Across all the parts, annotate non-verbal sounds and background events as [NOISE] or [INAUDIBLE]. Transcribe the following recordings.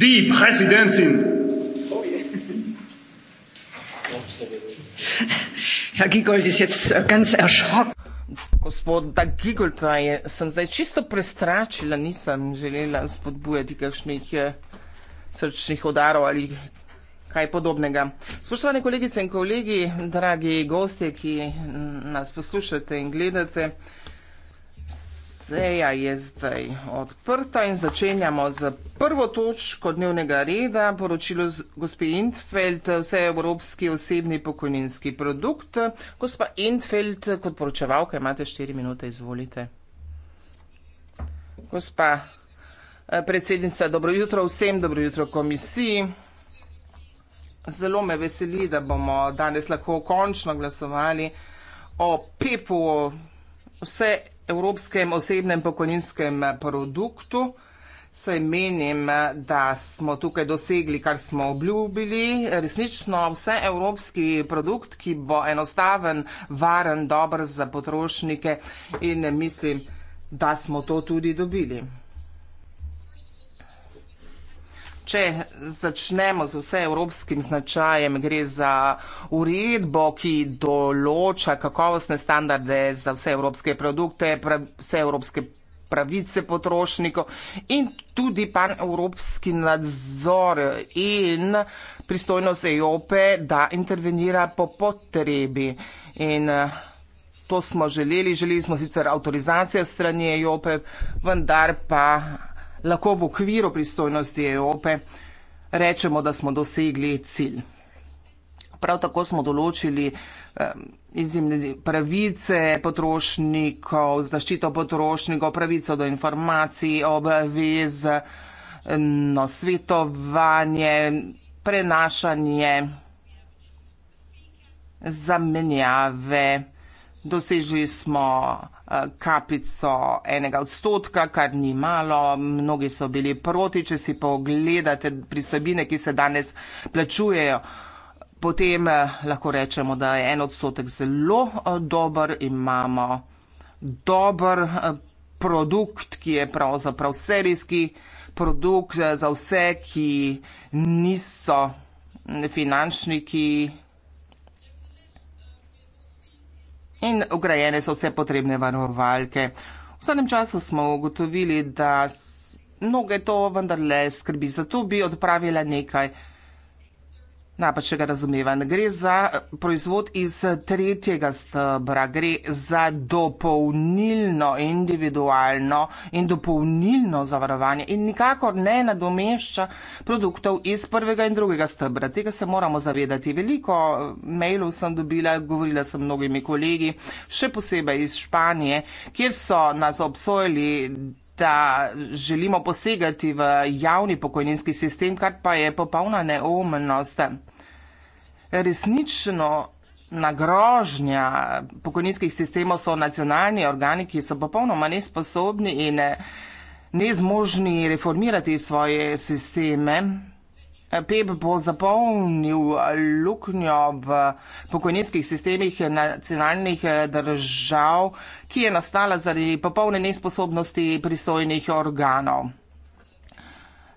die Präsidentin. Herr ja, Giegold ist jetzt ganz erschrocken. Gospod Dagigol, sem zdaj čisto prestračila, nisem želela spodbujati kakšnih eh, srčnih odarov ali kaj podobnega. Spoštovane kolegice in kolegi, dragi gostje, ki nas poslušate in gledate, Seja je zdaj odprta in začenjamo z prvo točko dnevnega reda, poročilo gospe Intfeld, vse je evropski osebni pokojninski produkt. Gospa Intfeld, kot poročevalka imate štiri minute, izvolite. Gospa eh, predsednica, dobro jutro vsem, dobro jutro komisiji. Zelo me veseli, da bomo danes lahko končno glasovali o PEP-u, vse evropskem osebnem pokojninskem produktu. Se menim, da smo tukaj dosegli, kar smo obljubili. Resnično vse evropski produkt, ki bo enostaven, varen, dober za potrošnike in mislim, da smo to tudi dobili če začnemo z vse evropskim značajem, gre za uredbo, ki določa kakovostne standarde za vse evropske produkte, vse evropske pravice potrošnikov in tudi pan evropski nadzor in pristojnost EOPE, da intervenira po potrebi. In to smo želeli, želeli smo sicer avtorizacijo strani EOPE, vendar pa lahko v okviru pristojnosti Evrope rečemo, da smo dosegli cilj. Prav tako smo določili izjemne pravice potrošnikov, zaščito potrošnikov, pravico do informacij, obvez, no, svetovanje, prenašanje, zamenjave. Dosežili smo kapico enega odstotka, kar ni malo. Mnogi so bili proti, če si pogledate pristojbine, ki se danes plačujejo. Potem eh, lahko rečemo, da je en odstotek zelo eh, dober, imamo dober eh, produkt, ki je pravzaprav serijski produkt za vse, ki niso mm, finančniki, in ugrajene so vse potrebne varovalke. V zadnjem času smo ugotovili, da mnoge to vendarle skrbi, zato bi odpravila nekaj Napačnega razumeva. Ne gre za eh, proizvod iz tretjega stebra, gre za dopolnilno, individualno in dopolnilno zavarovanje in nikakor ne nadomešča produktov iz prvega in drugega stebra. Tega se moramo zavedati. Veliko eh, mailov sem dobila, govorila sem mnogimi kolegi, še posebej iz Španije, kjer so nas obsojili da želimo posegati v javni pokojninski sistem, kar pa je popolna neumnost resnično nagrožnja pokojninskih sistemov so nacionalni organi, ki so popolnoma nesposobni in eh, nezmožni reformirati svoje sisteme. PEP bo zapolnil luknjo v pokojninskih sistemih nacionalnih eh, držav, ki je nastala zaradi popolne nesposobnosti pristojnih organov.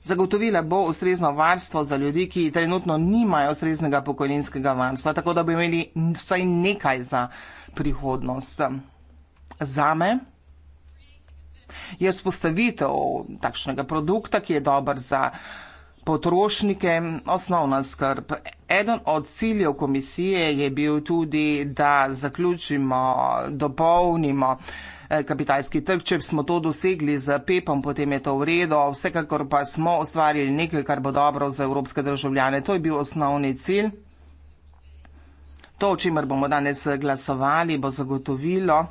Zagotovila bo ustrezno varstvo za ljudi, ki trenutno nimajo ustreznega pokojninskega varstva, tako da bi imeli vsaj nekaj za prihodnost. Zame je spostavitev takšnega produkta, ki je dober za potrošnike, osnovna skrb. Eden od ciljev komisije je bil tudi, da zaključimo, dopolnimo uh, Eh, kapitalski trg. Če smo to dosegli z PEP-om, potem je to v redu. Vsekakor pa smo ustvarili nekaj, kar bo dobro za evropske državljane. To je bil osnovni cilj. To, o čemer bomo danes glasovali, bo zagotovilo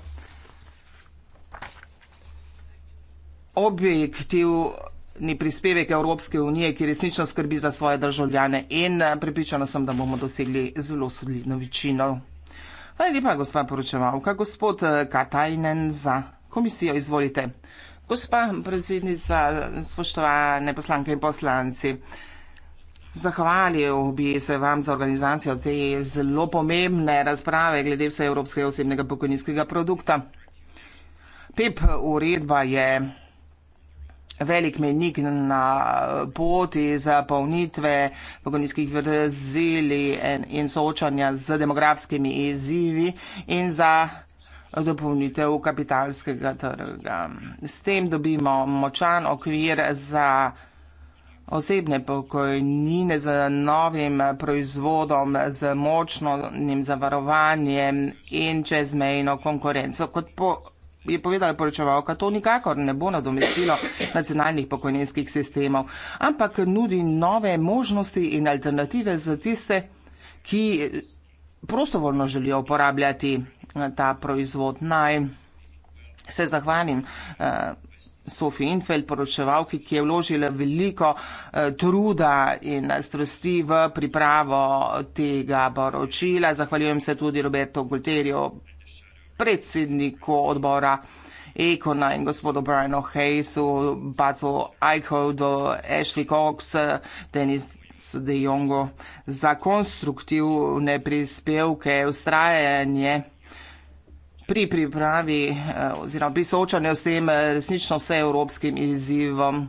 objektivni prispevek Evropske unije, ki resnično skrbi za svoje državljane in eh, pripričana sem, da bomo dosegli zelo solidno večino lepa, gospa poročevalka, gospod eh, Katajnen za komisijo, izvolite. Gospa predsednica, spoštovane poslanke in poslanci, zahvalil bi se vam za organizacijo te zelo pomembne razprave glede vse Evropskega osebnega pokojninskega produkta. PEP uredba je velik menik na poti za polnitve pogonijskih vrzel in, in soočanja z demografskimi izzivi in za dopolnitev kapitalskega trga. S tem dobimo močan okvir za osebne pokojnine z novim proizvodom, z močnim zavarovanjem in čezmejno konkurenco. Kot po je povedala poročevalka, to nikakor ne bo nadomestilo nacionalnih pokojninskih sistemov, ampak nudi nove možnosti in alternative za tiste, ki prostovoljno želijo uporabljati eh, ta proizvod. Naj se zahvalim uh, Sofi Infeld, poročevalki, ki je vložila veliko uh, truda in strasti v pripravo tega poročila. Zahvaljujem se tudi Roberto Gulterju, predsedniku odbora Econa in gospodu Brianu Hayesu, Bazu Eichel, do Ashley Cox, Denis de Jongo za konstruktivne prispevke, ustrajanje pri pripravi eh, oziroma pri soočanju s tem eh, resnično vseevropskim izzivom.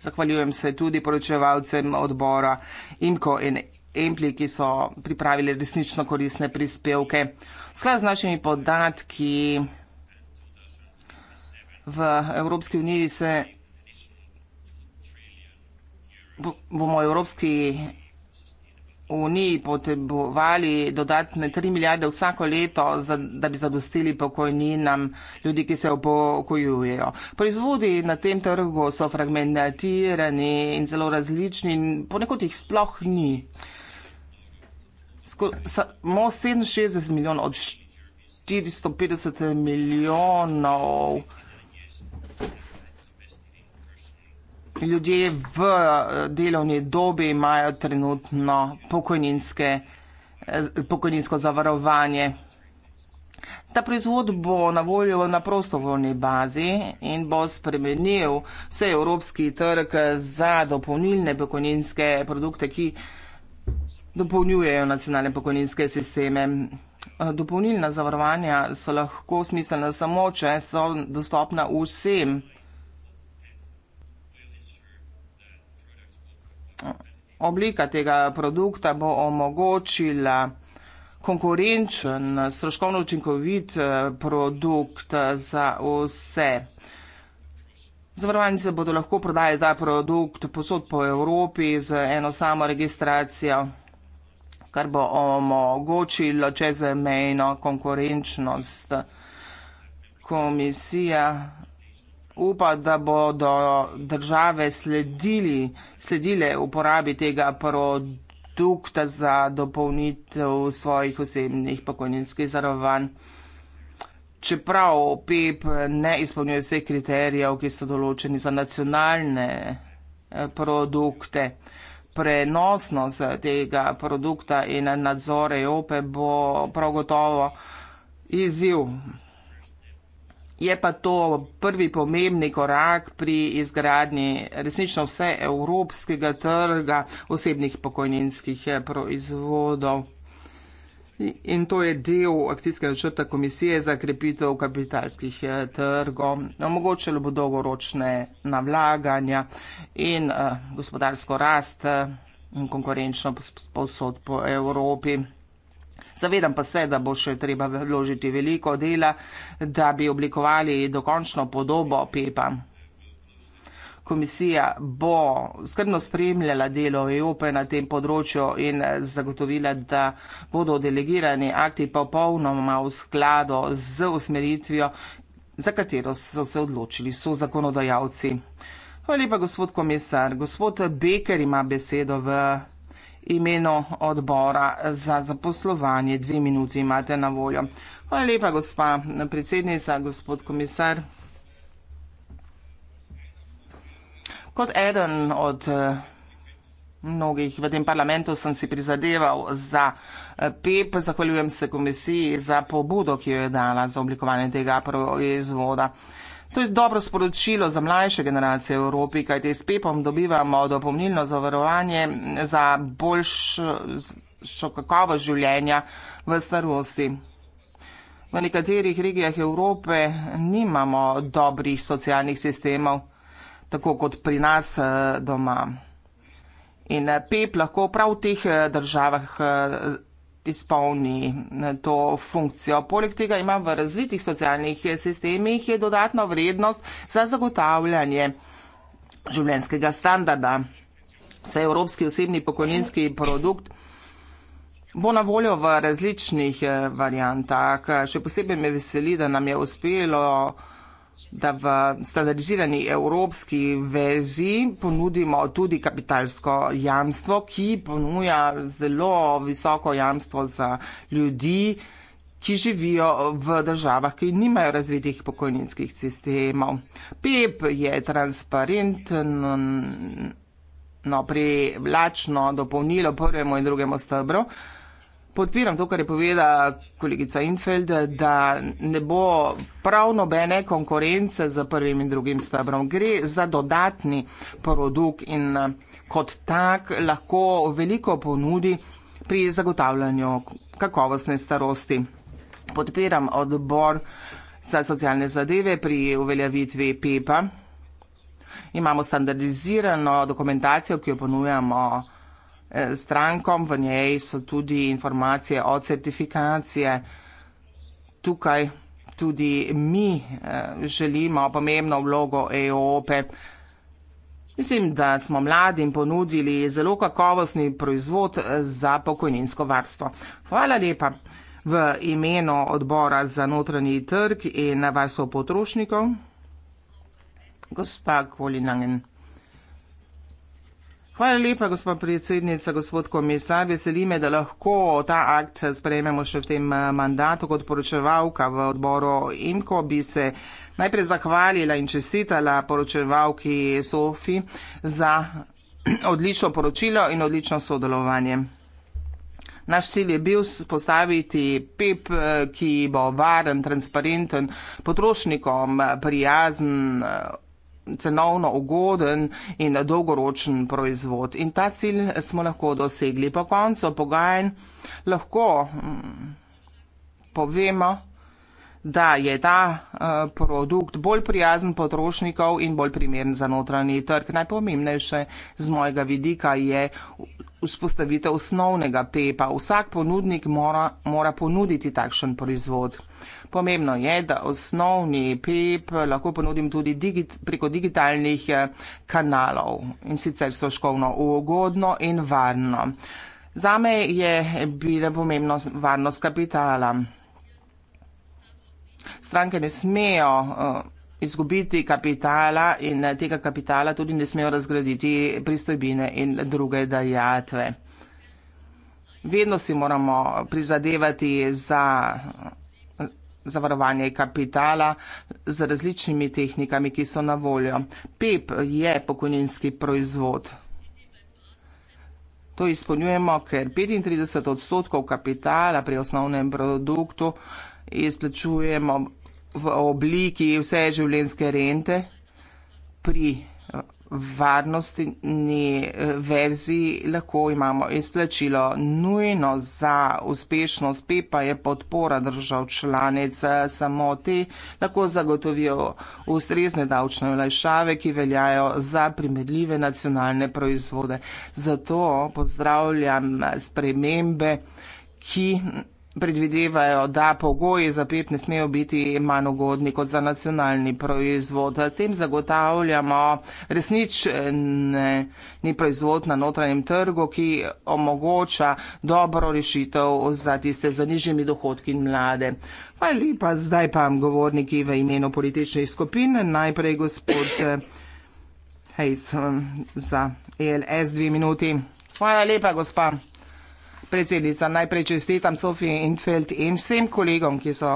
Zahvaljujem se tudi poročevalcem odbora IMCO in EMPLI, ki so pripravili resnično koristne prispevke. Sklad z našimi podatki v Evropski uniji se bomo Evropski uniji potrebovali dodatne 3 milijarde vsako leto, za, da bi zadostili pokojninam ljudi, ki se upokojujejo. Proizvodi na tem trgu so fragmentirani in zelo različni in ponekod jih sploh ni. Samo 67 milijonov od 450 milijonov ljudi v delovni dobi imajo trenutno eh, pokojninsko zavarovanje. Ta proizvod bo na voljo na prostovoljni bazi in bo spremenil vse evropski trg za dopolnilne pokojninske produkte, ki vsega dopolnjujejo nacionalne pokojninske sisteme. Dopolnilna zavarovanja so lahko smiselna samo, če so dostopna vsem. Oblika tega produkta bo omogočila konkurenčen, stroškovno učinkovit e, produkt e, za vse. Zavarovalnice bodo lahko prodajali ta produkt posod po Evropi z eno samo registracijo kar bo omogočilo čezmejno konkurenčnost. Komisija upa, da bodo države sledili, sledile uporabi tega produkta za dopolnitev svojih osebnih pokojninskih zarovanj. Čeprav PEP ne izpolnjuje vseh kriterijev, ki so določeni za nacionalne eh, produkte prenosnost tega produkta in nadzor Evrope bo prav gotovo izziv. Je pa to prvi pomembni korak pri izgradnji resnično vse evropskega trga osebnih pokojninskih proizvodov. In to je del akcijskega načrta komisije za krepitev kapitalskih eh, trgov. Omogočilo bo dolgoročne navlaganja in eh, gospodarsko rast eh, in konkurenčno posod po Evropi. Zavedam pa se, da bo še treba vložiti veliko dela, da bi oblikovali dokončno podobo PEPA komisija bo skrbno spremljala delo EOP na tem področju in zagotovila, da bodo delegirani akti popolnoma v skladu z usmeritvijo, za katero so se odločili so zakonodajalci. Hvala lepa, gospod komisar. Gospod Beker ima besedo v imenu odbora za zaposlovanje. Dve minuti imate na voljo. Hvala lepa, gospa predsednica, gospod komisar. Kot eden od eh, mnogih v tem parlamentu sem si prizadeval za eh, PEP, zahvaljujem se komisiji za pobudo, ki jo je dala za oblikovanje tega proizvoda. To je dobro sporočilo za mlajše generacije v Evropi, kajte s PEPom dobivamo dopolnilno zavarovanje za boljšo kakovost življenja v starosti. V nekaterih regijah Evrope nimamo dobrih socialnih sistemov tako kot pri nas eh, doma. In eh, pep lahko prav v teh eh, državah izpolni to funkcijo. Poleg tega ima v razvitih socialnih sistemih je dodatno vrednost za zagotavljanje življenskega standarda. Vse evropski osebni pokojninski produkt bo na voljo v različnih variantah. Še posebej me veseli, da nam je uspelo da v standardizirani evropski verziji ponudimo tudi kapitalsko jamstvo, ki ponuja zelo visoko jamstvo za ljudi, ki živijo v državah, ki nimajo razvitih pokojninskih sistemov. PEP je transparentno privlačno dopolnilo prvemu in drugemu stebru. Podpiram to, kar je povedala kolegica Infeld, da ne bo prav nobene konkurence z prvim in drugim stebrom. Gre za dodatni produkt in kot tak lahko veliko ponudi pri zagotavljanju kakovostne starosti. Podpiram odbor za socialne zadeve pri uveljavitvi PEPA. Imamo standardizirano dokumentacijo, ki jo ponujamo. Eh, strankom, v njej so tudi informacije o certifikacije. Tukaj tudi mi eh, želimo pomembno vlogo EOP. Mislim, da smo mladim ponudili zelo kakovostni proizvod eh, za pokojninsko varstvo. Hvala lepa v imenu odbora za notranji trg in varstvo potrošnikov. Gospa Kolinangen. Hvala lepa, gospod predsednica, gospod komisar. Veseli me, da lahko ta akt sprejmemo še v tem eh, mandatu kot poročevalka v odboru IMKO. Bi se najprej zahvalila in čestitala poročevalki Sofi za [CLEARS THROAT] odlično poročilo in odlično sodelovanje. Naš cilj je bil postaviti PEP, eh, ki bo varen, transparenten, potrošnikom prijazen, eh, cenovno ugoden in dolgoročen proizvod. In ta cilj smo lahko dosegli. Po koncu pogajanj lahko mm, povemo, da je ta eh, produkt bolj prijazen potrošnikov in bolj primeren za notranji trg. Najpomembnejše z mojega vidika je vzpostavitev osnovnega pepa. Vsak ponudnik mora, mora ponuditi takšen proizvod. Pomembno je, da osnovni PEP lahko ponudim tudi digit, preko digitalnih eh, kanalov in sicer stroškovno ugodno in varno. Zame je bila pomembna varnost kapitala. Stranke ne smejo eh, izgubiti kapitala in eh, tega kapitala tudi ne smejo razgraditi pristojbine in druge dajatve. Vedno si moramo prizadevati za zavarovanje kapitala z različnimi tehnikami, ki so na voljo. PEP je pokojninski proizvod. To izpolnjujemo, ker 35 odstotkov kapitala pri osnovnem produktu izključujemo v obliki vse življenjske rente pri varnostni eh, verziji lahko imamo izplačilo. Nujno za uspešnost PEPA je podpora držav članic eh, samoti, lahko zagotovijo ustrezne davčne olajšave, ki veljajo za primerljive nacionalne proizvode. Zato pozdravljam spremembe, ki predvidevajo, da pogoji za PIP ne smejo biti manj ugodni kot za nacionalni proizvod. S tem zagotavljamo resnični proizvod na notranjem trgu, ki omogoča dobro rešitev za tiste z nižjimi dohodki in mlade. Hvala lepa, zdaj pa govorniki v imenu političnih skupin. Najprej gospod Hejs eh, eh, za ELS dve minuti. Hvala lepa, gospa predsednica, najprej čestitam Sofiji Infeld in vsem kolegom, ki so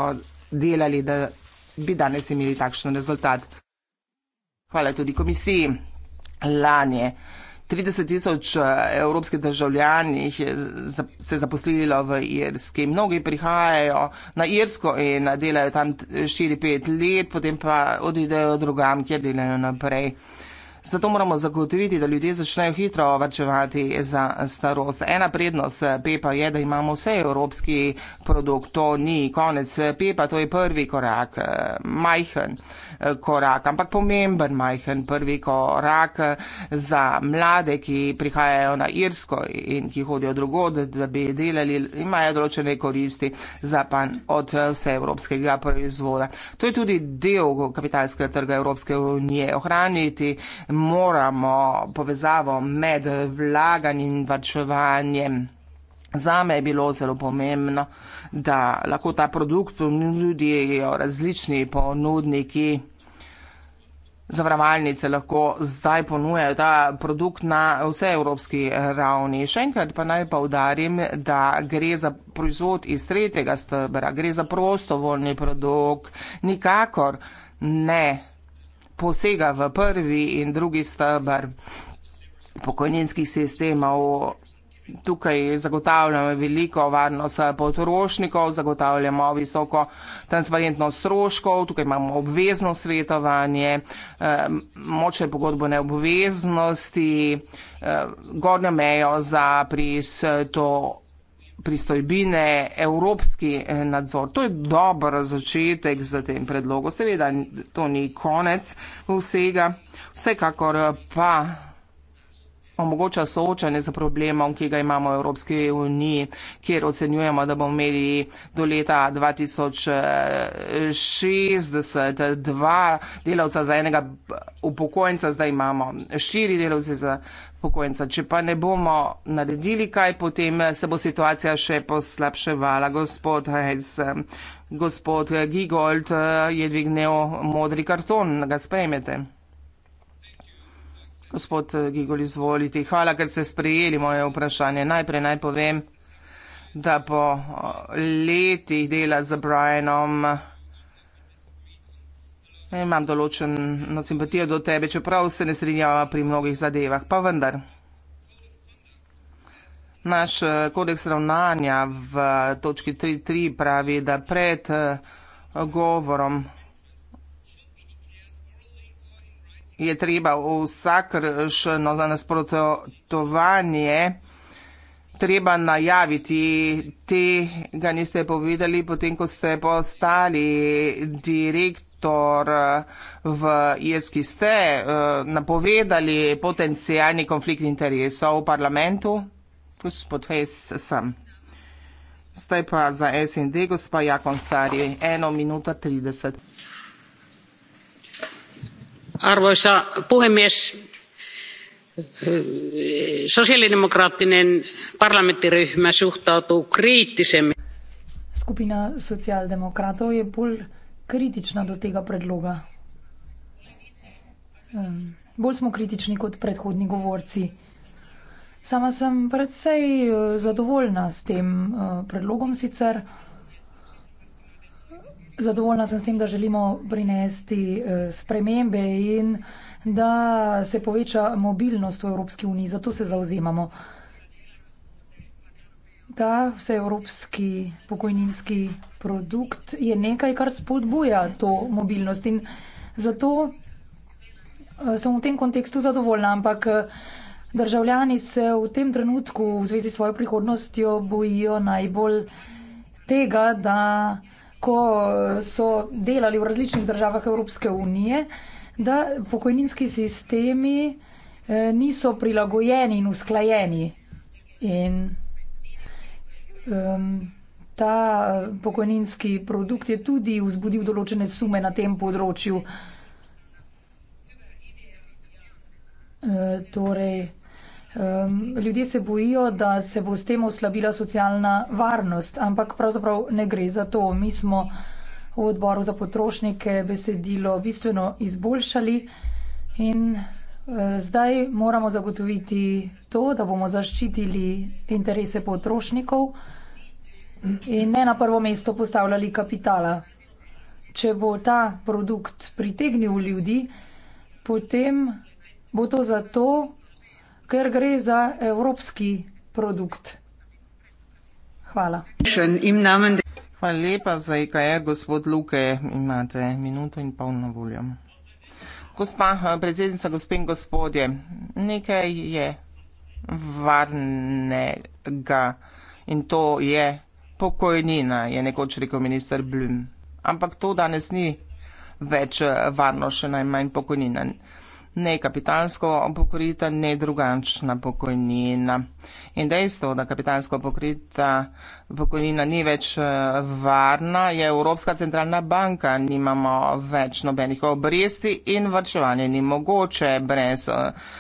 delali, da bi danes imeli takšen rezultat. Hvala tudi komisiji. Lani eh, je 30 tisoč evropskih državljanih se zaposlilo v Irski. Mnogi prihajajo na Irsko in delajo tam 4-5 let, potem pa odidejo drugam, kjer delajo naprej. Zato moramo zagotoviti, da ljudje začnejo hitro varčevati za starost. Ena prednost PEPA je, da imamo vse evropski produkt. To ni konec PEPA, to je prvi korak, eh, majhen korak, ampak pomemben, majhen prvi korak eh, za mlade, ki prihajajo na Irsko in ki hodijo drugod, da bi delali, imajo določene koristi za pan od eh, vse evropskega proizvoda. To je tudi del kapitalskega trga Evropske unije. Ohraniti moramo povezavo med vlaganjem in vrčevanjem. Zame je bilo zelo pomembno, da lahko ta produkt ponudijo različni ponudniki zavarovalnice lahko zdaj ponujajo ta produkt na vse evropski ravni. Še enkrat pa naj pa udarim, da gre za proizvod iz tretjega stebra, gre za prostovoljni produkt, nikakor ne posega v prvi in drugi stebr pokojninskih sistemov tukaj zagotavljamo veliko varnost eh, potrošnikov, zagotavljamo visoko transparentno stroškov, tukaj imamo obvezno svetovanje, eh, močne pogodbene obveznosti, eh, gornjo mejo za pris to pristojbine, evropski nadzor. To je dober začetek za tem predlogu. Seveda, to ni konec vsega. Vsekakor pa omogoča soočanje z problemom, ki ga imamo v Evropski uniji, kjer ocenjujemo, da bomo imeli do leta 2060 dva delavca za enega upokojenca, zdaj imamo štiri delavce za upokojenca. Če pa ne bomo naredili kaj, potem se bo situacija še poslabševala. Gospod Heiz, gospod Gigold eh, je dvignil modri karton, ga spremete gospod eh, Gigol, izvolite. Hvala, ker ste sprejeli moje vprašanje. Najprej naj povem, da po eh, letih dela z Brianom eh, imam določeno simpatijo do tebe, čeprav se ne strinjava pri mnogih zadevah, pa vendar. Naš kodeks ravnanja v točki 3.3 pravi, da pred govorom je treba vsakršno nasprotovanje treba najaviti. Tega niste povedali, potem ko ste postali direktor v Irski, ste eh, napovedali potencijalni konflikt interesov v parlamentu, gospod Hes, sem. Zdaj pa za SND, gospa Jakonsari, eno minuto trideset arvoisa puhemies sosiaalidemokraattinen parlamenttiryhmä suhtautuu kriittisemmin. skupina socialdemokratov je bolj kritična do tega predloga. bolj smo kritični kot predhodni govorci. Sama sem precej, eh, zadovoljna s tem, eh, predlogom sicer. Zadovoljna sem s tem, da želimo prinesti eh, spremembe in da se poveča mobilnost v Evropski uniji. Zato se zauzemamo, da vse evropski pokojninski produkt je nekaj, kar spodbuja to mobilnost in zato eh, sem v tem kontekstu zadovoljna, ampak eh, državljani se v tem trenutku v zvezi s svojo prihodnostjo bojijo najbolj tega, da ko eh, so delali v različnih državah Evropske unije, da pokojninski sistemi eh, niso prilagojeni in usklajeni. In um, ta eh, pokojninski produkt je tudi vzbudil določene sume na tem področju. Uh, torej, Um, ljudje se bojijo, da se bo s tem oslabila socialna varnost, ampak pravzaprav ne gre za to. Mi smo v odboru za potrošnike besedilo bistveno izboljšali in uh, zdaj moramo zagotoviti to, da bomo zaščitili interese potrošnikov in ne na prvo mesto postavljali kapitala. Če bo ta produkt pritegnil ljudi, potem bo to zato, ker gre za evropski produkt. Hvala. Hvala lepa za IKR, e gospod Luke, imate minuto in pol na voljo. Gospa predsednica, gospe in gospodje, nekaj je varnega in to je pokojnina, je nekoč rekel minister Blum. Ampak to danes ni več varno, še najmanj pokojnina ne kapitalsko pokrita, ne drugačna pokojnina. In dejstvo, da kapitalsko pokrita pokojnina ni več eh, varna, je Evropska centralna banka, nimamo več nobenih obresti in vrčevanje ni mogoče brez eh,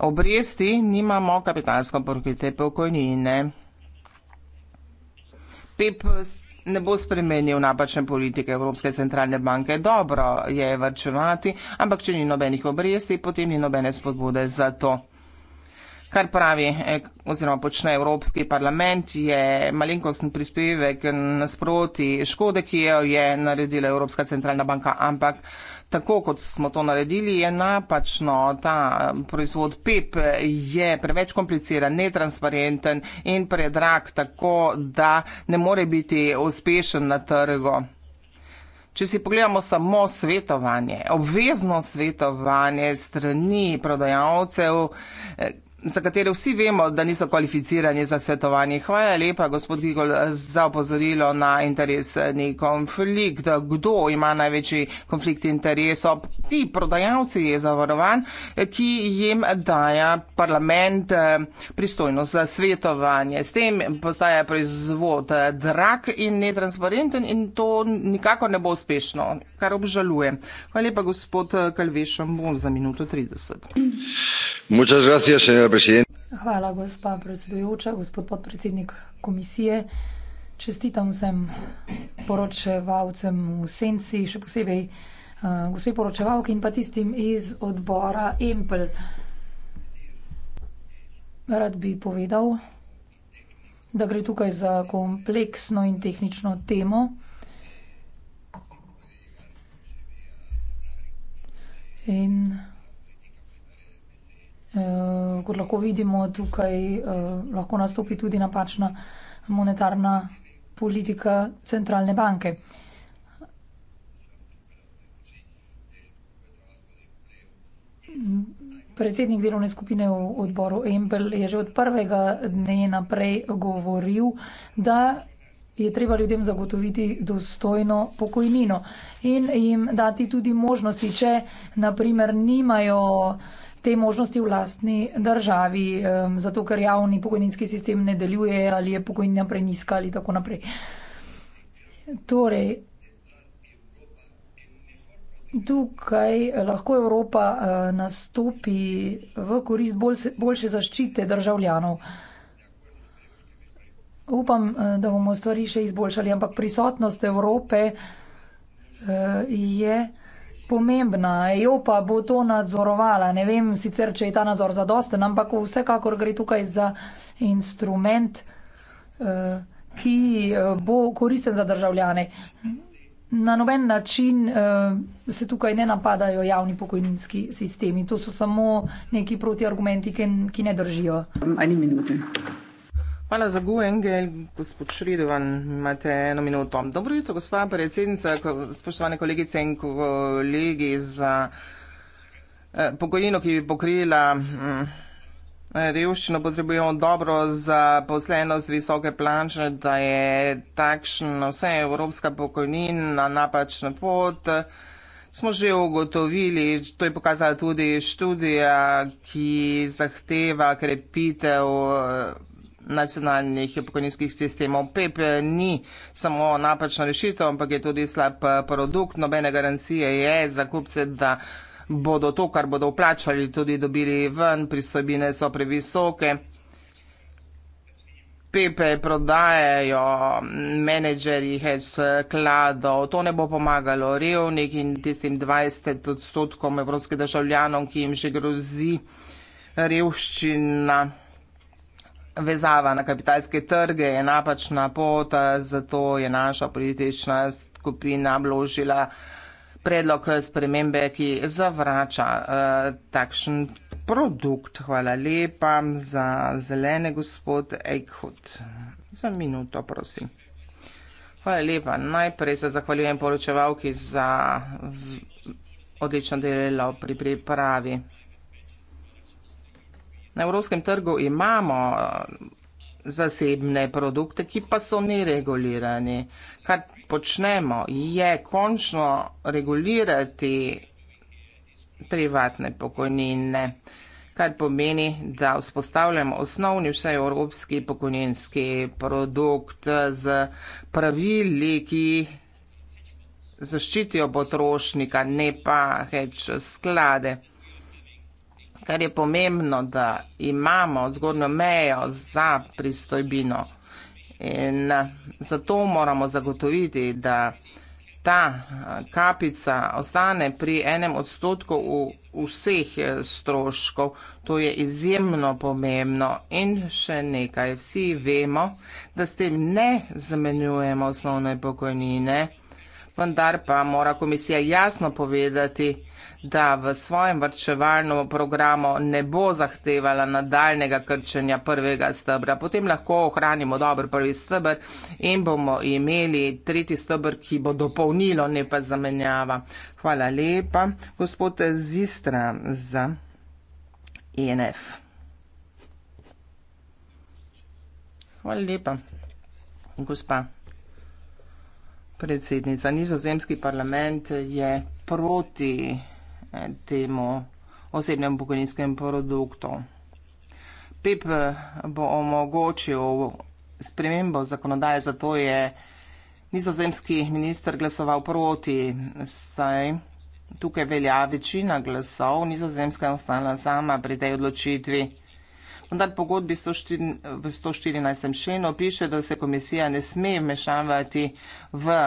obresti, nimamo kapitalsko pokrite pokojnine. Pip ne bo spremenil napačne politike Evropske centralne banke. Dobro je varčevati, ampak če ni nobenih obresti, potem ni nobene spodbude za to. Kar pravi e, oziroma počne Evropski parlament je malenkostni prispevek nasproti škode, ki jo je naredila Evropska centralna banka, ampak tako kot smo to naredili, je napačno. Ta um, proizvod PEP je preveč kompliciran, netransparenten in predrag, tako da ne more biti uspešen na trgu. Če si pogledamo samo svetovanje, obvezno svetovanje strani prodajalcev, eh, za katere vsi vemo, da niso kvalificirani za svetovanje. Hvala lepa, gospod Gigol, za opozorilo na interesni konflikt. Kdo ima največji konflikt interesov? Ti prodajalci je zavarovan, ki jim daja parlament eh, pristojnost za svetovanje. S tem postaja proizvod eh, drag in netransparenten in to nikako ne bo uspešno, kar obžalujem. Hvala lepa, gospod eh, Kalvešom, bom za minuto 30 presidente. Hvala, gospa predsedujoča, gospod podpredsednik komisije. Čestitam vsem poročevalcem v senci, še posebej uh, gospe poročevalki in pa tistim iz odbora EMPL. Rad bi povedal, da gre tukaj za kompleksno in tehnično temo. In Eh, kot lahko vidimo, tukaj eh, lahko nastopi tudi napačna monetarna politika centralne banke. Predsednik delovne skupine v odboru Embel je že od prvega dne naprej govoril, da je treba ljudem zagotoviti dostojno pokojnino in jim dati tudi možnosti, če naprimer nimajo uh, te možnosti v lastni državi, zato ker javni pokojninski sistem ne deluje ali je pokojnina preniska ali tako naprej. Torej, tukaj lahko Evropa eh, nastopi v korist boljše zaščite državljanov. Upam, eh, da bomo stvari še izboljšali, ampak prisotnost Evrope eh, je pomembna. Jo e pa bo to nadzorovala. Ne vem sicer, če je ta nadzor zadosten, ampak vsekakor gre tukaj za instrument, eh, ki eh, bo koristen za državljane. Na noben način eh, se tukaj ne napadajo javni pokojninski sistemi. To so samo neki protiargumenti, ki ne držijo. Eni minuti. Hvala za Guengel, gospod Šredovan, imate eno minuto. Dobro jutro, gospa predsednica, spoštovane kolegice in kolegi za eh, pokojnino, ki bi pokrila mm, revščino, potrebujemo dobro za poslenost visoke planče, da je takšna vse evropska pokojnina napačna pot. Smo že ugotovili, to je pokazala tudi študija, ki zahteva krepitev nacionalnih pokojninskih sistemov. PEP eh, ni samo napačna rešitev, ampak je tudi slab eh, produkt. Nobene garancije je za kupce, da bodo to, kar bodo vplačali, tudi dobili ven. Pristojbine so previsoke. Pepe prodajajo menedžerji hedge skladov. To ne bo pomagalo revnik in tistim 20 odstotkom evropskih državljanov, ki jim že grozi revščina vezava na kapitalske trge je napačna pot, zato je naša politična skupina vložila predlog spremembe, ki zavrača uh, takšen produkt. Hvala lepa za zelene, gospod Eichhut. Za minuto, prosim. Hvala lepa. Najprej se zahvaljujem poročevalki za odlično delo pri pripravi na evropskem trgu imamo eh, zasebne produkte, ki pa so neregulirani. Kar počnemo je končno regulirati privatne pokojnine, kar pomeni, da vzpostavljamo osnovni vse evropski pokojninski produkt z pravili, ki zaščitijo potrošnika, ne pa več sklade kar je pomembno, da imamo zgornjo mejo za pristojbino. In eh, zato moramo zagotoviti, da ta eh, kapica ostane pri enem odstotku vseh eh, stroškov. To je izjemno pomembno. In še nekaj, vsi vemo, da s tem ne zamenjujemo osnovne pokojnine vendar pa mora komisija jasno povedati, da v svojem vrčevalnem programu ne bo zahtevala nadaljnega krčenja prvega stebra. Potem lahko ohranimo dober prvi stebr in bomo imeli tretji stebr, ki bo dopolnilo, ne pa zamenjava. Hvala lepa, gospod Zistra za INF. E Hvala lepa, gospa. Predsednica nizozemski parlament je proti eh, temu osebnem pokojninskem produktu. PIP eh, bo omogočil spremembo zakonodaje, zato je nizozemski minister glasoval proti, saj tukaj velja večina glasov, nizozemska je ostala sama pri tej odločitvi vendar pogodbi 104, v 114. členu piše, da se komisija ne sme mešavati v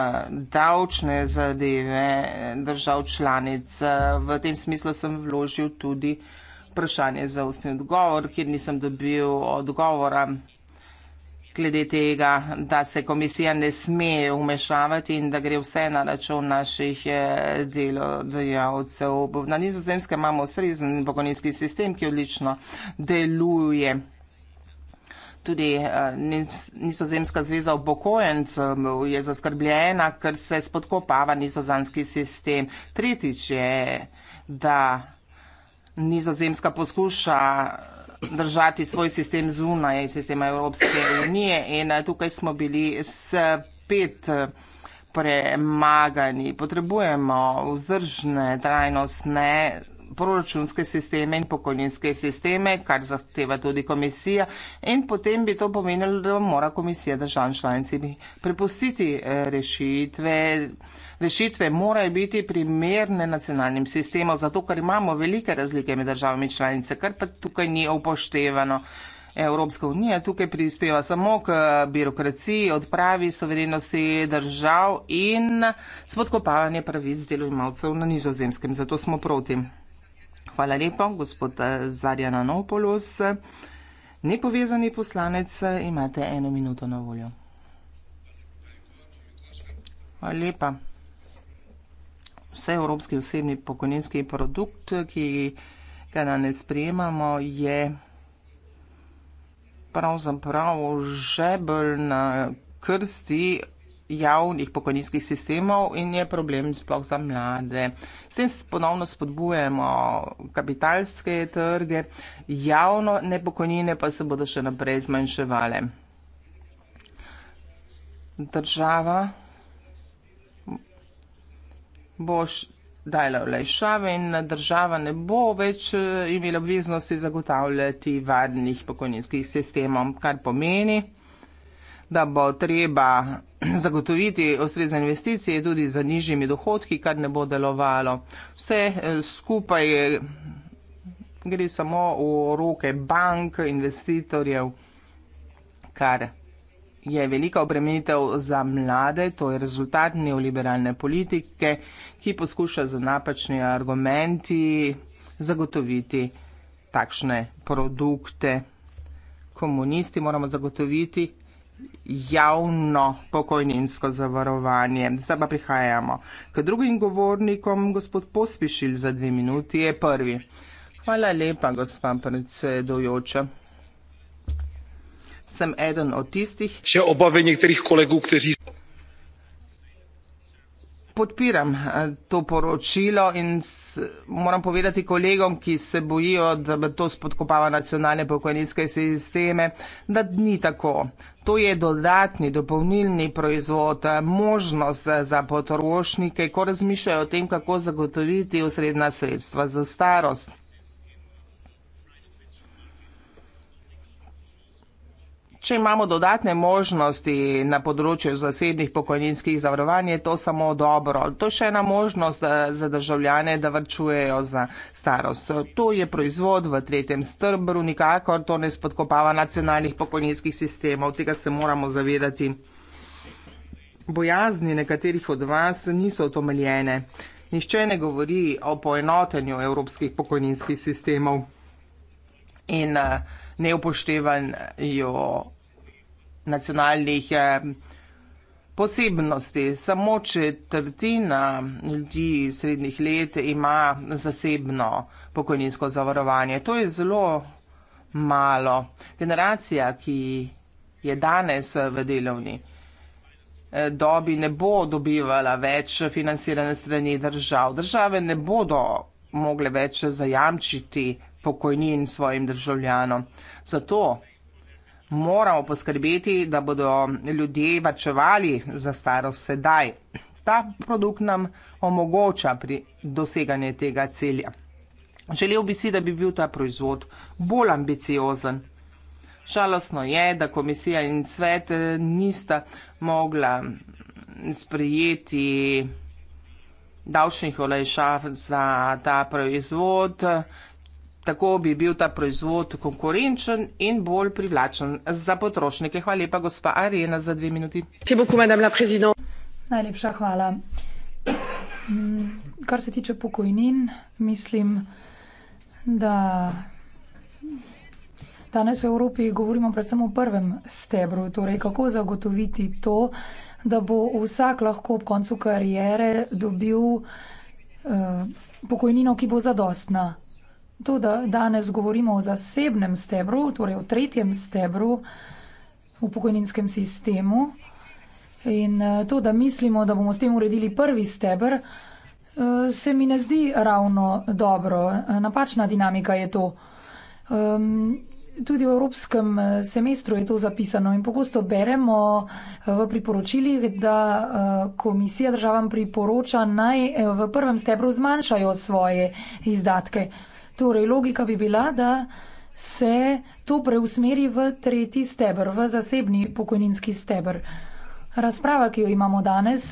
davčne zadeve držav članic. V tem smislu sem vložil tudi vprašanje za ustni odgovor, kjer nisem dobil odgovora glede tega, da se komisija ne sme umešavati in da gre vse na račun naših eh, delodajalcev. Na nizozemske imamo ustrezen pogonijski sistem, ki odlično deluje. Tudi eh, nizozemska zveza obokojencev je zaskrbljena, ker se spodkopava nizozemski sistem. Tretjič je, da nizozemska poskuša držati svoj sistem zunaj sistema Evropske unije in eh, tukaj smo bili spet eh, premagani. Potrebujemo vzdržne, trajnostne proračunske sisteme in pokojninske sisteme, kar zahteva tudi komisija. In potem bi to pomenilo, da mora komisija državni članici prepustiti eh, rešitve. Rešitve morajo biti primerne nacionalnim sistemom, zato ker imamo velike razlike med državami članice, kar pa tukaj ni upoštevano. Evropska unija tukaj prispeva samo k eh, birokraciji, odpravi soverenosti držav in spodkopavanje pravic delovimavcev na nizozemskem. Zato smo proti. Hvala lepa, gospod eh, Zarjana Nopolos. Nepovezani poslanec, eh, imate eno minuto na voljo. Hvala lepa. Vse evropski osebni pokojninski produkt, ki ga danes sprejemamo, je pravzaprav žebel na krsti javnih pokojninskih sistemov in je problem sploh za mlade. S tem ponovno spodbujemo kapitalske trge, javno nepokojnine pa se bodo še naprej zmanjševale. Država boš dajala olejšave in država ne bo več eh, imela obveznosti zagotavljati varnih pokojninskih sistemov, kar pomeni, da bo treba [CLEARS THROAT] zagotoviti ustrezne investicije tudi za nižjimi dohodki, kar ne bo delovalo. Vse eh, skupaj eh, gre samo v roke bank, investitorjev, kar je velika obremenitev za mlade, to je rezultat neoliberalne politike, ki poskuša z napačni argumenti zagotoviti takšne produkte. Komunisti moramo zagotoviti javno pokojninsko zavarovanje. Zdaj pa prihajamo k drugim govornikom. Gospod Pospišil za dve minuti je prvi. Hvala lepa, gospa predsedujoča. Sem eden od tistih. Še obave nekaterih kolegov, kteri podpiram eh, to poročilo in moram povedati kolegom, ki se bojijo, da to spodkopava nacionalne pokojninske sisteme, da ni tako. To je dodatni, dopolnilni proizvod, eh, možnost za potrošnike, ko razmišljajo o tem, kako zagotoviti osredna sredstva za starost. Če imamo dodatne možnosti na področju zasebnih pokojninskih zavarovanj, je to samo dobro. To je še ena možnost eh, za državljane, da vrčujejo za starost. To je proizvod v tretjem strbru, nikakor to ne spodkopava nacionalnih pokojninskih sistemov, tega se moramo zavedati. Bojazni nekaterih od vas niso otomeljene. Nihče ne govori o poenotenju evropskih pokojninskih sistemov. In, uh, neupoštevajo nacionalnih eh, posebnosti. Samo četrtina ljudi srednjih let ima zasebno pokojninsko zavarovanje. To je zelo malo. Generacija, ki je danes eh, v delovni eh, dobi, ne bo dobivala več financirane strani držav. Države ne bodo mogle več zajamčiti pokojnin svojim državljanom. Zato moramo poskrbeti, da bodo ljudje vačevali za staro sedaj. Ta produkt nam omogoča pri doseganju tega celja. Želel bi si, da bi bil ta proizvod bolj ambiciozen. Žalostno je, da komisija in svet eh, nista mogla sprijeti davčnih olajšav za ta proizvod. Tako bi bil ta proizvod konkurenčen in bolj privlačen za potrošnike. Hvala lepa, gospa Arena, za dve minuti. Najlepša hvala. Mm, kar se tiče pokojnin, mislim, da danes v Evropi govorimo predvsem o prvem stebru, torej kako zagotoviti to, da bo vsak lahko ob koncu karijere dobil eh, pokojnino, ki bo zadostna To, da danes govorimo o zasebnem stebru, torej o tretjem stebru v pokojninskem sistemu, in eh, to, da mislimo, da bomo s tem uredili prvi stebr, eh, se mi ne zdi ravno dobro. Eh, napačna dinamika je to. Ehm, tudi v evropskem semestru je to zapisano in pogosto beremo v priporočilih, da komisija državam priporoča naj v prvem stebru zmanjšajo svoje izdatke. Torej, logika bi bila, da se to preusmeri v tretji stebr, v zasebni pokojninski stebr. Razprava, ki jo imamo danes,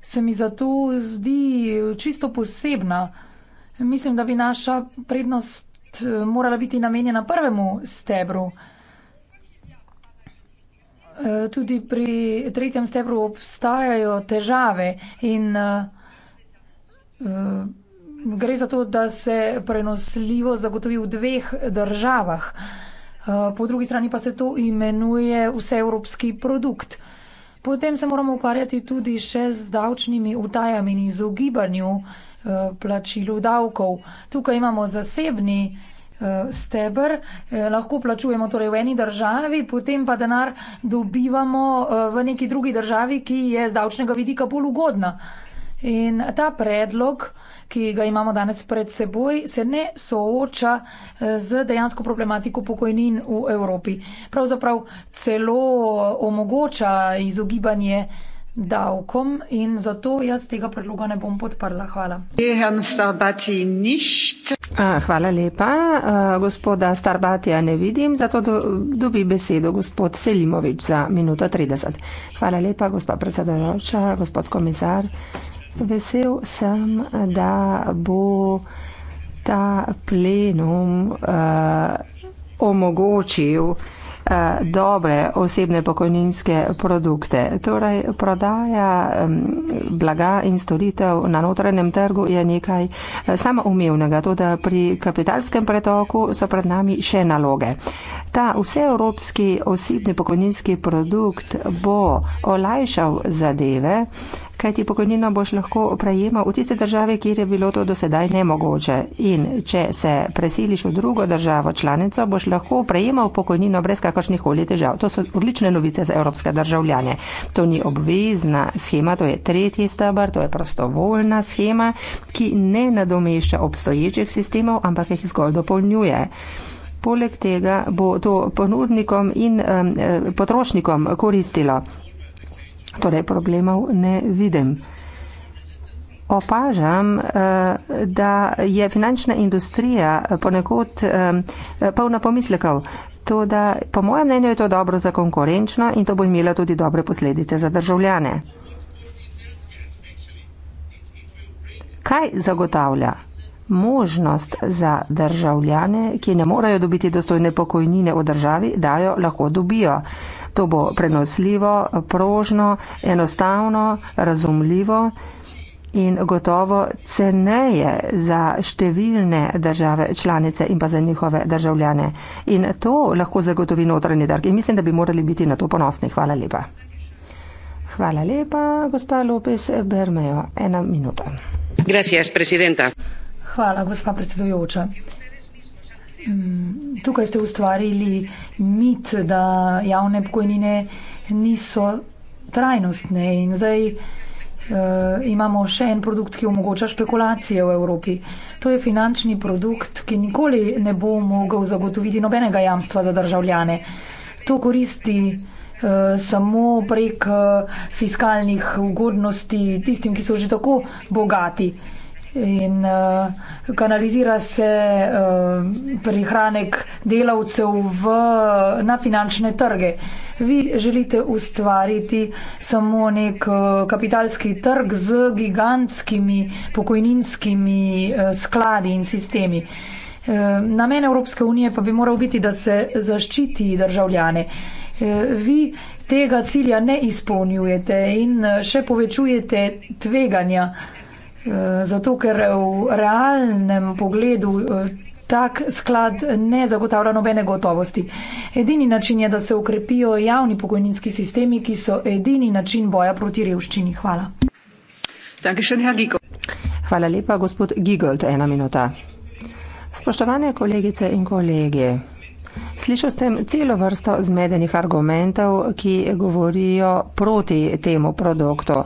se mi zato zdi čisto posebna. Mislim, da bi naša prednost eh, morala biti namenjena prvemu stebru. Eh, tudi pri tretjem stebru obstajajo težave in uh, gre za to, da se prenosljivo zagotovi v dveh državah. Eh, po drugi strani pa se to imenuje vseevropski produkt. Potem se moramo ukvarjati tudi še z davčnimi utajami in izogibanju eh, plačilu davkov. Tukaj imamo zasebni eh, steber, lahko plačujemo torej v eni državi, potem pa denar dobivamo v neki drugi državi, ki je z davčnega vidika bolj ugodna. In ta predlog, ki ga imamo danes pred seboj, se ne sooča eh, z dejansko problematiko pokojnin v Evropi. Pravzaprav celo omogoča izogibanje davkom in zato jaz tega predloga ne bom podprla. Hvala. Hvala lepa. Gospoda Starbatija ne vidim, zato dobi besedo gospod Selimovič za minuto 30. Hvala lepa, gospod predsedojoča, gospod komisar. Vesel sem, da bo ta plenum uh, omogočil uh, dobre osebne pokojninske produkte. Torej, prodaja um, blaga in storitev na notranjem trgu je nekaj uh, samoumevnega, tudi pri kapitalskem pretoku so pred nami še naloge. Ta vseevropski osebni pokojninski produkt bo olajšal zadeve. Uh, kaj ti pokojnino boš lahko prejemal v tiste države, kjer je bilo to dosedaj nemogoče. In če se preseliš v drugo državo članico, boš lahko prejemal pokojnino brez kakršnih koli težav. To so odlične novice za evropske državljane. To ni obvezna schema, to je tretji stabr, to je prostovoljna schema, ki ne nadomešča obstoječih sistemov, ampak jih zgolj dopolnjuje. Poleg tega bo to ponudnikom in um, potrošnikom koristilo torej problemov ne vidim. Opažam, eh, da je finančna industrija eh, ponekod eh, polna pomislekov, to da po mojem mnenju je to dobro za konkurenčno in to bo imelo tudi dobre posledice za državljane. Kaj zagotavlja možnost za državljane, ki ne morejo dobiti dostojne pokojnine v državi, da jo lahko dobijo? To bo prenosljivo, prožno, enostavno, razumljivo in gotovo ceneje za številne države članice in pa za njihove državljane. In to lahko zagotovi notranji trg in mislim, da bi morali biti na to ponosni. Hvala lepa. Hvala lepa, gospa Lopez Bermejo. Ena minuta. Gracias, Hvala, gospa predsedujoča. Mm, tukaj ste ustvarili mit, da javne pokojnine niso trajnostne in zdaj uh, imamo še en produkt, ki omogoča špekulacije v Evropi. To je finančni produkt, ki nikoli ne bo mogel zagotoviti nobenega jamstva za državljane. To koristi uh, samo prek uh, fiskalnih ugodnosti tistim, ki so že tako bogati. Uh, in uh, kanalizira se uh, prihranek delavcev v, na finančne trge. Vi želite ustvariti samo nek uh, kapitalski trg z gigantskimi pokojninskimi uh, skladi in sistemi. Namen Evropske unije pa bi moral biti, da se zaščiti državljane. Vi tega cilja ne izpolnjujete in še povečujete tveganja. Eh, zato ker v realnem pogledu eh, tak sklad ne zagotavlja nobene gotovosti. Edini način je, da se ukrepijo javni pokojninski sistemi, ki so edini način boja proti revščini. Hvala. Hvala lepa, gospod Gigold, ena minuta. Spoštovane kolegice in kolegi. Slišal sem celo vrsto zmedenih argumentov, ki govorijo proti temu produktu.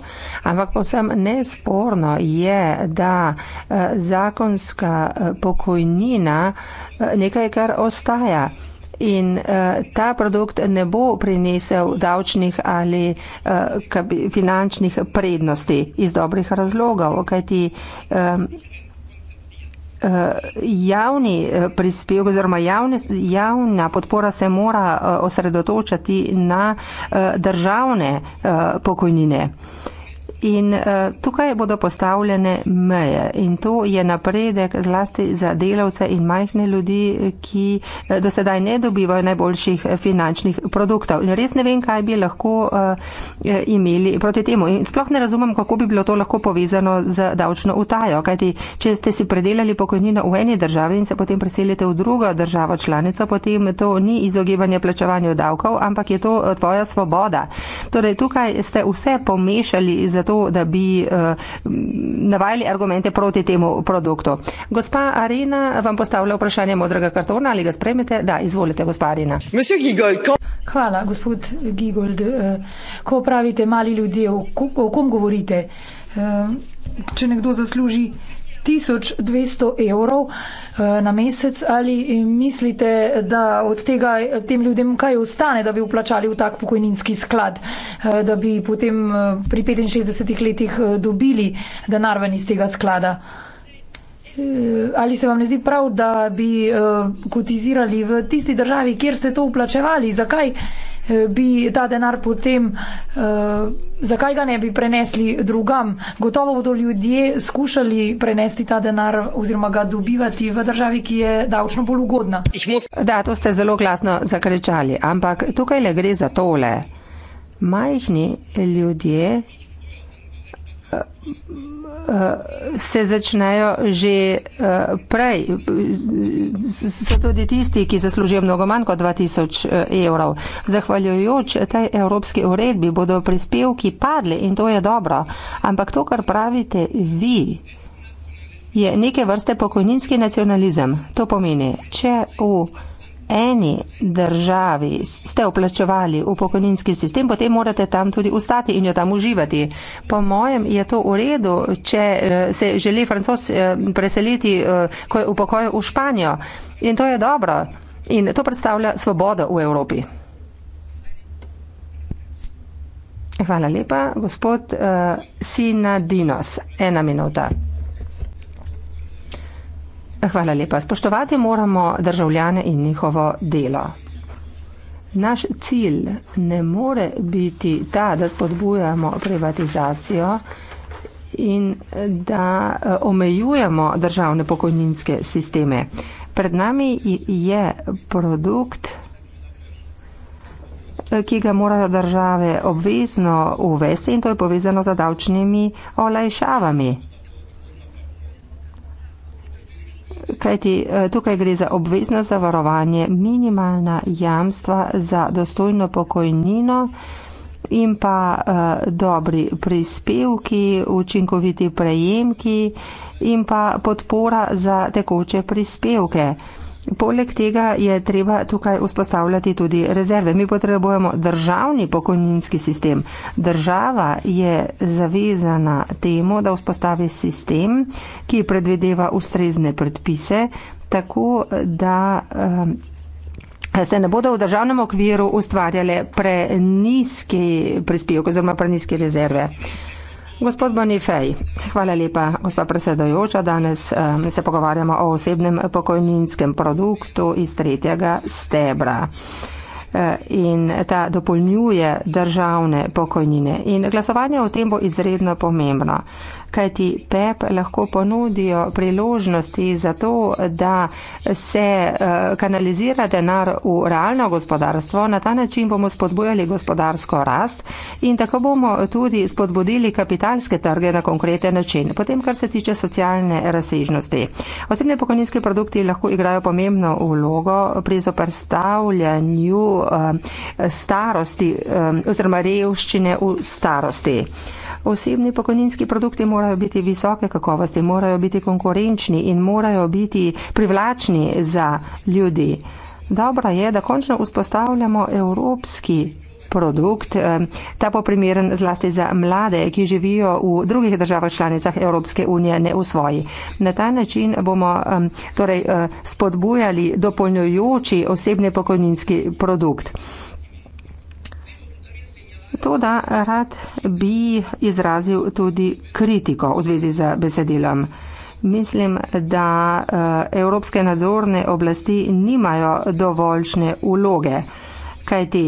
Ampak povsem nesporno je, da eh, zakonska eh, pokojnina eh, nekaj, kar ostaja. In uh, ta produkt ne bo prinesel davčnih ali uh, finančnih prednosti iz dobrih razlogov, kajti um, Eh, javni eh, prispevek oziroma javne, javna podpora se mora eh, osredotočati na državne pokojnine. In uh, tukaj bodo postavljene meje in to je napredek zlasti za delavce in majhne ljudi, ki eh, do sedaj ne dobivajo najboljših eh, finančnih produktov. In res ne vem, kaj bi lahko uh, imeli proti temu. In sploh ne razumem, kako bi bilo to lahko povezano z davčno utajo. Kajti, če ste si predelali pokojnino v eni državi in se potem preselite v drugo državo članico, potem to ni izogibanje plačevanju davkov, ampak je to tvoja svoboda. Torej, tukaj ste vse pomešali za to to, da bi uh, navajali argumente proti temu produktu. Gospa Arina vam postavlja vprašanje modrega kartona, ali ga spremete? Da, izvolite, gospa Arina. Hvala, gospod Gigold. Eh, ko pravite mali ljudje, o kom govorite? Eh, če nekdo zasluži 1200 evrov. Eh, na mesec ali eh, mislite, da od tega eh, tem ljudem kaj ostane, da bi uplačali v tak pokojninski sklad, da bi potem pri 65 letih dobili denar ven iz tega sklada? Ali se vam ne zdi prav, da bi kotizirali v tisti državi, kjer ste to uplačevali? Zakaj? bi ta denar potem, eh, zakaj ga ne bi prenesli drugam? Gotovo bodo ljudje skušali prenesti ta denar oziroma ga dobivati v državi, ki je davčno bolj ugodna. Da, to ste zelo glasno zakričali, ampak tukaj le gre za tole. Majhni ljudje. Eh, uh, se začnejo že uh, prej. So tudi tisti, ki zaslužijo mnogo manj kot 2000 eh, evrov. Zahvaljujoč tej evropski uredbi bodo prispevki padli in to je dobro. Ampak to, kar pravite vi, je neke vrste pokojninski nacionalizem. To pomeni, če v. Uh, eni državi ste vplačevali v pokojninski sistem, potem morate tam tudi ustati in jo tam uživati. Po mojem je to v redu, če eh, se želi francos eh, preseliti, eh, ko je upokojen v Španijo. In to je dobro. In to predstavlja svobodo v Evropi. Hvala lepa. Gospod uh, Sinadinos, ena minuta. Hvala lepa. Spoštovati moramo državljane in njihovo delo. Naš cilj ne more biti ta, da spodbujamo privatizacijo in da eh, omejujemo državne pokojninske sisteme. Pred nami je produkt, eh, ki ga morajo države obvezno uvesti in to je povezano z davčnimi olajšavami. Kajti eh, tukaj gre za obvezno zavarovanje, minimalna jamstva za dostojno pokojnino in pa uh, dobri prispevki, učinkoviti prejemki in pa podpora za tekoče prispevke. Uh, Poleg tega je treba tukaj vzpostavljati tudi rezerve. Mi potrebujemo državni pokojninski sistem. Država je zavezana temu, da vzpostavi sistem, ki predvideva ustrezne predpise, tako da eh, se ne bodo v državnem okviru ustvarjale preniski prispevki oziroma preniski rezerve. Gospod Bonifej, hvala lepa, gospa predsedojoča. Danes um, se pogovarjamo o osebnem pokojninskem produktu iz tretjega stebra. Eh, in ta dopolnjuje državne pokojnine. In glasovanje o tem bo izredno pomembno kajti PEP lahko ponudijo priložnosti za to, da se eh, kanalizira denar v realno gospodarstvo. Na ta način bomo spodbujali gospodarsko rast in tako bomo tudi spodbudili kapitalske trge na konkreten način. Potem, kar se tiče socialne razsežnosti. Osebne pokojninske produkti lahko igrajo pomembno vlogo pri zoprstavljanju eh, starosti eh, oziroma revščine v starosti. Osebni pokojninski produkti morajo biti visoke kakovosti, morajo biti konkurenčni in morajo biti privlačni za ljudi. Dobro je, da končno vzpostavljamo evropski produkt, eh, ta pa primeren zlasti za mlade, ki živijo v drugih državah članicah Evropske unije, ne v svoji. Na ta način bomo eh, torej, eh, spodbujali dopolnjujoči osebni pokojninski produkt. To, da rad bi izrazil tudi kritiko v zvezi z besedilom. Mislim, da eh, evropske nadzorne oblasti nimajo dovoljšne uloge, kajti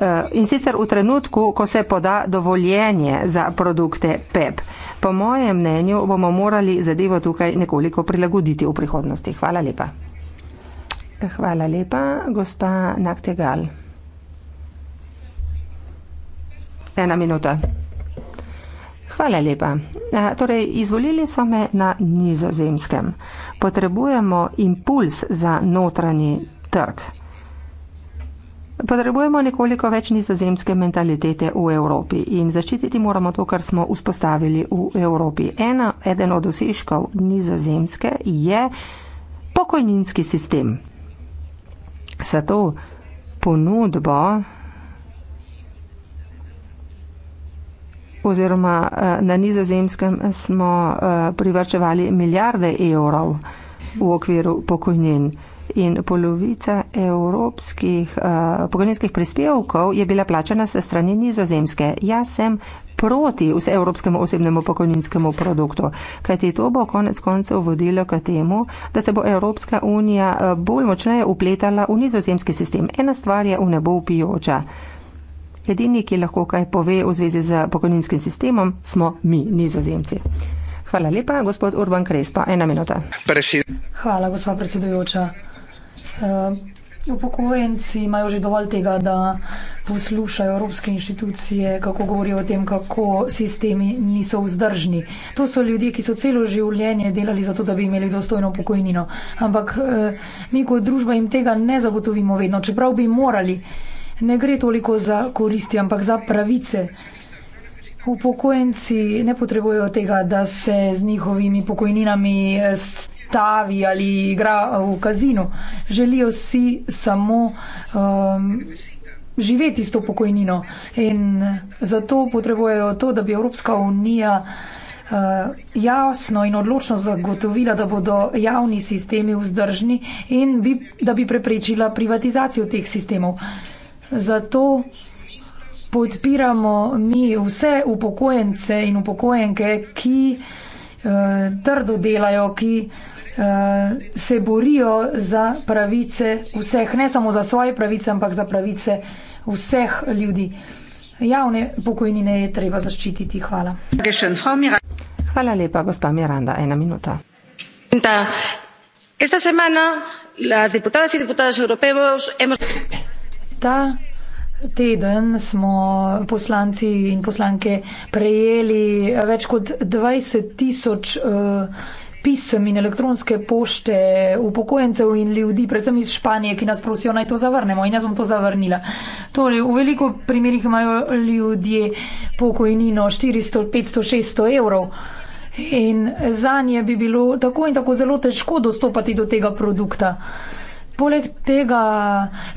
eh, in sicer v trenutku, ko se poda dovoljenje za produkte PEP. Po mojem mnenju bomo morali zadevo tukaj nekoliko prilagoditi v prihodnosti. Hvala lepa. Hvala lepa, gospa Naktegal. Ena minuta. Hvala lepa. Torej, izvolili so me na nizozemskem. Potrebujemo impuls za notranji trg. Potrebujemo nekoliko več nizozemske mentalitete v Evropi in zaščititi moramo to, kar smo vzpostavili v Evropi. Ena, eden od osiškov nizozemske je pokojninski sistem. Zato ponudbo oziroma eh, na nizozemskem smo eh, privrčevali milijarde evrov v okviru pokojnin in polovica evropskih uh, pokojninskih prispevkov je bila plačana se strani nizozemske. Jaz sem proti vseevropskemu osebnemu pokojninskemu produktu, kajti to bo konec koncev vodilo k temu, da se bo Evropska unija bolj močneje upletala v nizozemski sistem. Ena stvar je v nebo upijoča. Uh, Edini, ki lahko kaj pove v zvezi z pokojninskim sistemom, smo mi, nizozemci. Hvala lepa, gospod Urban Krespa. Ena minuta. Hvala, gospod predsedujoča. Eh, upokojenci imajo že dovolj tega, da poslušajo evropske inštitucije, kako govorijo o tem, kako sistemi niso vzdržni. To so ljudje, ki so celo življenje delali za to, da bi imeli dostojno pokojnino. Ampak eh, mi kot družba jim tega ne zagotovimo vedno, čeprav bi morali ne gre toliko za koristi, ampak za pravice. Upokojenci ne potrebujejo tega, da se z njihovimi pokojninami eh, stavi ali igra eh, v kazino. Želijo si samo um, živeti s to pokojnino in eh, zato potrebujejo to, da bi Evropska unija uh, jasno in odločno zagotovila, da bodo javni sistemi vzdržni in bi, da bi preprečila privatizacijo teh sistemov. Uh, zato podpiramo mi vse upokojence in upokojenke, ki eh, trdo delajo, ki eh, se borijo za pravice vseh, ne samo za svoje pravice, ampak za pravice vseh ljudi. Javne pokojnine je treba zaščititi. Hvala. Hvala lepa, gospa Miranda. Ena minuta. Esta semana las diputadas y diputados europeos hemos. Ta teden smo poslanci in poslanke prejeli več kot 20 tisoč eh, pisem in elektronske pošte upokojencev in ljudi, predvsem iz Španije, ki nas prosijo naj to zavrnemo in jaz bom to zavrnila. Torej, v veliko primerih imajo ljudje pokojnino 400, 500, 600 evrov in za nje bi bilo tako in tako zelo težko dostopati do tega produkta. Poleg tega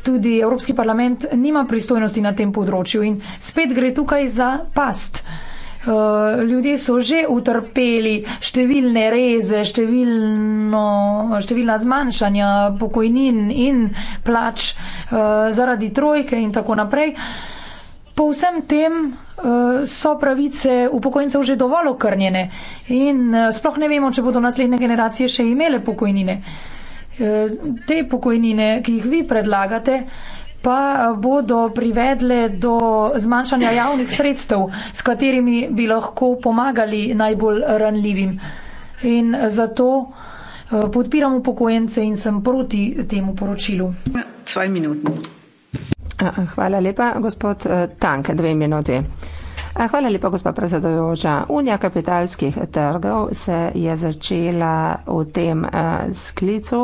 tudi Evropski parlament nima pristojnosti na tem področju in spet gre tukaj za past. Eh, ljudje so že utrpeli številne reze, številno, številna zmanjšanja pokojnin in plač eh, zaradi trojke in tako naprej. Po vsem tem eh, so pravice upokojencev že dovolj okrnjene in sploh ne vemo, če bodo naslednje generacije še imele pokojnine. Te pokojnine, ki jih vi predlagate, pa eh, bodo privedle do zmanjšanja javnih sredstev, s katerimi bi lahko pomagali najbolj ranljivim. In eh, zato eh, podpiram upokojence in sem proti temu poročilu. Svoj minut. Hvala lepa, gospod Tanke, dve minuti. Hvala lepa, gospa predsedojoča. Unija kapitalskih trgov se je začela v tem sklicu.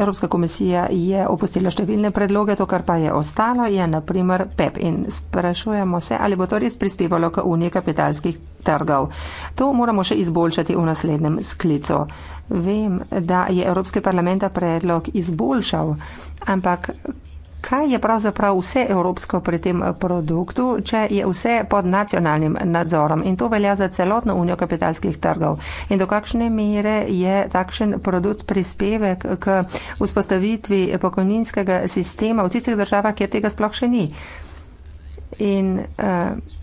Evropska komisija je opustila številne predloge, to, kar pa je ostalo, je naprimer PEP. In sprašujemo se, ali bo to res prispevalo k Uniji kapitalskih trgov. To moramo še izboljšati v naslednjem sklicu. Vem, da je Evropski parlament ta predlog izboljšal, ampak Kaj je pravzaprav vse evropsko pri tem produktu, če je vse pod nacionalnim nadzorom in to velja za celotno unijo kapitalskih trgov? In do kakšne mere je takšen produkt prispevek k vzpostavitvi pokojninskega sistema v tistih državah, kjer tega sploh še ni? In, eh,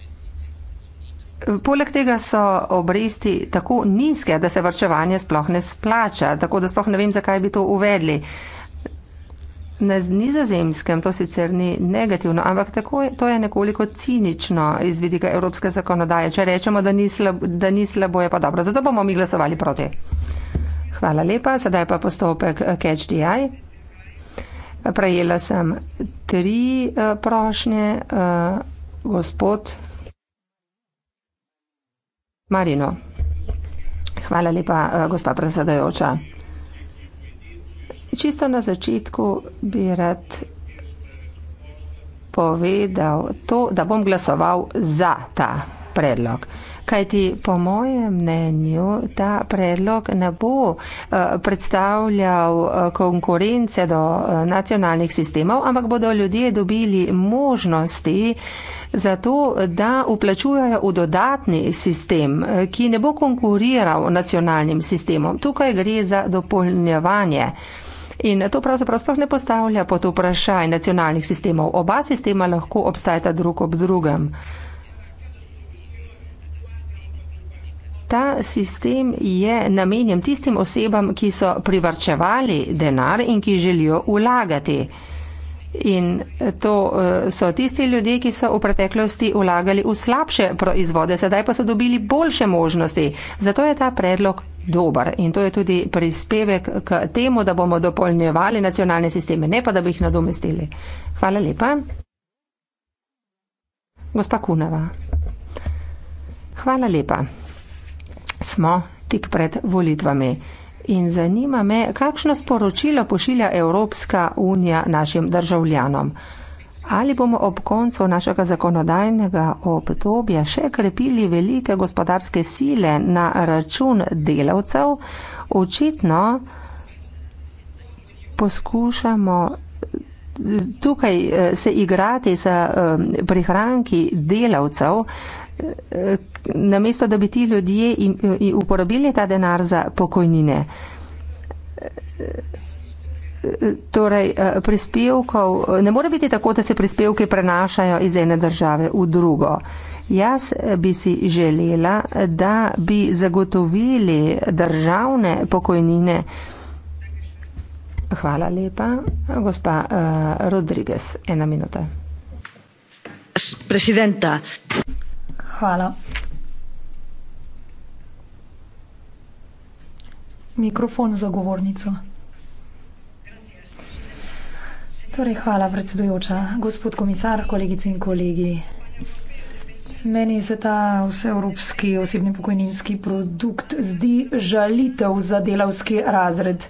Poleg tega so obresti tako nizke, da se vrčevanje sploh ne splača, tako da sploh ne vem, zakaj bi to uvedli. Uh, Na nizozemskem to sicer ni negativno, ampak tako je, to je nekoliko cinično iz vidika evropske zakonodaje. Če rečemo, da ni, slab, da ni slabo, je pa dobro. Zato bomo mi glasovali proti. Hvala lepa. Sedaj pa postopek eh, CatchDI. Prejela sem tri eh, prošnje. Eh, gospod Marino. Hvala lepa, gospa predsedajoča. Čisto na začetku bi rad povedal to, da bom glasoval za ta predlog. Kajti po mojem mnenju ta predlog ne bo eh, predstavljal eh, konkurence do eh, nacionalnih sistemov, ampak bodo ljudje dobili možnosti za to, da uplačujajo v dodatni sistem, ki ne bo konkuriral nacionalnim sistemom. Tukaj gre za dopolnjevanje. In to pravzaprav sploh ne postavlja pod vprašaj nacionalnih sistemov. Oba sistema lahko obstajata drug ob drugem. Ta sistem je namenjen tistim osebam, ki so privrčevali denar in ki želijo vlagati denar. In to eh, so tisti ljudje, ki so v preteklosti ulagali v slabše proizvode, sedaj pa so dobili boljše možnosti. Zato je ta predlog dober in to je tudi prispevek k temu, da bomo dopolnjevali nacionalne sisteme, ne pa da bi jih nadomestili. Hvala lepa. Gospa Kunova. Hvala lepa. Smo tik pred volitvami in zanima me, kakšno sporočilo pošilja Evropska unija našim državljanom. Ali bomo ob koncu našega zakonodajnega obdobja še krepili velike gospodarske sile na račun delavcev? Očitno poskušamo tukaj eh, se igrati za eh, prihranki delavcev, eh, namesto da bi ti ljudje uporabili ta denar za pokojnine. Torej, prispevkov ne more biti tako, da se prispevke prenašajo iz ene države v drugo. Jaz bi si želela, da bi zagotovili državne pokojnine. Hvala lepa. Gospa uh, Rodriguez, ena minuta. Presidenta. Hvala. Mikrofon za govornico. Torej, hvala, predsedujoča, gospod komisar, kolegice in kolegi. Meni se ta vseevropski osebni pokojninski produkt zdi žalitev za delavski razred.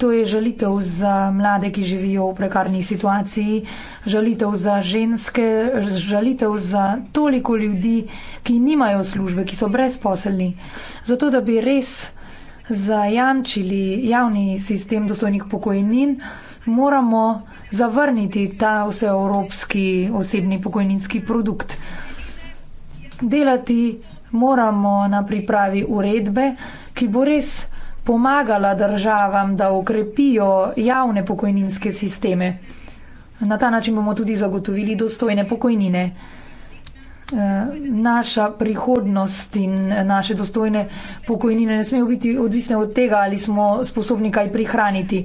To je žalitev za mlade, ki živijo v prekarni situaciji, žalitev za ženske, žalitev za toliko ljudi, ki nimajo službe, ki so brezposelni. Zato, da bi res zajamčili javni sistem dostojnih pokojnin, moramo zavrniti ta vseevropski osebni pokojninski produkt. Delati moramo na pripravi uredbe, ki bo res pomagala državam, da okrepijo javne pokojninske sisteme. Na ta način bomo tudi zagotovili dostojne pokojnine. Eh, naša prihodnost in naše dostojne pokojnine ne smejo biti odvisne od tega, ali smo sposobni kaj prihraniti.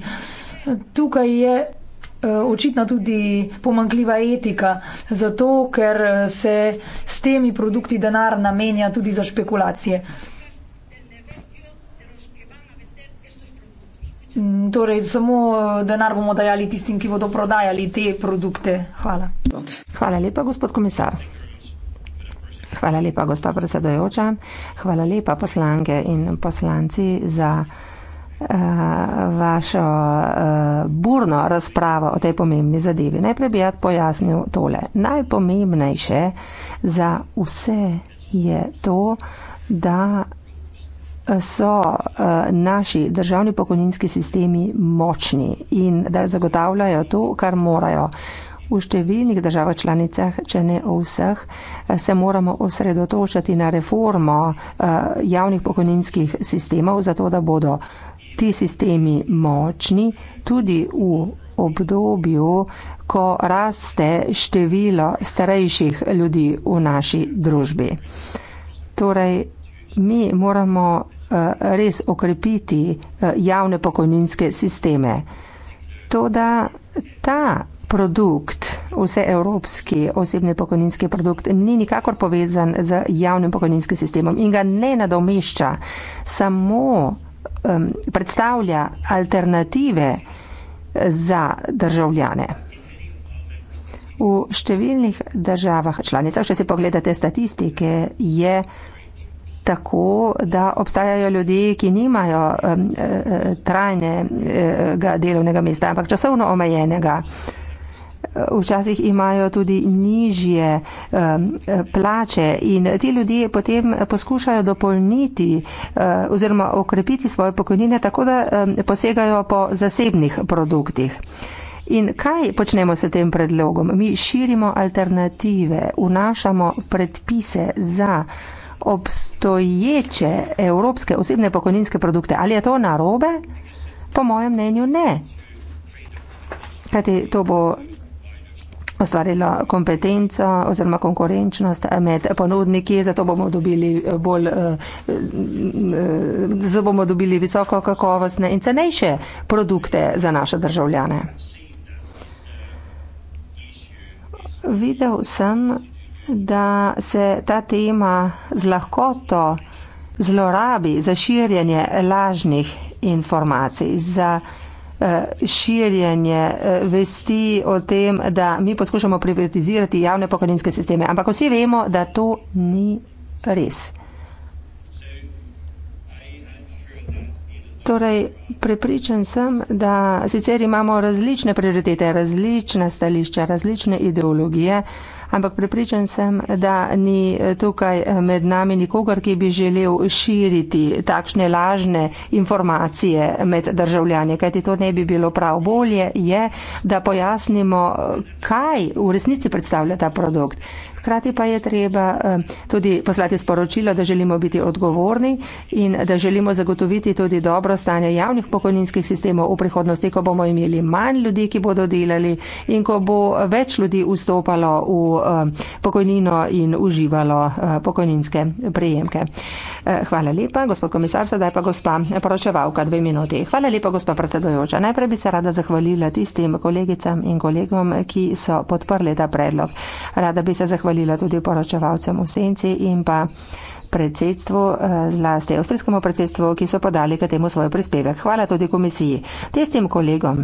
Tukaj je eh, očitna tudi pomankljiva etika, zato ker eh, se s temi produkti denar namenja tudi za špekulacije. Mm, torej, samo eh, denar bomo dajali tistim, ki bodo prodajali te produkte. Hvala. Hvala lepa, gospod komisar. Hvala lepa, gospa predsedojoča. Hvala lepa, poslanke in poslanci, za uh, vašo uh, burno razpravo o tej pomembni zadevi. Najprej bi jaz pojasnil tole. Najpomembnejše za vse je to, da so eh, naši državni pokojninski sistemi močni in da zagotavljajo to, kar morajo. V številnih državah članicah, če ne v vseh, eh, se moramo osredotočati na reformo eh, javnih pokojninskih sistemov, zato da bodo ti sistemi močni tudi v obdobju, ko raste število starejših ljudi v naši družbi. Torej, mi moramo eh, res okrepiti eh, javne pokojninske sisteme. To, da ta produkt, vse evropski osebni pokojninski produkt, ni nikakor povezan z javnim pokojninskim sistemom in ga ne nadomešča, samo um, predstavlja alternative eh, za državljane. V številnih državah članicah, če si pogledate statistike, je tako, da obstajajo ljudje, ki nimajo um, trajnega delovnega mesta, ampak časovno omejenega. Včasih imajo tudi nižje um, plače in ti ljudje potem poskušajo dopolniti uh, oziroma okrepiti svoje pokojnine tako, da um, posegajo po zasebnih produktih. In kaj počnemo s tem predlogom? Mi širimo alternative, vnašamo predpise za obstoječe evropske osebne pokojninske produkte. Ali je to narobe? Po mojem mnenju ne. Kajti to bo ustvarila kompetenca oziroma konkurenčnost med ponudniki, zato bomo dobili, bolj, eh, eh, eh, zato bomo dobili visoko kakovostne in cenejše produkte za naše državljane. Videl sem, da se ta tema z lahkoto zlorabi za širjenje lažnih informacij, za eh, širjenje eh, vesti o tem, da mi poskušamo privatizirati javne pokojninske sisteme. Ampak vsi vemo, da to ni res. Torej, prepričan sem, da sicer imamo različne prioritete, različna stališča, različne ideologije, ampak prepričan sem, da ni eh, tukaj eh, med nami nikogar, ki bi želel širiti takšne lažne informacije med državljanje, kajti to ne bi bilo prav. Bolje je, da pojasnimo, eh, kaj v resnici predstavlja ta produkt. Hrati pa je treba eh, tudi poslati sporočilo, da želimo biti odgovorni in da želimo zagotoviti tudi dobro stanje javnih pokojninskih sistemov v prihodnosti, ko bomo imeli manj ljudi, ki bodo delali in ko bo več ljudi vstopalo v eh, pokojnino in uživalo eh, pokojninske prejemke. Hvala lepa, gospod komisar, sedaj pa gospa poročevalka dve minuti. Hvala lepa, gospa predsedojoča. Najprej bi se rada zahvalila tistim kolegicam in kolegom, ki so podprli ta predlog. Rada bi se zahvalila zahvalila tudi poročevalcem v senci in pa predsedstvu, eh, zlasti avstrijskemu predsedstvu, ki so podali k temu svoj prispevek. Hvala tudi komisiji. Tistim kolegom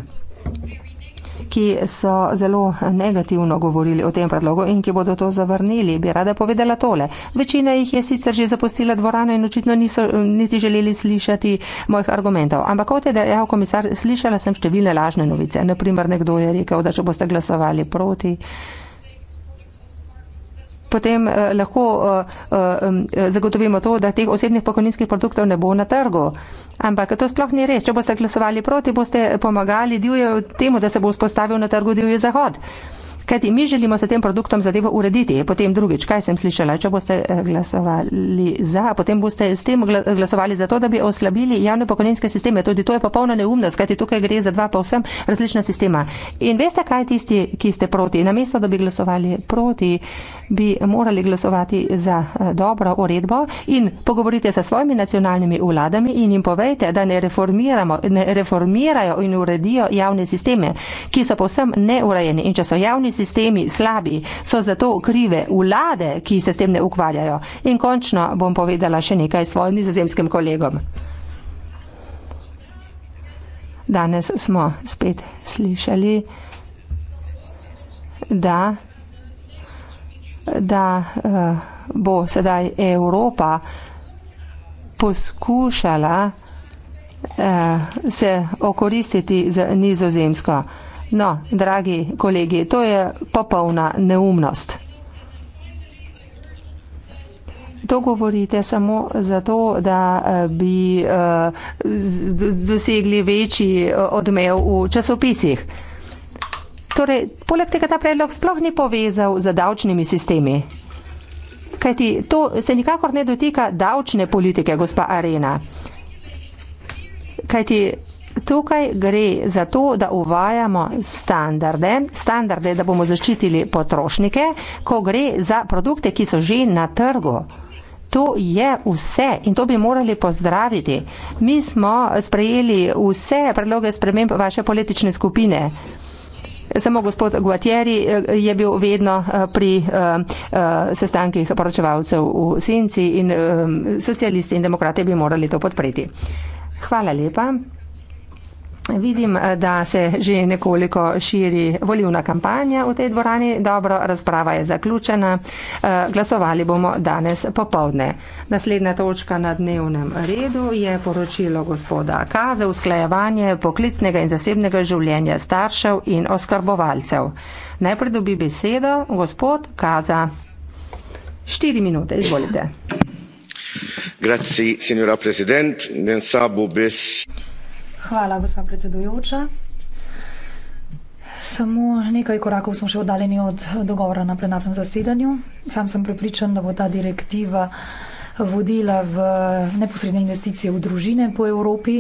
ki so zelo negativno govorili o tem predlogu in ki bodo to zavrnili, bi rada povedala tole. Večina jih je sicer že zapustila dvorano in očitno niso niti želeli slišati mojih argumentov. Ampak kot je dejal komisar, slišala sem številne lažne novice. Naprimer, nekdo je rekel, da če boste glasovali proti potem eh, lahko eh, eh, eh, zagotovimo to, da teh osebnih pokojninskih produktov ne bo na trgu. Ampak to sploh ni res. Če boste glasovali proti, boste pomagali divje temu, da se bo vzpostavil na trgu divji zahod. Eh, Kajti mi želimo s tem produktom zadevo urediti. Potem drugič, kaj sem slišala, če boste eh, glasovali za, potem boste s tem glasovali za to, da bi oslabili javne pokojninske sisteme. Tudi to je popolna neumnost, kajti tukaj gre za dva povsem različna sistema. In veste, kaj tisti, ki ste proti? Namesto, da bi glasovali proti, bi morali glasovati za eh, dobro uredbo in pogovorite se s svojimi nacionalnimi vladami in jim povejte, da ne, ne reformirajo in uredijo javne sisteme, ki so povsem neurejeni. In če so javni sistemi slabi, so za to krive vlade, ki se s tem ne ukvarjajo. In končno bom povedala še nekaj svojim nizozemskim kolegom. Danes smo spet slišali, da, da uh, bo sedaj Evropa poskušala uh, se okoristiti z nizozemsko. No, dragi kolegi, to je popolna neumnost. To govorite samo zato, da eh, bi eh, dosegli večji eh, odmev v časopisih. Torej, poleg tega ta predlog sploh ni povezal z davčnimi sistemi. Kajti to se nikakor ne dotika davčne politike, gospa Arena. Kajti Tukaj gre za to, da uvajamo standarde, standarde, da bomo zaščitili potrošnike, ko gre za produkte, ki so že na trgu. To je vse in to bi morali pozdraviti. Mi smo sprejeli vse predloge sprememb vaše politične skupine. Samo gospod Guatieri eh, je bil vedno eh, pri eh, sestankih poročevalcev v Senci in socialisti in demokrati bi morali to podpreti. Hvala lepa. Vidim, eh, da se že nekoliko širi volivna kampanja v tej dvorani. Dobro, razprava je zaključena. Eh, glasovali bomo danes popovdne. Naslednja točka na dnevnem redu je poročilo gospoda K. za usklajevanje poklicnega in zasebnega življenja staršev in oskrbovalcev. Najprej dobi besedo gospod K. za štiri minute. Izvolite. Grazie, signora president. Hvala, gospa predsedujoča. Samo nekaj korakov smo še oddaljeni od dogovora na plenarnem zasedanju. Sam sem prepričan, da bo ta direktiva vodila v neposredne investicije v družine po Evropi.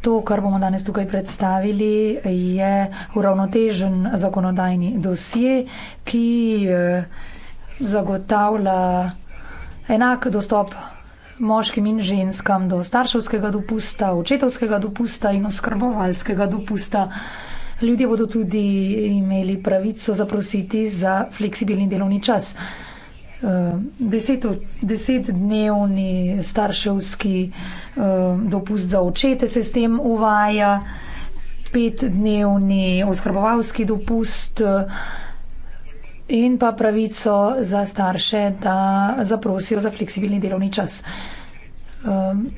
To, kar bomo danes tukaj predstavili, je uravnotežen zakonodajni dosje, ki eh, zagotavlja enak dostop moškim in ženskam do starševskega dopusta, očetovskega dopusta in oskrbovalskega dopusta. Ljudje bodo tudi imeli pravico zaprositi za fleksibilni delovni čas. Eh, deset, desetdnevni starševski eh, dopust za očete se s tem uvaja, petdnevni oskrbovalski dopust. Eh, in pa pravico za starše, da zaprosijo za fleksibilni delovni čas. Um,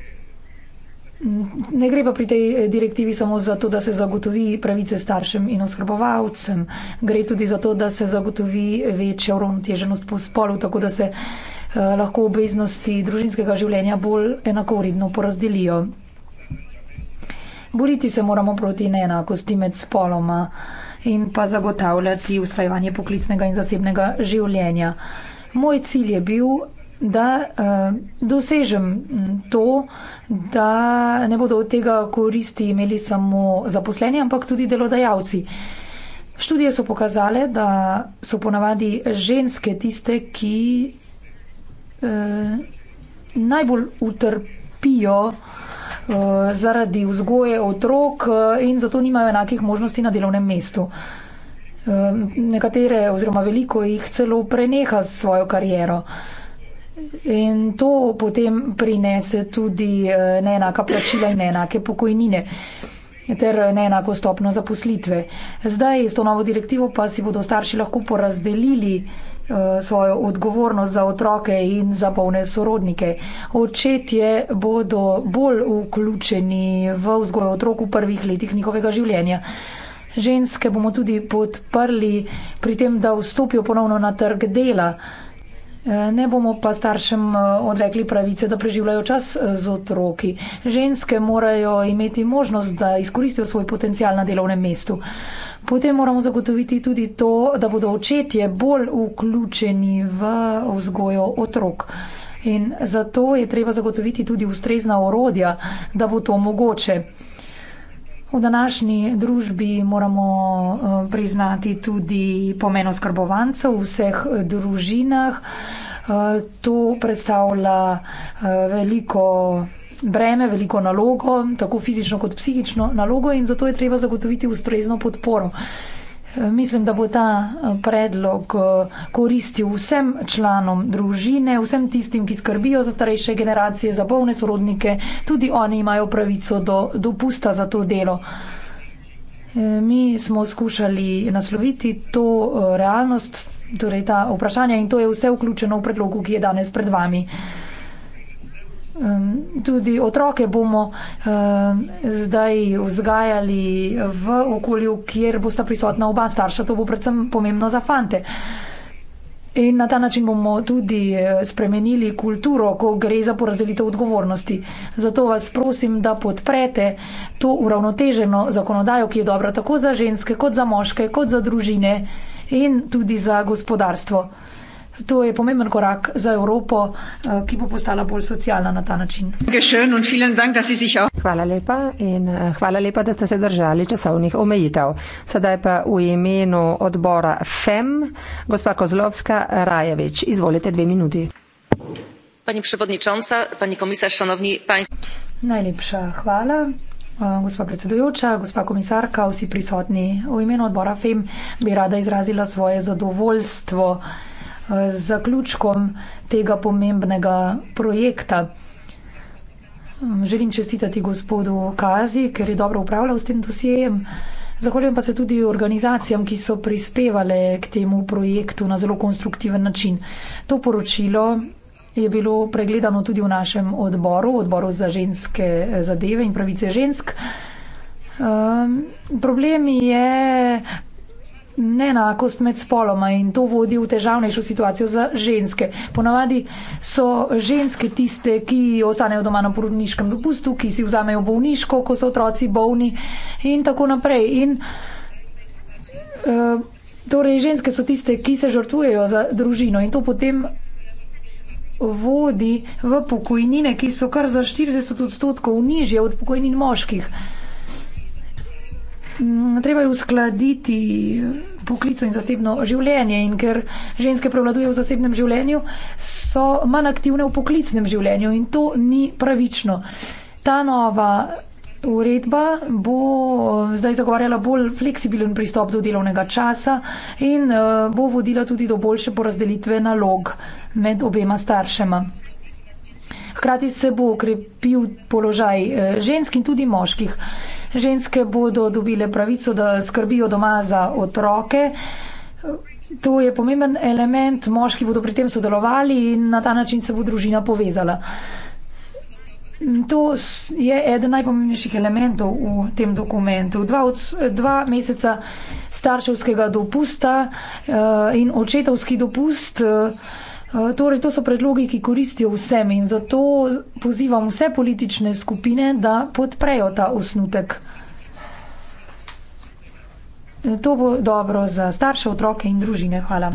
ne gre pa pri tej direktivi samo za to, da se zagotovi pravice staršem in oskrbovalcem. Gre tudi za to, da se zagotovi večja uravnoteženost po spolu, tako da se eh, lahko obveznosti družinskega življenja bolj enakovredno porazdelijo. Boriti se moramo proti neenakosti med spoloma in pa zagotavljati ustrajevanje poklicnega in zasebnega življenja. Moj cilj je bil, da uh, dosežem mm, to, da ne bodo od tega koristi imeli samo zaposleni, ampak tudi delodajalci. Študije so pokazale, da so ponavadi ženske tiste, ki uh, najbolj utrpijo uh, Eh, zaradi vzgoje otrok eh, in zato nimajo enakih možnosti na delovnem mestu. Eh, nekatere oziroma veliko jih celo preneha s svojo kariero. In to potem prinese tudi neenaka plačila in neenake pokojnine ter neenako stopno zaposlitve. Zdaj s to novo direktivo pa si bodo starši lahko porazdelili uh, Eh, svojo odgovornost za otroke in za polne sorodnike. Očetje bodo bolj vključeni v vzgojo otrok v prvih letih njihovega življenja. Ženske bomo tudi podprli pri tem, da vstopijo ponovno na trg dela. Eh, ne bomo pa staršem eh, odrekli pravice, da preživljajo čas z otroki. Ženske morajo imeti možnost, da izkoristijo svoj potencial na delovnem mestu. Potem moramo zagotoviti tudi to, da bodo očetje bolj vključeni v vzgojo otrok. In zato je treba zagotoviti tudi ustrezna orodja, da bo to mogoče. V današnji družbi moramo eh, priznati tudi pomen oskrbovancev v vseh eh, družinah. Eh, to predstavlja veliko breme, veliko nalogo, tako fizično kot psihično nalogo in zato je treba zagotoviti ustrezno podporo. E, mislim, da bo ta e, predlog e, koristil vsem članom družine, vsem tistim, ki skrbijo za starejše generacije, za bolne sorodnike. Tudi oni imajo pravico do dopusta za to delo. Mi smo skušali nasloviti to realnost, torej ta vprašanja in to je vse vključeno v predlogu, ki je danes pred vami. Um, tudi otroke bomo um, zdaj vzgajali v okolju, kjer bosta prisotna oba starša. To bo predvsem pomembno za fante. In na ta način bomo tudi eh, spremenili kulturo, ko gre za porazdelitev odgovornosti. Zato vas prosim, da podprete to uravnoteženo zakonodajo, ki je dobra tako za ženske, kot za moške, kot za družine in tudi za gospodarstvo. To je pomemben korak za Evropo, eh, ki bo postala bolj socialna na ta način. Hvala lepa in eh, hvala lepa, da ste se držali časovnih omejitev. Sedaj pa v imenu odbora FEM, gospa Kozlovska Rajevič. Izvolite dve minuti. Pani predsednica, pani komisar, šanovni pani. Najlepša hvala. E, gospa predsedujoča, gospa komisarka, vsi prisotni v imenu odbora FEM bi rada izrazila svoje zadovoljstvo z zaključkom tega pomembnega projekta. Želim čestitati gospodu Kazi, ker je dobro upravljal s tem dosjejem. Zahvaljujem pa se tudi organizacijam, ki so prispevale k temu projektu na zelo konstruktiven način. To poročilo je bilo pregledano tudi v našem odboru, odboru za ženske eh, zadeve in pravice žensk. Um, problem je neenakost med spoloma in to vodi v težavnejšo situacijo za ženske. Ponavadi so ženske tiste, ki ostanejo doma na porodniškem dopustu, ki si vzamejo bolniško, ko so otroci bolni in tako naprej. In, eh, torej, ženske so tiste, ki se žrtvujejo za družino in to potem vodi v pokojnine, ki so kar za 40 odstotkov nižje od pokojnin moških. Mm, treba je uskladiti poklico in zasebno življenje. In ker ženske prevladuje v zasebnem življenju, so manj aktivne v poklicnem življenju in to ni pravično. Ta nova uredba bo eh, zdaj zagovarjala bolj fleksibilen pristop do delovnega časa in eh, bo vodila tudi do boljše porazdelitve nalog med obema staršema. Hkrati se bo okrepil položaj eh, žensk in tudi moških. Ženske bodo dobile pravico, da skrbijo doma za otroke. To je pomemben element, moški bodo pri tem sodelovali in na ta način se bo družina povezala. To je eden najpomembnejših elementov v tem dokumentu. Dva, od, dva meseca starševskega dopusta uh, in očetovski dopust. Uh, Eh, torej, to so predlogi, ki koristijo vsem in zato pozivam vse politične skupine, da podprejo ta osnutek. Eh, to bo dobro za starše, otroke in družine. Hvala.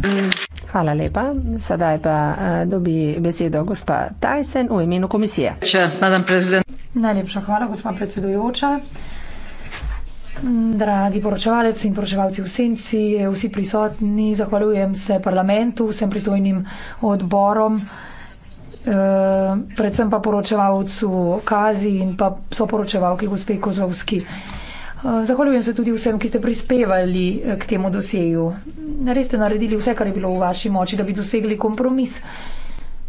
Hvala lepa. Sedaj pa eh, dobi besedo gospa Tyson v imenu komisije. Najlepša hvala, gospa predsedujoča. Dragi poročevalec in poročevalci v senci, vsi prisotni, zahvaljujem se parlamentu, vsem pristojnim odborom, eh, predvsem pa poročevalcu Kazi in pa so poročevalki gospe Kozlovski. Eh, zahvaljujem se tudi vsem, ki ste prispevali eh, k temu dosjeju. Res ste naredili vse, kar je bilo v vaši moči, da bi dosegli kompromis.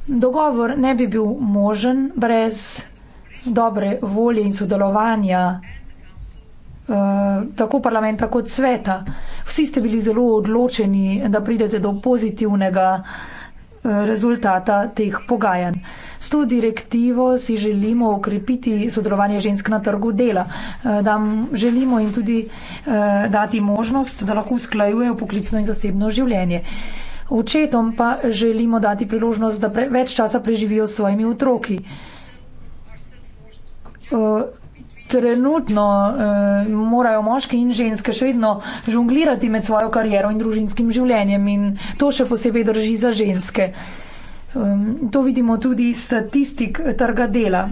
Dogovor ne bi bil možen brez dobre volje in sodelovanja Eh, tako parlamenta kot sveta. Vsi ste bili zelo odločeni, da pridete do pozitivnega eh, rezultata teh pogajanj. S to direktivo si želimo okrepiti sodelovanje žensk na trgu dela. Eh, dam, želimo jim tudi dati možnost, da lahko usklajujejo poklicno in zasebno življenje. Očetom pa želimo dati priložnost, da pre, več časa preživijo s svojimi otroki trenutno uh, morajo moški in ženske še vedno žonglirati med svojo kariero in družinskim življenjem in to še posebej drži za ženske. Um, to vidimo tudi iz statistik eh, trga dela. Eh,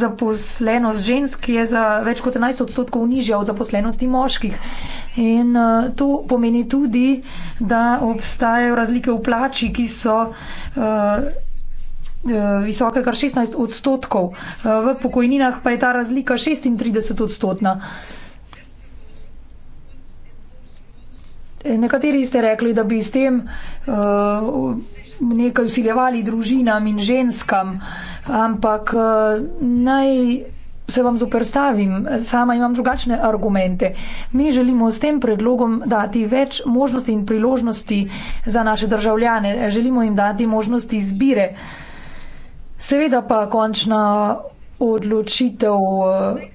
zaposlenost žensk je za več kot 11 odstotkov nižja od zaposlenosti moških. In uh, to pomeni tudi, da obstajajo razlike v plači, ki so uh, visoke kar 16 odstotkov, eh, v pokojninah pa je ta razlika 36 odstotna. Nekateri ste rekli, da bi s tem eh, nekaj usiljevali družinam in ženskam, ampak eh, naj se vam zoprstavim, sama imam drugačne argumente. Mi želimo s tem predlogom dati več možnosti in priložnosti za naše državljane, želimo jim dati možnosti izbire. Seveda pa končna odločitev eh,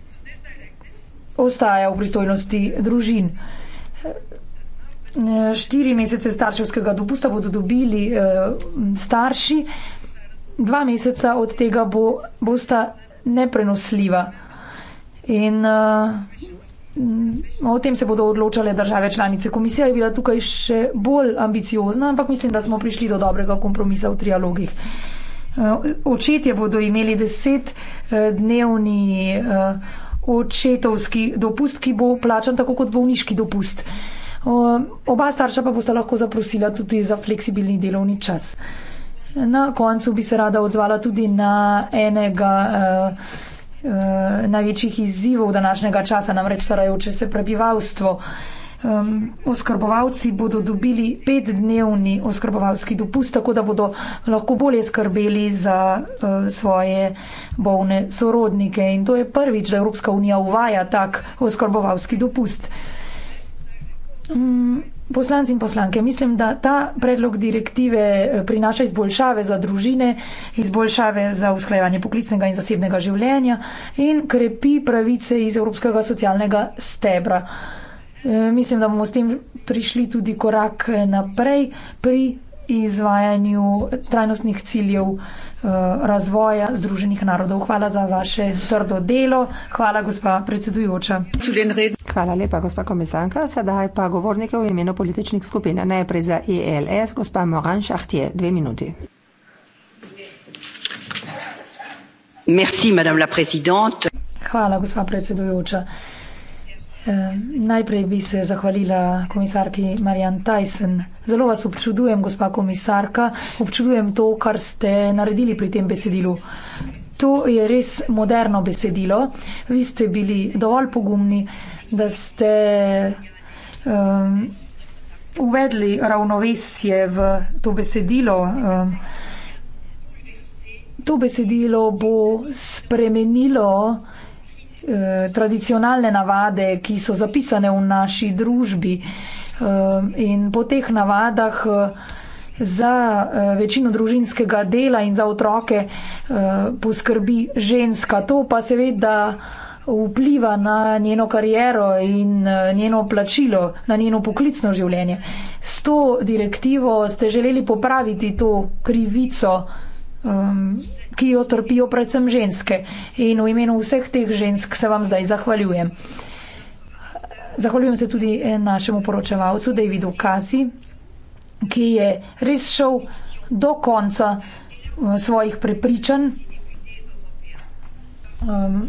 ostaja v pristojnosti družin. Štiri mesece starševskega dopusta bodo dobili eh, starši, dva meseca od tega bo, bosta neprenosljiva. In eh, o tem se bodo odločale države članice. Komisija je bila tukaj še bolj ambiciozna, ampak mislim, da smo prišli do dobrega kompromisa v trialogih. Eh, očetje bodo imeli desetdnevni eh, eh, očetovski dopust, ki bo plačan tako kot bolniški dopust. Oba starša pa bosta lahko zaprosila tudi za fleksibilni delovni čas. Na koncu bi se rada odzvala tudi na enega uh, uh, največjih izzivov današnjega časa, namreč starajoče se prebivalstvo. Uh, um, oskrbovalci bodo dobili petdnevni oskrbovalski dopust, tako da bodo lahko bolje skrbeli za uh, svoje bolne sorodnike. In to je prvič, da Evropska unija uvaja tak oskrbovalski dopust. Um, Poslanci in poslanke, mislim, da ta predlog direktive e, prinaša izboljšave za družine, izboljšave za usklajevanje poklicnega in zasebnega življenja in krepi pravice iz Evropskega socialnega stebra. Eh, mislim, da bomo s tem prišli tudi korak eh, naprej pri izvajanju trajnostnih ciljev eh, razvoja Združenih narodov. Hvala za vaše trdo delo. Hvala, gospa predsedujoča. Hvala lepa, gospa komisanka. Sedaj pa govornike v imenu političnih skupin. Najprej za ELS, gospa Moran Šahtje, dve minuti. Merci, Hvala, gospa predsedujoča. Najprej bi se zahvalila komisarki Marian Tyson. Zelo vas občudujem, gospa komisarka, občudujem to, kar ste naredili pri tem besedilu. To je res moderno besedilo. Vi ste bili dovolj pogumni, da ste um, uvedli ravnovesje v to besedilo. Um, to besedilo bo spremenilo. Eh, tradicionalne navade, ki so zapisane v naši družbi. Eh, in po teh navadah eh, za večino družinskega dela in za otroke poskrbi ženska. To pa seveda vpliva na njeno kariero in njeno plačilo, na njeno poklicno življenje. S to direktivo ste želeli popraviti to krivico. Ehm, ki jo trpijo predvsem ženske. In v imenu vseh teh žensk se vam zdaj zahvaljujem. Zahvaljujem se tudi eh, našemu poročevalcu Davidu Kasi, ki je res šel do konca eh, svojih prepričanj. Ehm,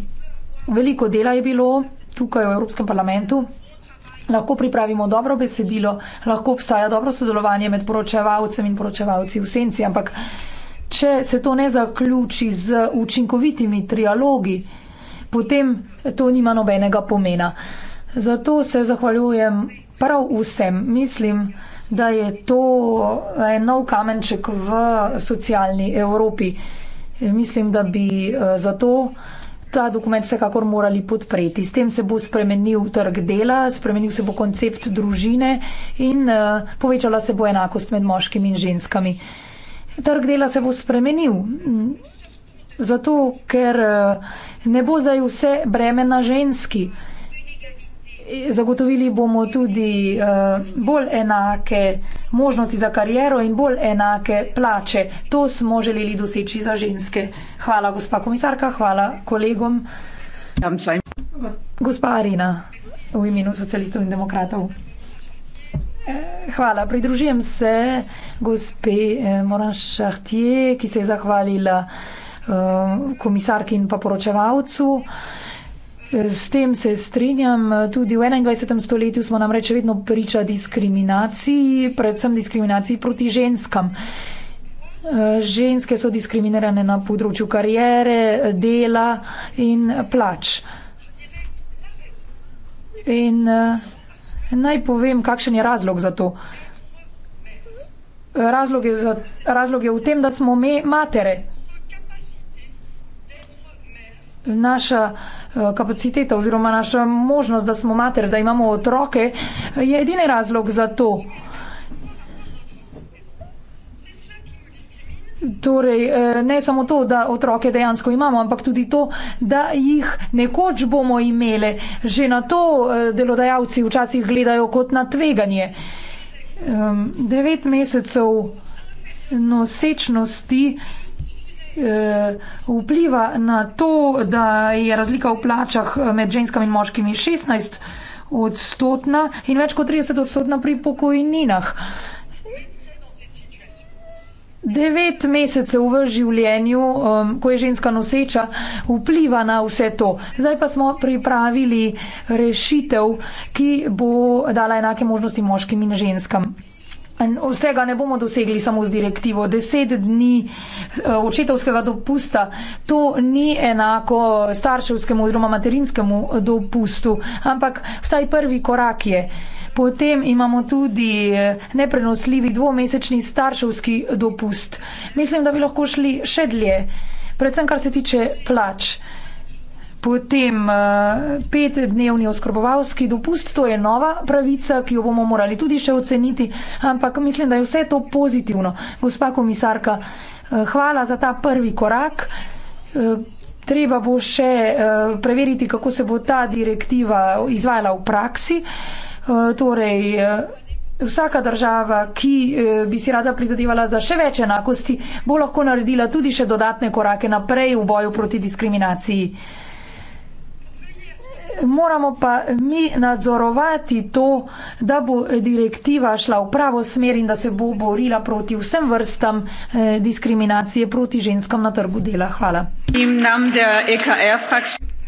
veliko dela je bilo tukaj v Evropskem parlamentu. Lahko pripravimo dobro besedilo, lahko obstaja dobro sodelovanje med poročevalcem in poročevalci v senci, ampak če se to ne zaključi z učinkovitimi trialogi, potem to nima nobenega pomena. Zato se zahvaljujem prav vsem. Mislim, da je to en nov kamenček v socialni Evropi. Mislim, da bi eh, zato ta dokument vsekakor morali podpreti. S tem se bo spremenil trg dela, spremenil se bo koncept družine in eh, povečala se bo enakost med moškimi in ženskami trg dela se bo spremenil. Zato, ker eh, ne bo zdaj vse breme na ženski. Zagotovili bomo tudi eh, bolj enake možnosti za karijero in bolj enake plače. To smo želeli doseči za ženske. Hvala, gospa komisarka, hvala kolegom. Gospa Arina, v imenu socialistov in demokratov. Eh, hvala. Pridružujem se gospe eh, Moran Šartier, ki se je zahvalila eh, komisarki in pa poročevalcu. S tem se strinjam. Tudi v 21. stoletju smo nam reče vedno priča diskriminaciji, predvsem diskriminaciji proti ženskam. Ženske so diskriminirane na področju karijere, dela in plač. In uh, Naj povem, kakšen je razlog za to. Razlog je, za, razlog je v tem, da smo me matere. Naša eh, kapaciteta oziroma naša možnost, da smo matere, da imamo otroke, je edini razlog za to. Torej, eh, ne samo to, da otroke dejansko imamo, ampak tudi to, da jih nekoč bomo imeli. Že na to eh, delodajalci včasih gledajo kot na tveganje. Devet mesecev nosečnosti eh, vpliva na to, da je razlika v plačah med ženskami in moškimi 16 odstotna in več kot 30 odstotna pri pokojninah devet mesecev v življenju, um, ko je ženska noseča, vpliva na vse to. Zdaj pa smo pripravili rešitev, ki bo dala enake možnosti moškim in ženskam. Vsega ne bomo dosegli samo z direktivo. Deset dni uh, očetovskega dopusta, to ni enako starševskemu oziroma materinskemu dopustu, ampak vsaj prvi korak je. Potem imamo tudi eh, neprenosljivi dvomesečni starševski dopust. Mislim, da bi lahko šli še dlje, predvsem kar se tiče plač. Potem eh, petdnevni oskrbovalski dopust, to je nova pravica, ki jo bomo morali tudi še oceniti, ampak mislim, da je vse to pozitivno. Gospa komisarka, eh, hvala za ta prvi korak. Treba bo še preveriti, kako se bo ta direktiva izvajala v praksi. Eh, torej, eh, vsaka država, ki eh, bi si rada prizadevala za še več enakosti, bo lahko naredila tudi še dodatne korake naprej v boju proti diskriminaciji. Moramo pa mi nadzorovati to, da bo direktiva šla v pravo smer in da se bo borila proti vsem vrstam diskriminacije proti ženskam na trgu dela. Hvala. E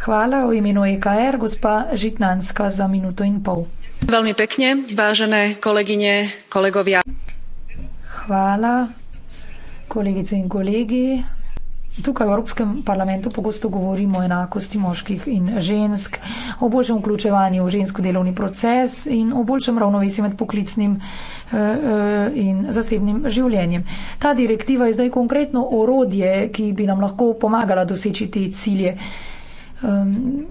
Hvala v imenu EKR, gospa Žitnanska, za minuto in pol veľmi pekne vážené kolegyne kolegovia hvala kolegice in kolegi Tukaj v Evropskem parlamentu pogosto govorimo o enakosti moških in žensk, o boljšem vključevanju v žensko delovni proces in o boljšem ravnovesju med poklicnim eh, eh, in zasebnim življenjem. Ta direktiva je zdaj konkretno orodje, ki bi nam lahko pomagala doseči te cilje. Um,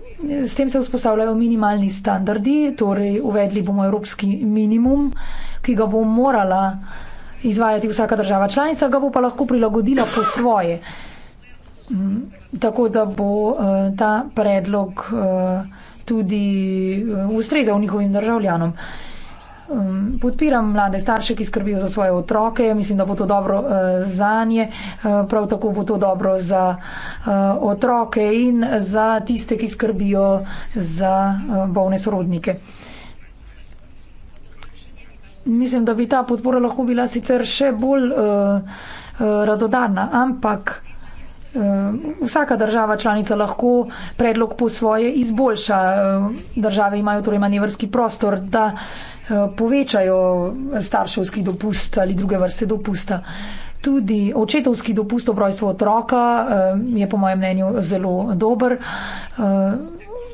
s tem se vzpostavljajo minimalni standardi, torej uvedli bomo evropski minimum, ki ga bo morala izvajati vsaka država članica, ga bo pa lahko prilagodila po svoje. Um, tako da bo uh, ta predlog uh, tudi uh, ustrezal njihovim državljanom. Uh, um, podpiram mlade starše, ki skrbijo za svoje otroke. Ja mislim, da bo to dobro uh, za nje, uh, prav tako bo to dobro za uh, otroke in za tiste, ki skrbijo za uh, bolne sorodnike. Mislim, da bi ta podpora lahko bila sicer še bolj uh, uh, radodarna, ampak. Uh, vsaka država članica lahko predlog po svoje izboljša. Uh, države imajo torej manevrski prostor, da uh, povečajo starševski dopust ali druge vrste dopusta. Tudi očetovski dopust ob rojstvu otroka eh, je po mojem mnenju zelo dober. Eh,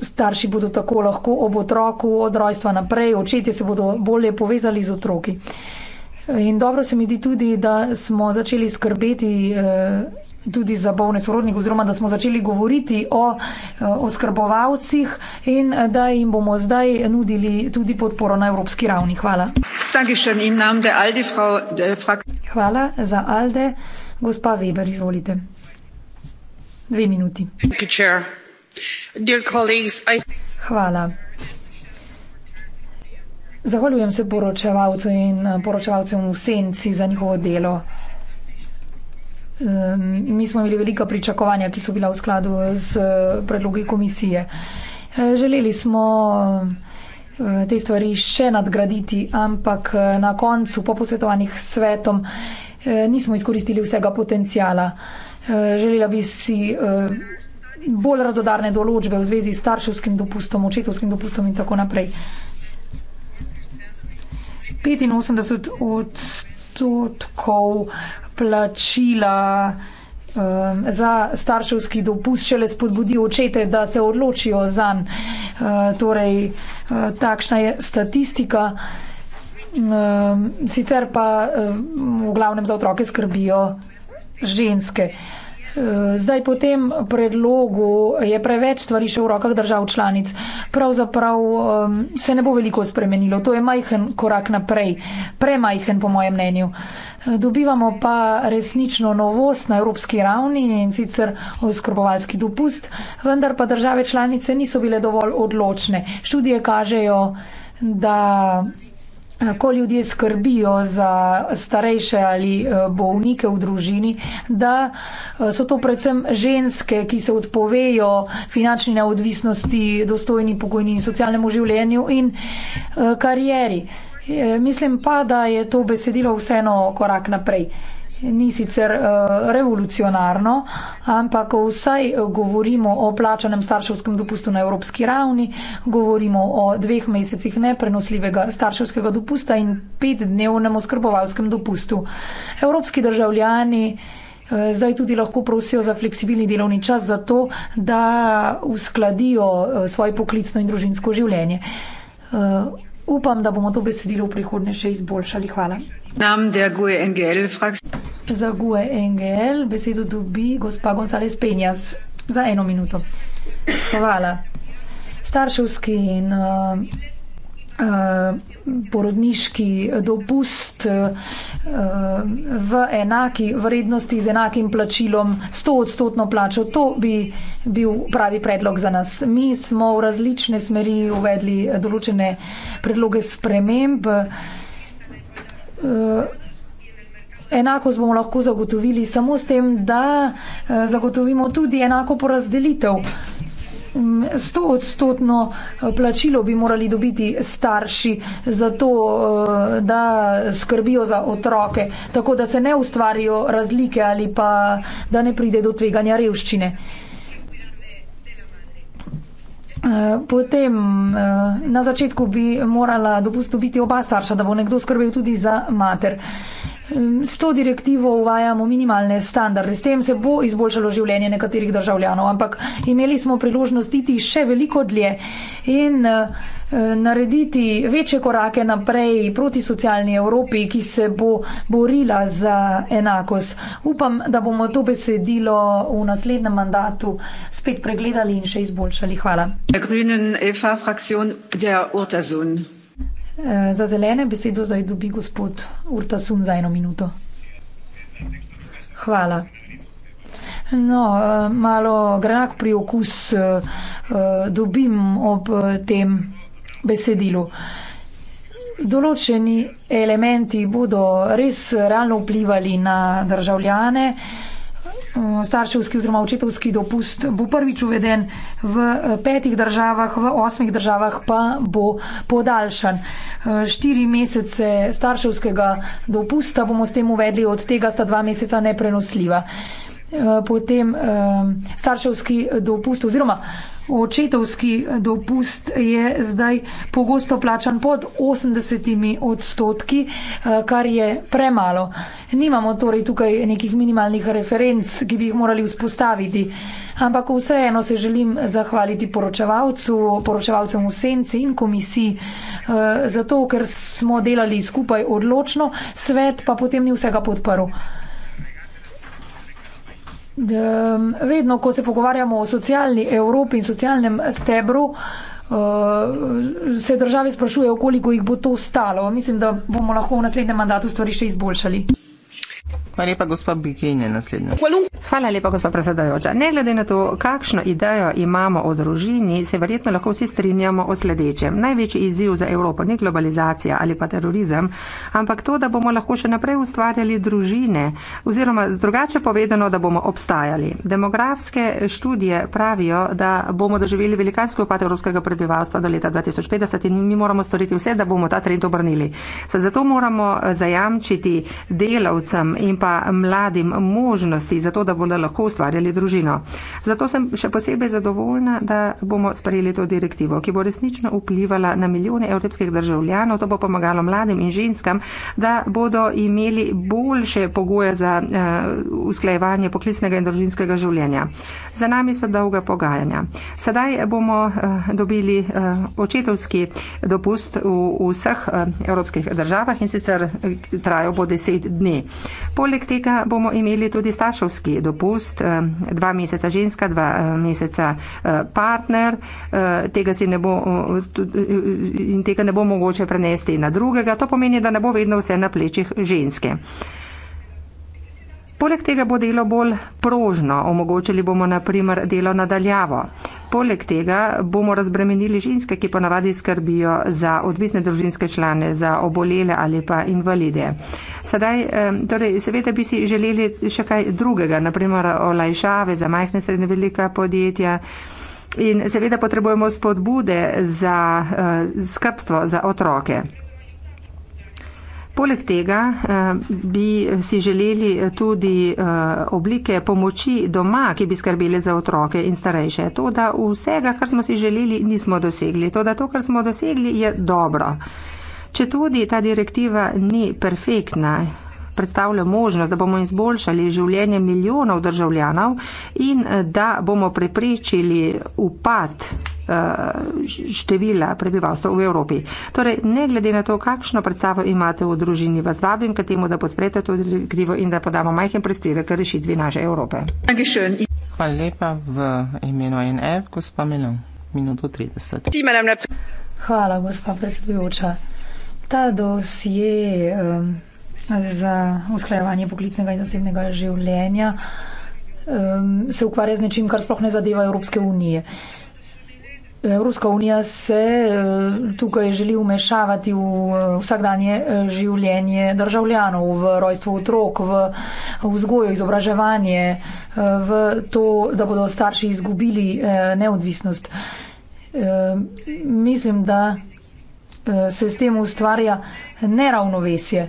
starši bodo tako lahko ob otroku od rojstva naprej, očetje se bodo bolje povezali z otroki. In dobro se mi di tudi, da smo začeli skrbeti eh, tudi za bolne sorodnike, oziroma da smo začeli govoriti o eh, oskrbovalcih in eh, da jim bomo zdaj nudili tudi podporo na evropski ravni. Hvala. Äh, Hvala za Alde. Gospa Weber, izvolite. Dve minuti. Hvala. Zahvaljujem se poročevalcem in eh, poročevalcem v senci za njihovo delo um, mi smo imeli velika pričakovanja, ki so bila v skladu z eh, predlogi komisije. Eh, želeli smo eh, te stvari še nadgraditi, ampak na koncu, po posvetovanjih s svetom, nismo izkoristili vsega potencijala. Želela bi si bolj radodarne določbe v zvezi s starševskim dopustom, očetovskim dopustom in tako naprej. 85 odstotkov plačila um, za starševski dopust, šele spodbudi očete, da se odločijo za njim. Uh, torej, uh, takšna je statistika. Um, sicer pa um, v glavnem za otroke skrbijo ženske. Uh, Zdaj po tem predlogu je preveč stvari še v rokah držav članic. Pravzaprav um, se ne bo veliko spremenilo. To je majhen korak naprej. Premajhen, po mojem mnenju. Dobivamo pa resnično novost na evropski ravni in sicer oskrbovalski dopust, vendar pa države članice niso bile dovolj odločne. Študije kažejo, da ko ljudje skrbijo za starejše ali eh, bolnike v družini, da eh, so to predvsem ženske, ki se odpovejo finančni neodvisnosti, dostojni pokojnini, socialnemu življenju in eh, karieri. Mislim pa, da je to besedilo vseeno korak naprej ni sicer eh, revolucionarno, ampak vsaj govorimo o plačanem starševskem dopustu na evropski ravni, govorimo o dveh mesecih neprenosljivega starševskega dopusta in petdnevnem oskrbovalskem dopustu. Evropski državljani eh, zdaj tudi lahko prosijo za fleksibilni delovni čas za to, da uskladijo eh, svoje poklicno in družinsko življenje. Upam, da bomo to besedilo v prihodnje še izboljšali. Hvala. Nam der GUE NGL fraktion. Za GUE NGL besedo dobi gospa González Penjas za eno minuto. Hvala. Starševski in uh, uh, porodniški dopust uh, v enaki vrednosti z enakim plačilom, stoodstotno plačo, to bi bil pravi predlog za nas. Mi smo v različne smeri uvedli določene predloge sprememb. Uh, Eh, enakost bomo lahko zagotovili samo s tem, da eh, zagotovimo tudi enako porazdelitev. 100 mm, odstotno eh, plačilo bi morali dobiti starši za to, da skrbijo za otroke, tako da se ne ustvarijo razlike ali pa da ne pride do tveganja revščine. Eh, potem eh, na začetku bi morala dopustu biti oba starša, da bo nekdo skrbel tudi za mater. S to direktivo uvajamo minimalne standarde, s tem se bo izboljšalo življenje nekaterih državljanov, ampak imeli smo priložnost iti še veliko dlje in uh, Eh, narediti večje korake naprej proti socialni Evropi, ki se bo borila za enakost. Upam, da bomo to besedilo v naslednjem mandatu spet pregledali in še izboljšali. Hvala. Eh, za zelene besedo zdaj dobi gospod Urtasun za eno minuto. Hvala. No, eh, malo granak pri okus dobim ob tem besedilu. Določeni elementi bodo res realno vplivali na državljane. Starševski oziroma očetovski dopust bo prvič uveden v eh, petih državah, v osmih državah pa bo podaljšan. Eh, štiri mesece starševskega dopusta bomo s tem uvedli, od tega sta dva meseca neprenosljiva. Eh, potem starševski dopust oziroma očetovski dopust je zdaj pogosto plačan pod 80 odstotki, eh, kar je premalo. Nimamo torej tukaj nekih minimalnih referenc, ki bi jih morali vzpostaviti. Ampak vseeno se želim zahvaliti poročevalcu, poročevalcem v Senci in komisiji, eh, zato ker smo delali skupaj odločno, svet pa potem ni vsega podporil. Ehm, vedno, ko se pogovarjamo o socialni Evropi in socialnem stebru, eh, se države sprašujejo, koliko jih bo to stalo. Mislim, da bomo lahko v naslednjem mandatu stvari še izboljšali. Hvala lepa, gospod Bikini, naslednja. Hvala lepa, gospod predsedajoča. Ne glede na to, kakšno idejo imamo o družini, se verjetno lahko vsi strinjamo o sledečem. Največji izziv za Evropo ni globalizacija ali pa terorizem, ampak to, da bomo lahko še naprej ustvarjali družine oziroma drugače povedano, da bomo obstajali. Demografske študije pravijo, da bomo doživeli velikansko upad evropskega prebivalstva do leta 2050 in mi moramo storiti vse, da bomo ta trend obrnili. Se zato moramo zajamčiti delavcem in pa mladim možnosti za to, da bodo lahko ustvarjali družino. Zato sem še posebej zadovoljna, da bomo sprejeli to direktivo, ki bo resnično vplivala na milijone evropskih državljanov. To bo pomagalo mladim in ženskam, da bodo imeli boljše pogoje za uh, usklajevanje poklicnega in družinskega življenja. Za nami so dolga pogajanja. Sedaj bomo uh, dobili uh, očetovski dopust v, v vseh uh, evropskih državah in sicer trajo bo deset dni. Poleg tega bomo imeli tudi sašovski dopust, eh, dva meseca ženska, dva eh, meseca eh, partner, tega si ne bo in tega ne bo mogoče prenesti na drugega. To pomeni, da ne bo vedno vse na plečih ženske. Poleg tega bo delo bolj prožno, omogočili bomo naprimer delo nadaljavo. Poleg tega bomo razbremenili ženske, ki ponavadi skrbijo za odvisne družinske člane, za obolele ali pa invalide. Sedaj, torej, seveda bi si želeli še kaj drugega, naprimer olajšave za majhne srednje velika podjetja. In seveda potrebujemo spodbude za eh, skrbstvo za otroke. Poleg tega eh, bi si želeli tudi eh, oblike pomoči doma, ki bi skrbeli za otroke in starejše. To, da vsega, kar smo si želeli, nismo dosegli. To, da to, kar smo dosegli, je dobro. Če tudi ta direktiva ni perfektna, predstavlja možnost, da bomo izboljšali življenje milijonov državljanov in eh, da bomo preprečili upad eh, števila prebivalstva v Evropi. Torej, ne glede na to, kakšno predstavo imate v družini, vas vabim k temu, da podprete to direktivo in da podamo majhen prispevek k rešitvi naše Evrope. Hvala lepa v imenu NF, gospa Milo. Minuto 30. Hvala, gospa predsedujoča. Ta dosje um za usklajevanje poklicnega in zasebnega življenja, um, se ukvarja z nečim, kar sploh ne zadeva Evropske unije. Evropska unija se uh, tukaj želi umešavati v uh, vsakdanje uh, življenje državljanov, v rojstvo otrok, v vzgojo, izobraževanje, v to, da bodo starši izgubili neodvisnost. Mislim, da se s tem ustvarja neravnovesje.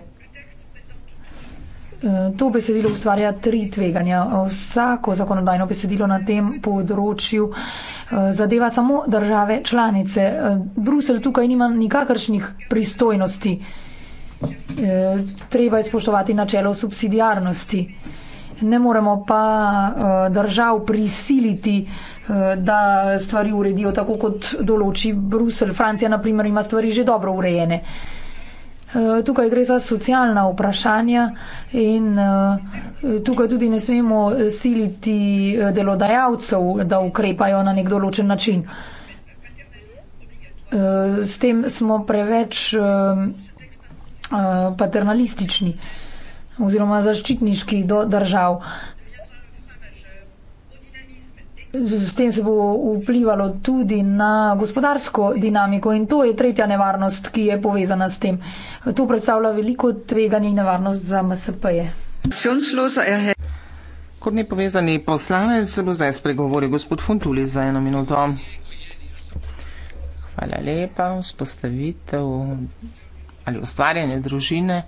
Eh, to besedilo ustvarja tri tveganja. Vsako zakonodajno besedilo na tem področju eh, zadeva samo države članice. Eh, Brusel tukaj nima nikakršnih pristojnosti. Treba je spoštovati načelo subsidijarnosti. Ne moremo pa držav prisiliti, da stvari uredijo tako, kot določi Brusel. Francija, naprimer, ima stvari že dobro urejene. Eh, tukaj gre za socialna vprašanja in eh, tukaj tudi ne smemo eh, siliti delodajalcev, da ukrepajo na nek določen način. S tem smo preveč paternalistični oziroma zaščitniški do držav. S tem se bo vplivalo tudi na gospodarsko dinamiko in to je tretja nevarnost, ki je povezana s tem. To predstavlja veliko tveganje in nevarnost za MSP-je. Er Kot nepovezani poslanec se bo zdaj spregovoril gospod Funtuli za eno minuto. Hvala lepa. Spostavitev ali ustvarjanje družine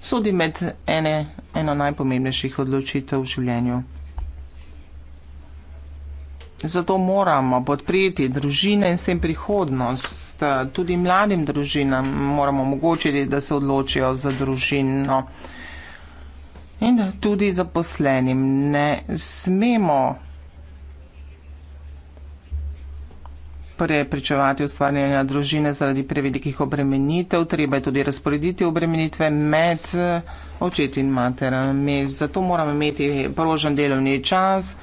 sodi med ene, eno najpomembnejših odločitev v življenju. Zato moramo podpreti družine in s tem prihodnost. Tudi mladim družinam moramo omogočiti, da se odločijo za družino. In tudi zaposlenim ne smemo prepričevati ustvarjanja družine zaradi prevelikih obremenitev. Treba je tudi razporediti obremenitve med eh, očet in materami. Zato moramo imeti položen delovni čas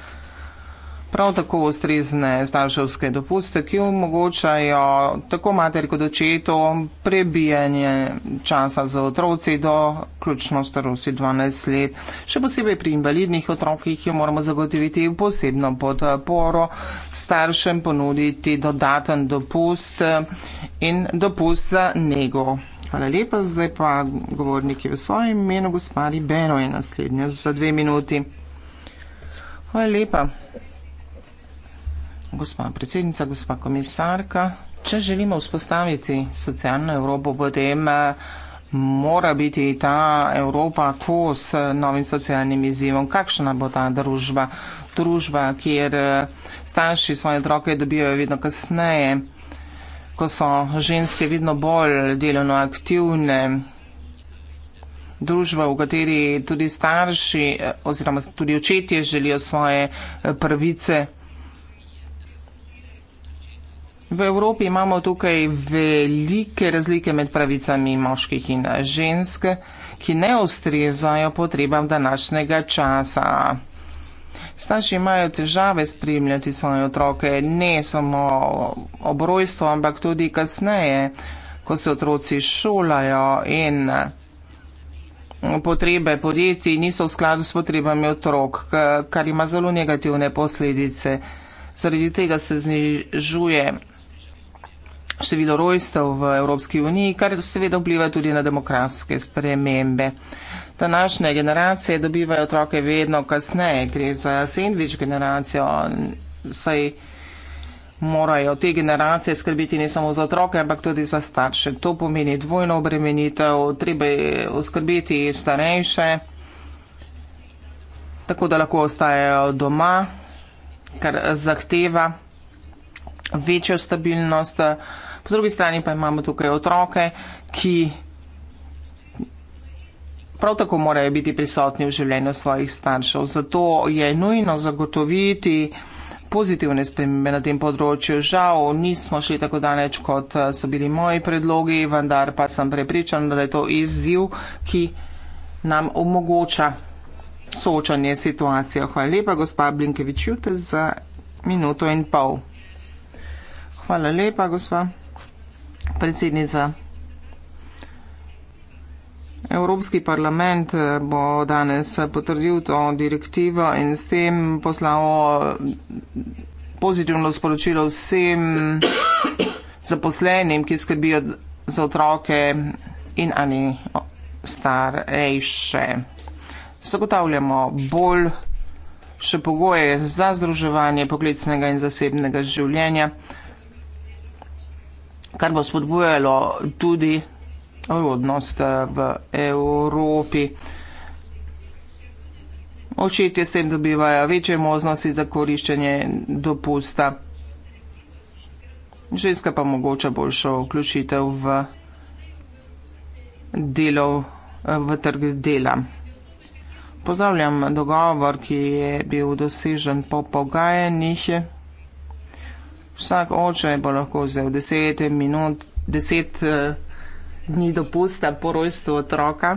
prav tako ustrezne starševske dopuste, ki omogočajo tako mater kot očetu prebijanje časa z otroci do ključno starosti 12 let. Še posebej pri invalidnih otrokih jo moramo zagotoviti posebno podporo, staršem ponuditi dodaten dopust in dopust za nego. Hvala lepa, zdaj pa govornik je v svojem imenu, gospodi Beno je naslednja za dve minuti. Hvala lepa gospa predsednica, gospa komisarka. Če želimo vzpostaviti socialno Evropo, potem eh, mora biti ta Evropa kos eh, novim socialnim izzivom. Kakšna bo ta družba? Družba, kjer eh, starši svoje otroke dobijo vedno kasneje, ko so ženske vedno bolj delovno aktivne. Družba, v kateri tudi starši oziroma tudi očetje želijo svoje prvice. V Evropi imamo tukaj velike razlike med pravicami moških in žensk, ki ne ustrezajo potrebam današnjega časa. Starši imajo težave spremljati svoje otroke, ne samo ob rojstvu, ampak tudi kasneje, ko se otroci šolajo in potrebe podjetij niso v skladu s potrebami otrok, kar ima zelo negativne posledice. Zaradi tega se znižuje število rojstev v Evropski uniji, kar seveda vpliva tudi na demografske spremembe. Današnje generacije dobivajo otroke vedno kasneje, gre za sandvič generacijo, saj morajo te generacije skrbiti ne samo za otroke, ampak tudi za starše. To pomeni dvojno obremenitev, treba je oskrbiti starejše, tako da lahko ostajajo doma, kar zahteva večjo stabilnost po drugi strani pa imamo tukaj otroke, ki prav tako morajo biti prisotni v življenju svojih staršev. Zato je nujno zagotoviti pozitivne spremembe na tem področju. Žal nismo šli tako daleč, kot eh, so bili moji predlogi, vendar pa sem prepričan, da je to izziv, ki nam omogoča soočanje s situacijo. Hvala lepa, gospa Blinkevič, jute za minuto in pol. Hvala lepa, gospa predsednica. Evropski parlament eh, bo danes eh, potrdil to direktivo in s tem poslal eh, pozitivno sporočilo vsem zaposlenim, ki skrbijo za otroke in ani starejše. Zagotavljamo bolj še pogoje za združevanje poklicnega in zasebnega življenja kar bo spodbujalo tudi rodnost eh, v Evropi. Očetje s tem dobivajo večje možnosti za koriščenje dopusta. Ženska pa mogoče boljšo vključitev v delov, eh, v trg dela. Pozdravljam dogovor, ki je bil dosežen po pogajanjih. Vsak oče bo lahko vzel 10 minut, 10 eh, dni dopusta po rojstvu otroka.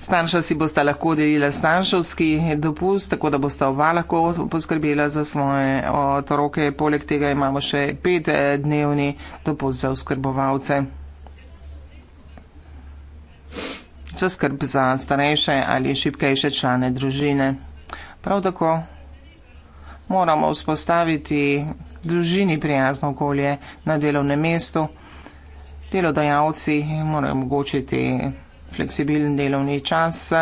Starša si bosta lahko delila starševski dopust, tako da bosta oba lahko poskrbela za svoje otroke. Poleg tega imamo še pet eh, dnevni dopust za oskrbovalce. Za skrb za starejše ali šipkejše člane družine. Prav tako moramo vzpostaviti družini prijazno okolje na delovnem mestu. Delodajalci morajo omogočiti fleksibilen delovni čas,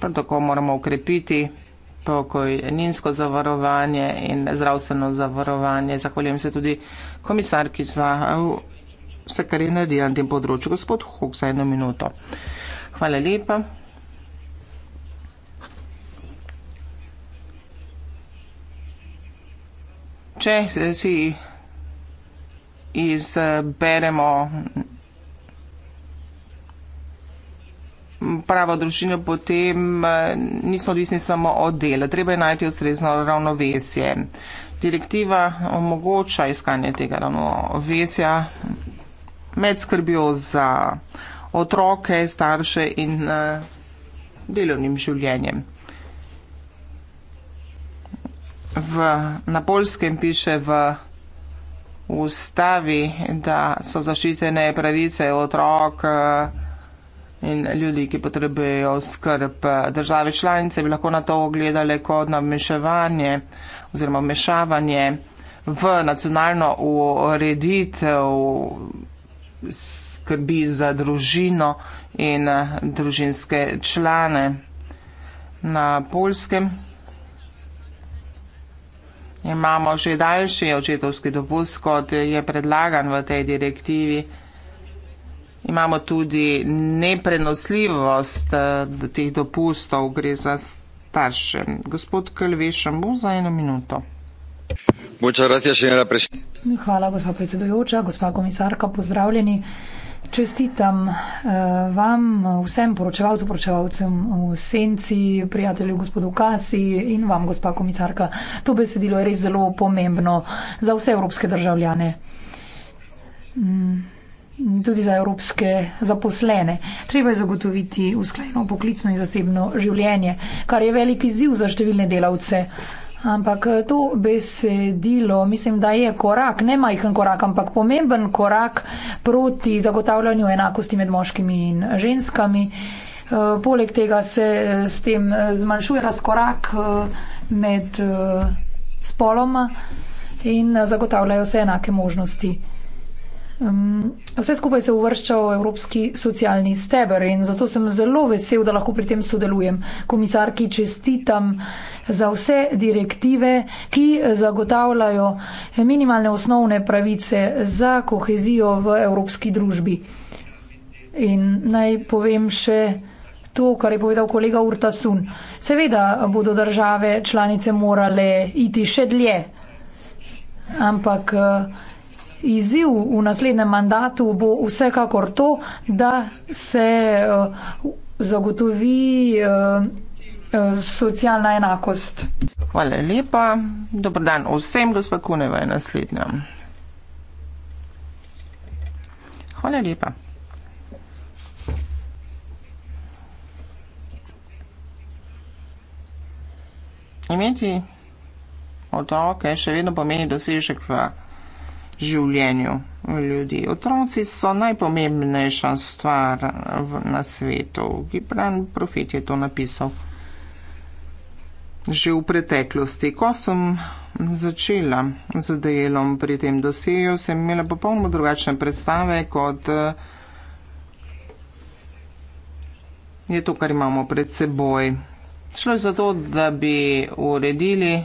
prav tako moramo ukrepiti pokojninsko zavarovanje in zdravstveno zavarovanje. Zahvaljujem se tudi komisarki za vse, kar je naredila na tem področju, gospod Huk, za eno minuto. Hvala lepa. če si izberemo pravo družino, potem eh, nismo odvisni samo od dela. Treba je najti ustrezno ravnovesje. Direktiva omogoča iskanje tega ravnovesja med skrbjo za otroke, starše in eh, delovnim življenjem v, na polskem piše v ustavi, da so zaščitene pravice otrok eh, in ljudi, ki potrebujejo skrb države članice, bi lahko na to ogledali kot na vmešavanje oziroma vmešavanje v nacionalno ureditev skrbi za družino in družinske člane. Na polskem imamo že daljši očetovski dopust, kot je predlagan v tej direktivi. Imamo tudi neprenosljivost eh, teh dopustov, gre za starše. Gospod Kelvešem, bo za eno minuto. Hvala, gospod predsedujoča, gospod komisarka, pozdravljeni čestitam uh, vam, vsem poročevalcem, poročevalcem v senci, prijatelju gospodu Kasi in vam, gospa komisarka. To besedilo je res zelo pomembno za vse evropske državljane. Mm. Tudi za evropske zaposlene. Treba je zagotoviti usklajeno poklicno in zasebno življenje, kar je velik izziv za številne delavce. Uh, Ampak eh, to besedilo, mislim, da je korak, ne majhen korak, ampak pomemben korak proti zagotavljanju enakosti med moškimi in ženskami. Eh, poleg tega se eh, s tem zmanjšuje razkorak med spoloma in zagotavljajo se enake možnosti. Vse skupaj se uvršča v Evropski socialni steber in zato sem zelo vesel, da lahko pri tem sodelujem. Komisarki čestitam za vse direktive, ki zagotavljajo minimalne osnovne pravice za kohezijo v evropski družbi. In naj povem še to, kar je povedal kolega Urta Sun. Seveda bodo države članice morale iti še dlje, ampak izziv v naslednjem mandatu bo vsekakor to, da se eh, zagotovi eh, eh, socialna enakost. Hvala lepa. Dobar dan vsem, gospod Kuneva je naslednja. Hvala lepa. Imeti otroke še vedno pomeni dosežek v življenju ljudi. Otroci so najpomembnejša stvar na svetu. Gibran Profit je to napisal že v preteklosti. Ko sem začela z delom pri tem dosijo, sem imela popolnoma drugačne predstave kot eh, je to, kar imamo pred seboj. Šlo je za to, da bi uredili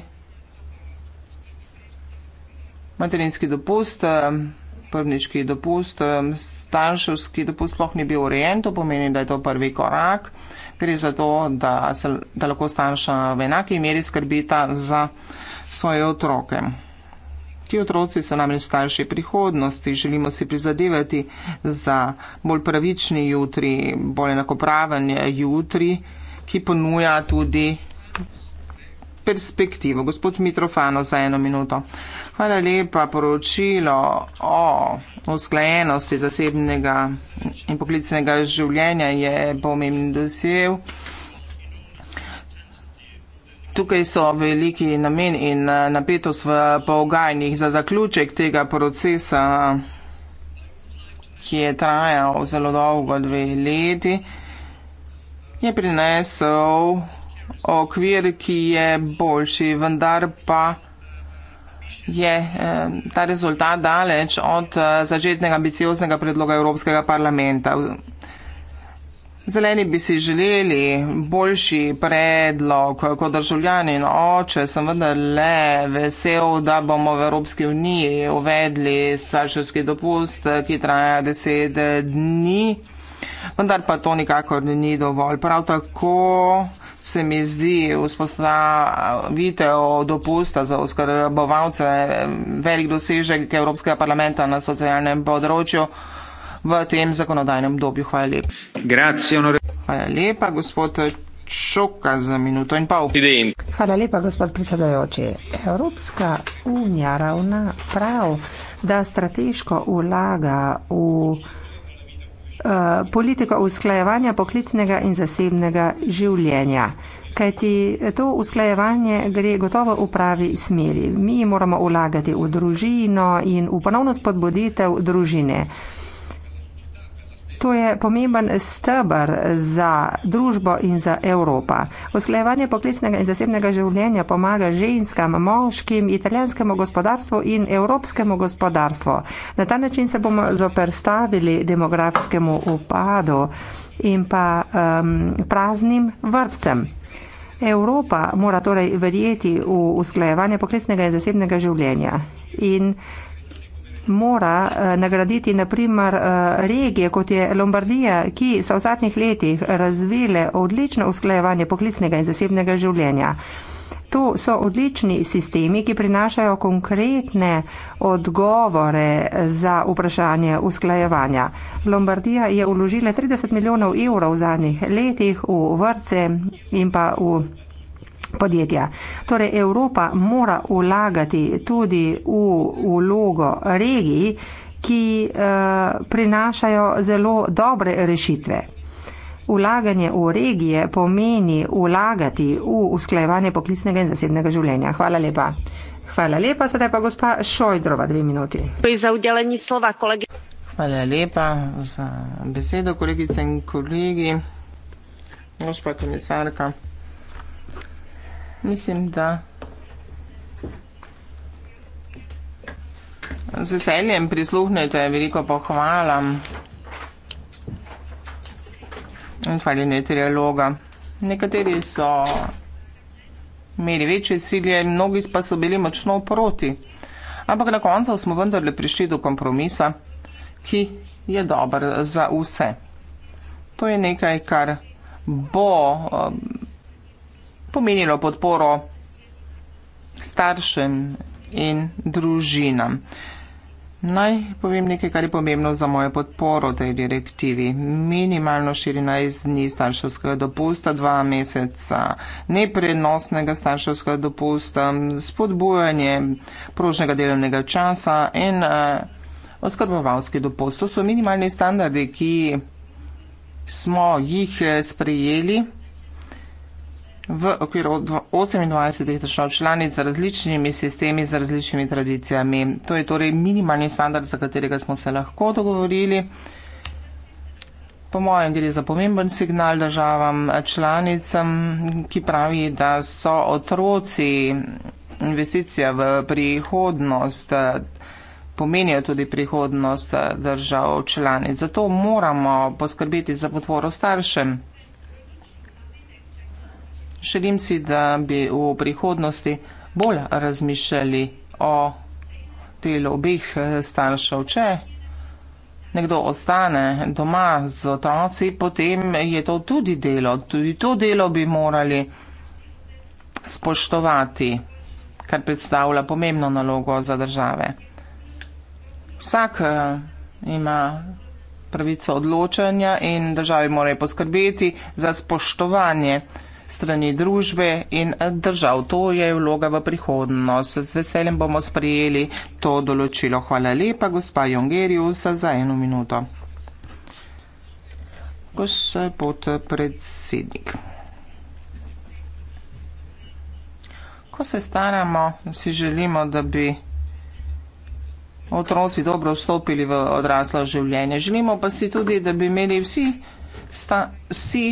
materinski dopust, prvnički dopust, starševski dopust sploh ni bil urejen, to pomeni, da je to prvi korak. Gre za to, da, se, da lahko starša v enaki meri skrbita za svoje otroke. Ti otroci so namreč starši prihodnosti, želimo si prizadevati za bolj pravični jutri, bolj enakopraven jutri, ki ponuja tudi perspektivo. Gospod Mitrofano, za eno minuto. Hvala lepa. Poročilo o usklajenosti zasebnega in poklicnega življenja je pomembni dosev. Tukaj so veliki namen in eh, napetost v pogajanjih za zaključek tega procesa, ki je trajal zelo dolgo dve leti, je prinesel okvir, ki je boljši, vendar pa je eh, ta rezultat daleč od eh, začetnega ambicioznega predloga Evropskega parlamenta. Zeleni bi si želeli boljši predlog kot državljani in no, oče, sem vendar le vesel, da bomo v Evropski uniji uvedli starševski dopust, ki traja deset dni, vendar pa to nikakor ni dovolj. Prav tako se mi zdi vzpostavitev dopusta za oskrbovalce velik dosežek Evropskega parlamenta na socialnem področju v tem zakonodajnem dobju. Hvala lepa. Hvala lepa, gospod Šoka za minuto in pol. Hvala lepa, gospod predsedojoči. Evropska unija ravna prav, da strateško vlaga v Eh, politiko usklajevanja poklicnega in zasebnega življenja. Kajti to usklajevanje gre gotovo v pravi smeri. Mi moramo ulagati v družino in v ponovno spodbuditev družine. To je pomemben stebr za družbo in za Evropo. Usklajevanje poklicnega in zasebnega življenja pomaga ženskam, moškim, italijanskemu gospodarstvu in evropskemu gospodarstvu. Na ta način se bomo zoprstavili demografskemu upadu in pa um, praznim vrtcem. Evropa mora torej verjeti v usklajevanje poklicnega in zasebnega življenja. In mora eh, nagraditi naprimer eh, regije, kot je Lombardija, ki so v zadnjih letih razvile odlično usklajevanje poklicnega in zasebnega življenja. To so odlični sistemi, ki prinašajo konkretne odgovore za vprašanje usklajevanja. Lombardija je uložila 30 milijonov evrov v zadnjih letih v vrce in pa v podjetja. Torej Evropa mora ulagati tudi v vlogo regij, ki eh, prinašajo zelo dobre rešitve. Ulaganje v regije pomeni ulagati v usklajevanje poklicnega in zasebnega življenja. Hvala lepa. Hvala lepa, sedaj pa gospa Šojdrova, dve minuti. Slova, Hvala lepa za besedo, kolegice in kolegi. Gospa komisarka. Mislim, da z veseljem prisluhnete veliko pohvalam in hvaline trialoga. Nekateri so imeli večje cilje, mnogi pa so bili močno proti. Ampak na koncu smo vendarle prišli do kompromisa, ki je dober za vse. To je nekaj, kar bo um, pomenilo podporo staršem in družinam. Naj povem nekaj, kar je pomembno za mojo podporo tej direktivi. Minimalno 14 dni starševskega dopusta, dva meseca neprenosnega starševskega dopusta, spodbujanje prožnega delovnega časa in uh, oskrbovalski dopust. To so minimalni standardi, ki smo jih eh, sprejeli v okviru 28 držav članic z različnimi sistemi, z različnimi tradicijami. To je torej minimalni standard, za katerega smo se lahko dogovorili. Po mojem gre za pomemben signal državam članicam, ki pravi, da so otroci investicija v prihodnost, pomenijo tudi prihodnost držav članic. Zato moramo poskrbeti za podporo staršem. Želim si, da bi v prihodnosti bolj razmišljali o delu obih eh, staršev. Če nekdo ostane doma z otroci, potem je to tudi delo. Tudi to delo bi morali spoštovati, kar predstavlja pomembno nalogo za države. Vsak eh, ima pravico odločanja in države morajo poskrbeti za spoštovanje strani družbe in držav. To je vloga v prihodnost. Z veseljem bomo sprejeli to določilo. Hvala lepa, gospa Jongerius, za eno minuto. Gospod predsednik. Ko se staramo, si želimo, da bi otroci dobro vstopili v odraslo življenje. Želimo pa si tudi, da bi imeli vsi, sta, vsi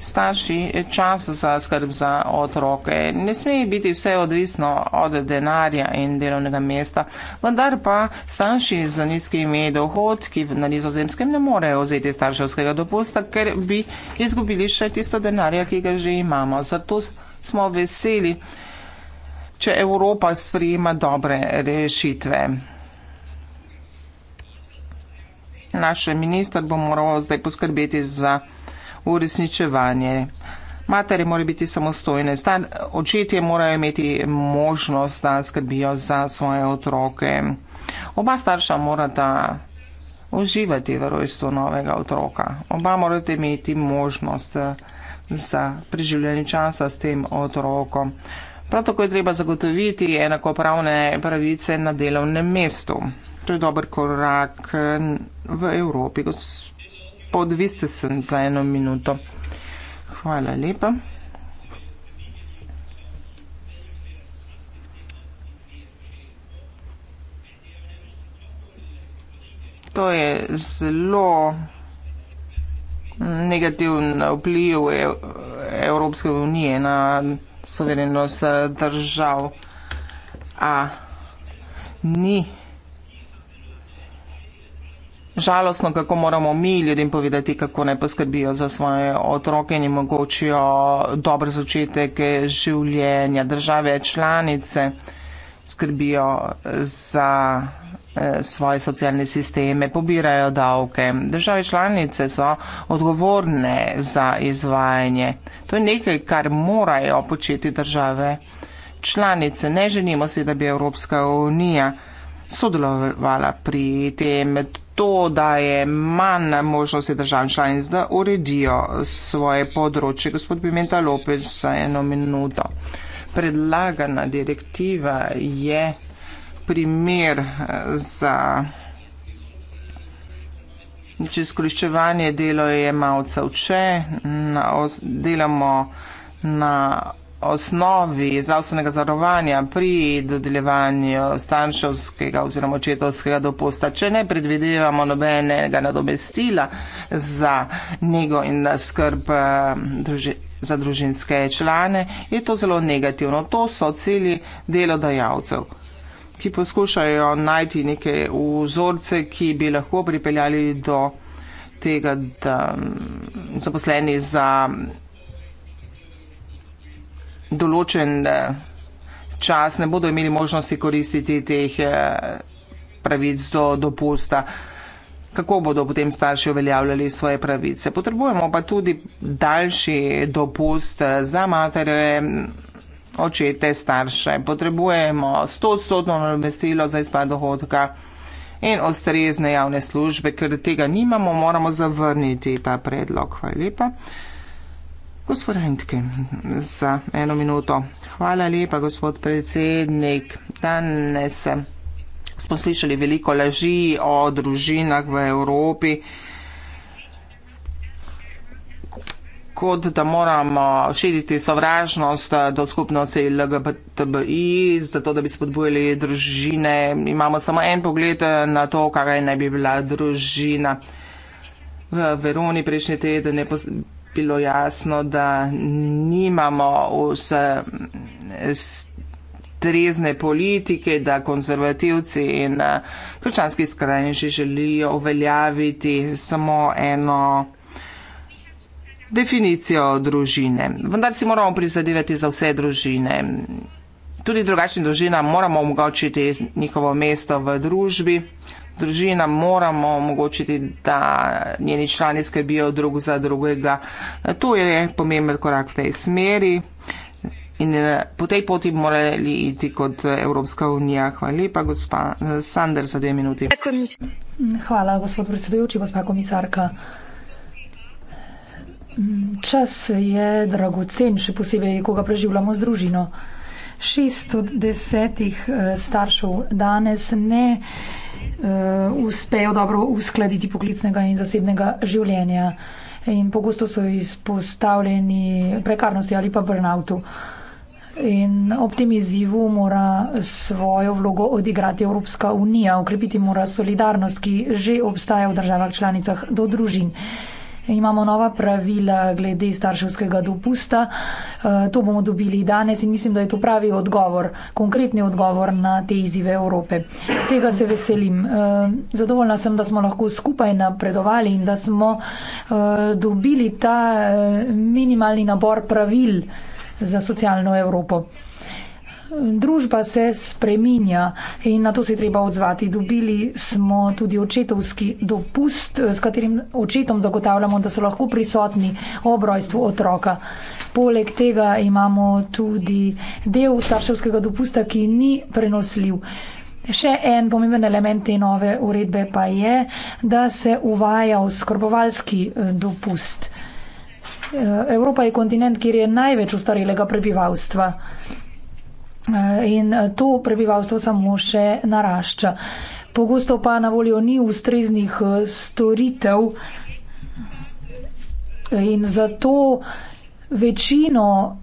starši eh, čas za skrb za otroke. Ne sme biti vse odvisno od denarja in delovnega mesta, vendar pa starši z nizkimi dohodki na nizozemskem ne morejo vzeti starševskega dopusta, ker bi izgubili še tisto denarja, ki ga že imamo. Zato smo veseli, če Evropa sprijema dobre rešitve. Naš minister bo moral zdaj poskrbeti za otroke uresničevanje. Matere mora biti samostojne, Stan, očetje morajo imeti možnost, da skrbijo za svoje otroke. Oba starša morata uživati v rojstvu novega otroka. Oba morate imeti možnost eh, za preživljanje časa s tem otrokom. Prav tako je treba zagotoviti enakopravne pravice na delovnem mestu. To je dober korak eh, v Evropi, podviste sem za eno minuto. Hvala lepa. To je zelo negativen vpliv e-, Evropske unije na suverenost držav. A ni žalostno, kako moramo mi ljudem povedati, kako naj poskrbijo za svoje otroke in jim omogočijo dober začetek življenja. Države članice skrbijo za eh, svoje socialne sisteme, pobirajo davke. Države članice so odgovorne za izvajanje. To je nekaj, kar morajo početi države članice. Ne želimo si, da bi Evropska unija sodelovala pri tem to, da je manj možnosti držav članic, da uredijo svoje področje. Gospod Pimenta Lopez, za eno minuto. Predlagana direktiva je primer eh, za izkoriščevanje delojemalcev, če na, delamo na osnovi zdravstvenega zarovanja pri dodeljevanju starševskega oziroma očetovskega dopusta, če ne predvidevamo nobenega nadomestila za njego in skrb eh, za družinske člane, je to zelo negativno. To so cilji delodajalcev ki poskušajo najti neke vzorce, ki bi lahko pripeljali do tega, da zaposleni za določen eh, čas ne bodo imeli možnosti koristiti teh eh, pravic do dopusta. Kako bodo potem starši uveljavljali svoje pravice? Potrebujemo pa tudi daljši dopust eh, za matere, očete, starše. Potrebujemo 100-odstotno nadomestilo za izpad dohodka in ostrezne javne službe, ker tega nimamo, moramo zavrniti ta predlog. Hvala lepa. Gospod Hendke, za eno minuto. Hvala lepa, gospod predsednik. Danes smo slišali veliko laži o družinah v Evropi. kot da moramo širiti sovražnost do skupnosti LGBTI, zato da bi spodbujali družine. Imamo samo en pogled na to, kaj naj bi bila družina. V Veroni prejšnji teden je posl bilo jasno, da nimamo vse strezne politike, da konzervativci in eh, krščanski skrajniži želijo uveljaviti samo eno definicijo družine. Vendar si moramo prizadevati za vse družine. Tudi drugačnim družinam moramo omogočiti njihovo mesto v družbi družina moramo omogočiti, da njeni člani skrbijo drug za drugega. To je pomemben korak v tej smeri in eh, po tej poti bi morali iti kot Evropska unija. Hvala lepa, gospa eh, Sander, za dve minuti. Hvala, gospod predsedujoči, gospa komisarka. Čas je dragocen, še posebej, ko ga preživljamo z družino. Šest od desetih eh, staršev danes ne. Eh, uspejo dobro uskladiti poklicnega in zasebnega življenja. In pogosto so izpostavljeni prekarnosti ali pa burnoutu. In ob tem izzivu mora svojo vlogo odigrati Evropska unija, okrepiti mora solidarnost, ki že obstaja v državah članicah do družin. Imamo nova pravila glede starševskega dopusta. Eh, to bomo dobili danes in mislim, da je to pravi odgovor, konkretni odgovor na te izzive Evrope. Tega se veselim. Eh, zadovoljna sem, da smo lahko skupaj napredovali in da smo eh, dobili ta minimalni nabor pravil za socialno Evropo družba se spreminja in na to se je treba odzvati. Dobili smo tudi očetovski dopust, s katerim očetom zagotavljamo, da so lahko prisotni ob rojstvu otroka. Poleg tega imamo tudi del starševskega dopusta, ki ni prenosljiv. Še en pomemben element te nove uredbe pa je, da se uvaja oskrbovalski eh, dopust. Eh, Evropa je kontinent, kjer je največ ostarelega prebivalstva in eh, to prebivalstvo samo še narašča. Pogosto pa na voljo ni ustreznih eh, storitev in zato večino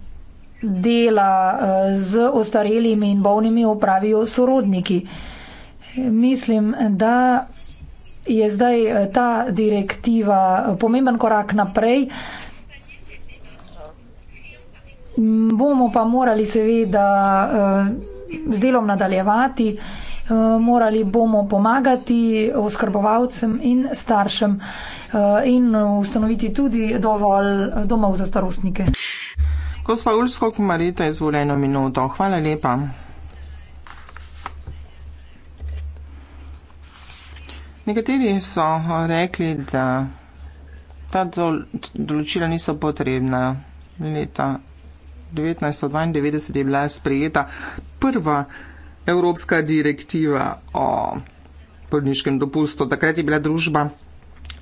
dela eh, z ostarelimi in bolnimi opravijo sorodniki. Mislim, da je zdaj ta direktiva pomemben korak naprej. Bomo pa morali seveda eh, z delom nadaljevati, eh, morali bomo pomagati oskrbovalcem in staršem eh, in ustanoviti tudi dovolj domov za starostnike. Gospa Ulsko, kumarite izvoljeno minuto. Hvala lepa. Nekateri so rekli, da ta določila niso potrebna leta 1992 je bila sprejeta prva evropska direktiva o porodniškem dopustu. Takrat je bila družba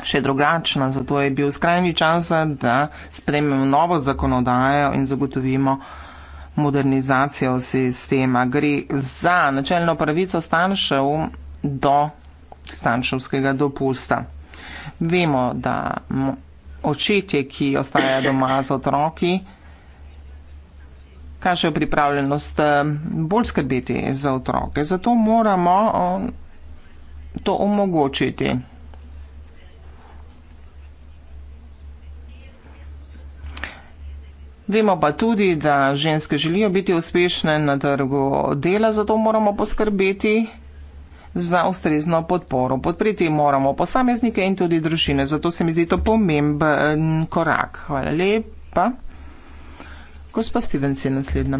še drugačna, zato je bil skrajni čas, da sprememo novo zakonodajo in zagotovimo modernizacijo sistema. Gre za načelno pravico staršev do starševskega dopusta. Vemo, da očetje, ki ostaja doma z otroki, kažejo pripravljenost eh, bolj skrbeti za otroke. Zato moramo eh, to omogočiti. Vemo pa tudi, da ženske želijo biti uspešne na trgu dela, zato moramo poskrbeti za ustrezno podporo. Podpreti moramo posameznike in tudi družine, zato se mi zdi to pomemben eh, korak. Hvala lepa. Gospa Stevens je naslednja.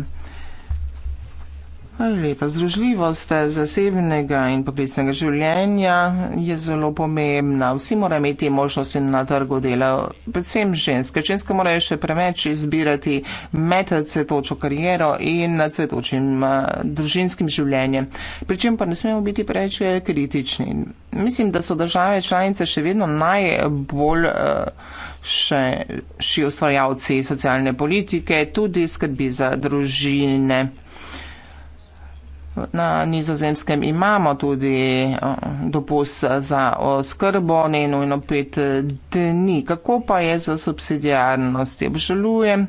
Hvala lepa. Združljivost zasebnega in poklicnega življenja je zelo pomembna. Vsi morajo imeti možnosti na trgu dela, predvsem ženske. Ženske morajo še preveč izbirati med cvetočo kariero in cvetočim eh, družinskim življenjem. Pričem pa ne smemo biti preveč eh, kritični. Mislim, da so države članice še vedno najbolj eh, še ši ustvarjavci socialne politike, tudi skrbi za družine. Na nizozemskem imamo tudi dopust za oskrbo, ne nujno pet dni. Kako pa je za subsidijarnost? Obžalujem,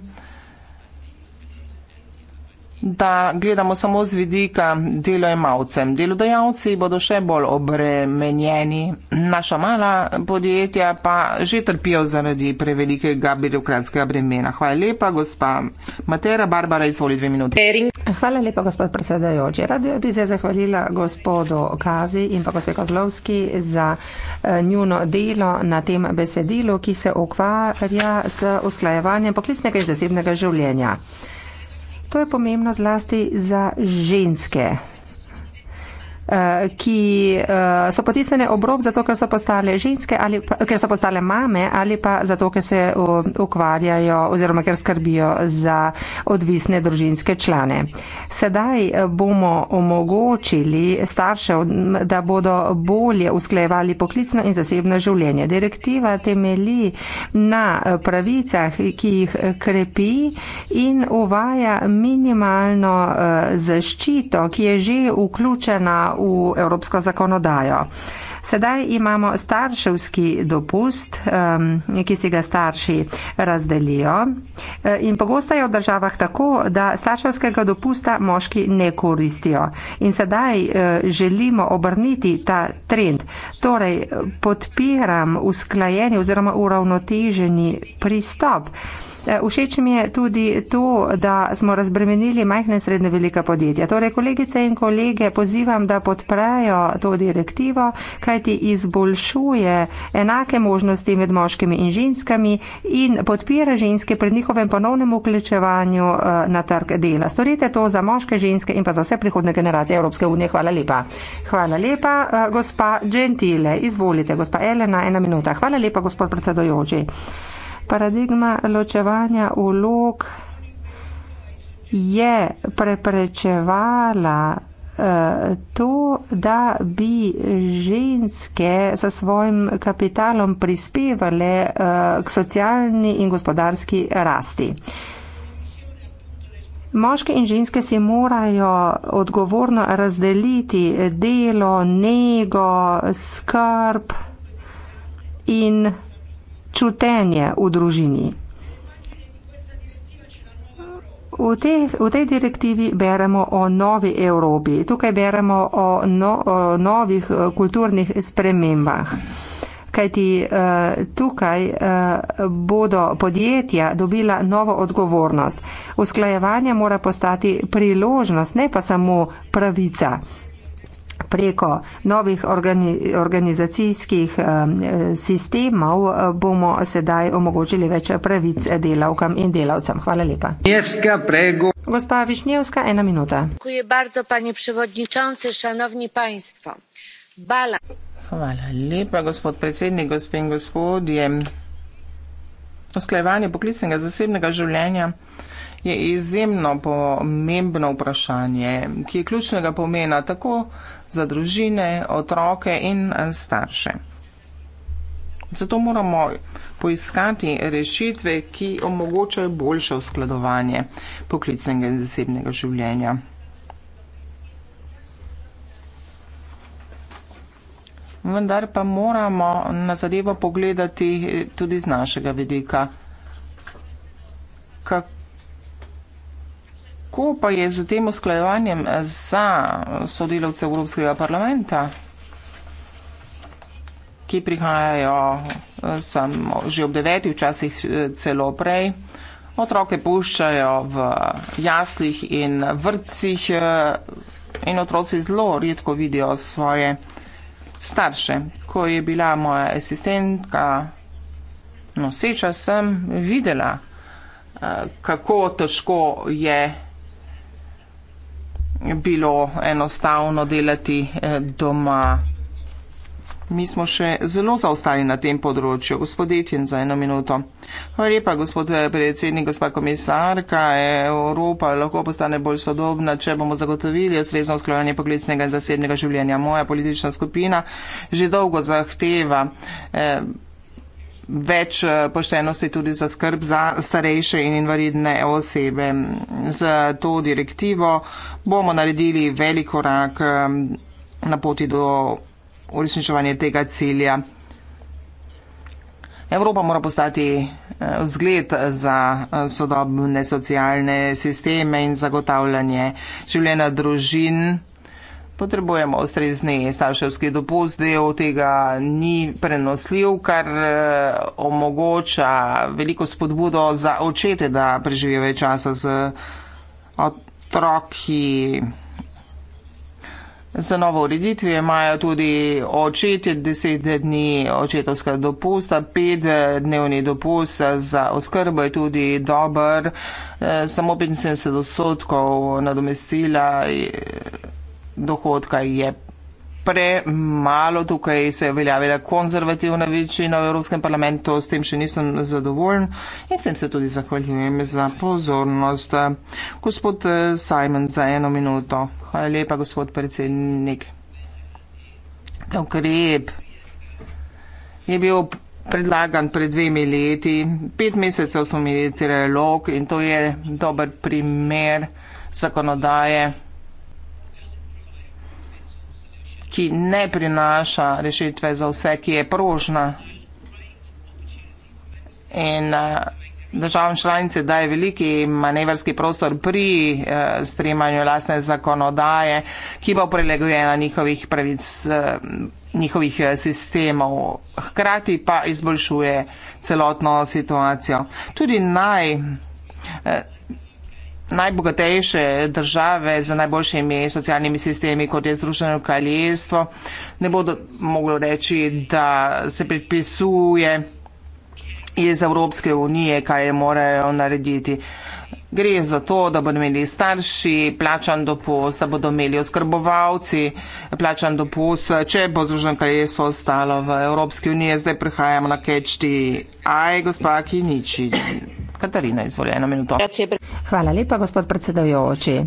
da gledamo samo z vidika delojemalcem. Delodajalci bodo še bolj obremenjeni, naša mala podjetja pa že trpijo zaradi prevelikega birokratskega bremena. Hvala lepa, gospa Matera. Barbara, izvoli dve minuti. Hvala lepa, gospod predsedajoč. Rad bi se zahvalila gospodu Kazi in pa gospod Kozlovski za eh, njuno delo na tem besedilu, ki se ukvarja s usklajevanjem poklicnega in zasebnega življenja. To je pomembno zlasti za ženske, Eh, ki eh, so potisnjene obrob zato, ker so postale ženske ali pa, ker so postale mame ali pa zato, ker se eh, ukvarjajo oziroma ker skrbijo za odvisne družinske člane. Sedaj bomo omogočili staršev, da bodo bolje usklejevali poklicno in zasebno življenje. Direktiva temeli na pravicah, ki jih krepi in uvaja minimalno zaščito, ki je že vključena v evropsko zakonodajo. Sedaj imamo starševski dopust, ki si ga starši razdelijo eh, in pogosto je v državah tako, da starševskega dopusta moški ne koristijo. In sedaj eh, želimo obrniti ta trend. Torej podpiram usklajeni oziroma uravnoteženi pristop. Všeč mi je tudi to, da smo razbremenili majhne in srednje velika podjetja. Torej, kolegice in kolege, pozivam, da podprejo to direktivo, kajti izboljšuje enake možnosti med moškimi in ženskami in podpira ženske pri njihovem ponovnem vključevanju eh, na trg dela. Storite to za moške, ženske in pa za vse prihodne generacije Evropske unije. Hvala lepa. Hvala lepa, eh, gospa Gentile. Izvolite, gospa Elena, ena minuta. Hvala lepa, gospod predsedojoči. Paradigma ločevanja vlog je preprečevala eh, to, da bi ženske sa svojim kapitalom prispevale eh, k socialni in gospodarski rasti. Moške in ženske si morajo odgovorno razdeliti delo, nego, skrb in vsega čutenje v družini. V, te, v tej direktivi beremo o novi Evropi, tukaj beremo o, no, o novih eh, kulturnih spremembah. Kajti eh, tukaj eh, bodo podjetja dobila novo odgovornost. Usklajevanje mora postati priložnost, ne pa samo pravica preko novih organi, organizacijskih eh, sistemov eh, bomo sedaj omogočili več pravic delavkam in delavcem. Hvala lepa. Gospa Višnjevska, ena minuta. Hvala lepa, gospod predsednik, šanovni państvo. Bala. Hvala lepa, gospod predsednik, gospe in gospodje. Usklajevanje poklicnega zasebnega življenja je izjemno pomembno vprašanje, ki je ključnega pomena tako za družine, otroke in eh, starše. Zato moramo poiskati rešitve, ki omogočajo boljše uskladovanje poklicnega in zasebnega življenja. Vendar pa moramo na zadevo pogledati eh, tudi z našega vidika, kako kako pa je z tem usklajevanjem za sodelavce Evropskega parlamenta, ki prihajajo eh, samo že ob deveti, včasih eh, celo prej. Otroke puščajo v jaslih in vrtcih eh, in otroci zelo redko vidijo svoje starše. Ko je bila moja asistentka, no vse čas sem videla, kako težko je vsega, bilo enostavno delati eh, doma. Mi smo še zelo zaostali na tem področju. Gospod Etjen, za eno minuto. Hvala lepa, gospod eh, predsednik, gospa komisarka. Evropa lahko postane bolj sodobna, če bomo zagotovili ustrezno usklajanje poklicnega in zasebnega življenja. Moja politična skupina že dolgo zahteva. Eh, več eh, poštenosti tudi za skrb za starejše in invalidne osebe. Z to direktivo bomo naredili velik korak eh, na poti do uresničevanja tega cilja. Evropa mora postati eh, vzgled za sodobne socialne sisteme in zagotavljanje življenja družin potrebujemo ustrezni starševski dopust, del tega ni prenosljiv, kar eh, omogoča veliko spodbudo za očete, da preživijo več časa z otroki. Za novo ureditvi imajo tudi očetje 10 dni očetovska dopusta, 5 dnevni dopust za oskrbo je tudi dober, eh, samo 75 odstotkov nadomestila dohodka je premalo. Tukaj se je uveljavila konzervativna večina v Evropskem parlamentu, s tem še nisem zadovoljen in s tem se tudi zahvaljujem za pozornost. Gospod eh, Simon, za eno minuto. Hvala lepa, gospod predsednik. Ta ukrep je bil predlagan pred dvemi leti. Pet mesecev smo imeli trilog in to je dober primer zakonodaje. ki ne prinaša rešitve za vse, ki je prožna. In eh, državni članice daje veliki manevrski prostor pri eh, sprejemanju lasne zakonodaje, ki bo prelegojena njihovih pravic, eh, njihovih sistemov, hkrati pa izboljšuje celotno situacijo. Tudi naj najbogatejše države z najboljšimi socialnimi sistemi, kot je Združeno kraljestvo, ne bodo mogli reči, da se predpisuje iz Evropske unije, kaj morajo narediti. Gre za to, da bodo imeli starši plačan dopust, da bodo imeli oskrbovalci plačan dopust, če bo Združeno kraljestvo ostalo v Evropski uniji. Zdaj prihajamo na catch the eye, gospa Kiniči. Katarina, izvoljena minuto. Hvala lepa, gospod predsedajoči.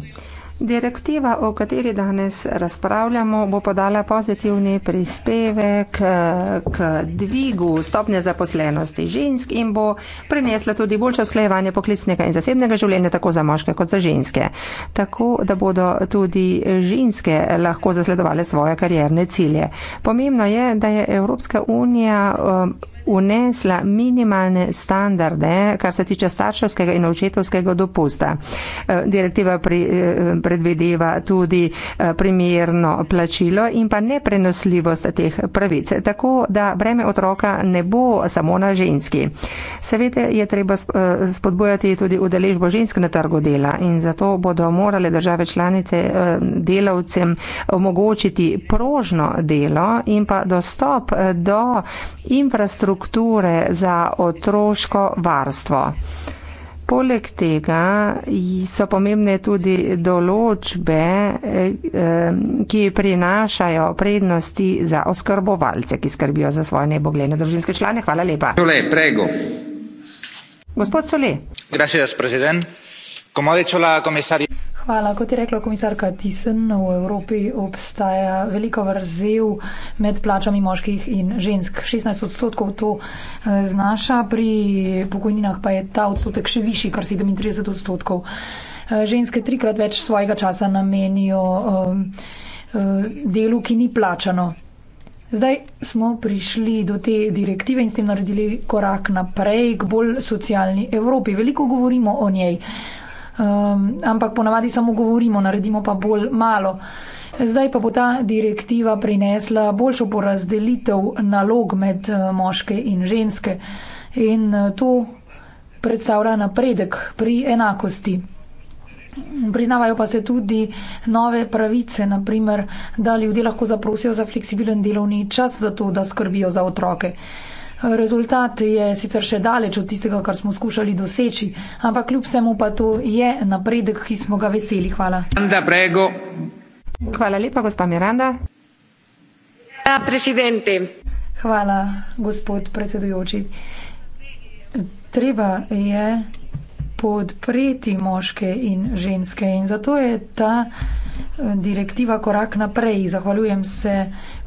Direktiva, o kateri danes razpravljamo, bo podala pozitivni prispevek eh, k dvigu stopnje zaposlenosti žensk in bo prinesla tudi boljše usklejevanje poklicnega in zasebnega življenja tako za moške kot za ženske. Tako, da bodo tudi ženske lahko zasledovale svoje karjerne cilje. Pomembno je, da je Evropska unija eh, unesla minimalne standarde, kar se tiče starševskega in očetovskega dopusta. E, direktiva pri, e, predvedeva tudi e, primerno plačilo in pa neprenosljivost teh pravic, tako da breme otroka ne bo samo na ženski. Seveda je treba spodbojati tudi udeležbo žensk na trgu dela in zato bodo morale države članice delavcem omogočiti prožno delo in pa dostop do infrastrukture, strukture za otroško varstvo. Poleg tega so pomembne tudi določbe, eh, ki prinašajo prednosti za oskrbovalce, ki skrbijo za svoje nebogljene družinske člane. Hvala lepa. Sole, prego. Gospod Sole. Gracias, president. Como ha dicho la comisaria. Hvala. Kot je rekla komisarka Tisen, v Evropi obstaja veliko vrzel med plačami moških in žensk. 16 odstotkov to eh, znaša, pri pokojninah pa je ta odstotek še višji, kar 37 odstotkov. Eh, ženske trikrat več svojega časa namenijo eh, delu, ki ni plačano. Zdaj smo prišli do te direktive in s tem naredili korak naprej k bolj socialni Evropi. Veliko govorimo o njej um, ampak ponavadi samo govorimo, naredimo pa bolj malo. Zdaj pa bo ta direktiva prinesla boljšo porazdelitev nalog med eh, moške in ženske in eh, to predstavlja napredek pri enakosti. Priznavajo pa se tudi nove pravice, naprimer, da ljudje lahko zaprosijo za fleksibilen delovni čas, zato da skrbijo za otroke. Uh, Rezultat je sicer še daleč od tistega, kar smo skušali doseči, ampak kljub vsemu pa to je napredek, ki smo ga veseli. Hvala. Hvala lepa, gospa Miranda. Hvala, gospod predsedujoči. Treba je podpreti moške in ženske in zato je ta eh, direktiva korak naprej. Zahvaljujem se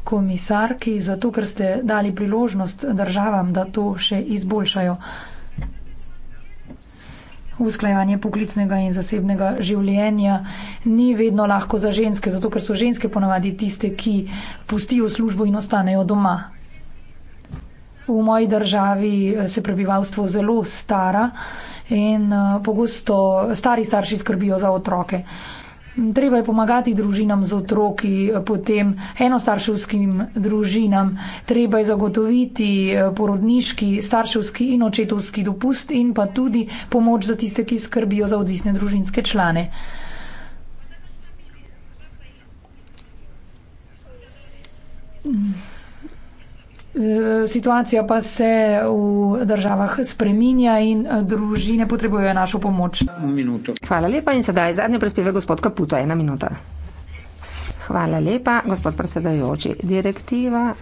komisarki, zato ker ste dali priložnost državam, da to še izboljšajo. Usklajevanje poklicnega in zasebnega življenja ni vedno lahko za ženske, zato ker so ženske ponavadi tiste, ki pustijo službo in ostanejo doma. V moji državi eh, se prebivalstvo zelo stara in eh, pogosto stari starši skrbijo za otroke. Treba je pomagati družinam z otroki, potem enostarševskim družinam, treba je zagotoviti eh, porodniški, starševski in očetovski dopust in pa tudi pomoč za tiste, ki skrbijo za odvisne družinske člane. Mm. Eh, situacija pa se v državah spreminja in eh, družine potrebujejo našo pomoč. Minuto. Hvala lepa in sedaj zadnje prispeve gospod Kaputo. Ena minuta. Hvala lepa, gospod predsedajoči. Direktiva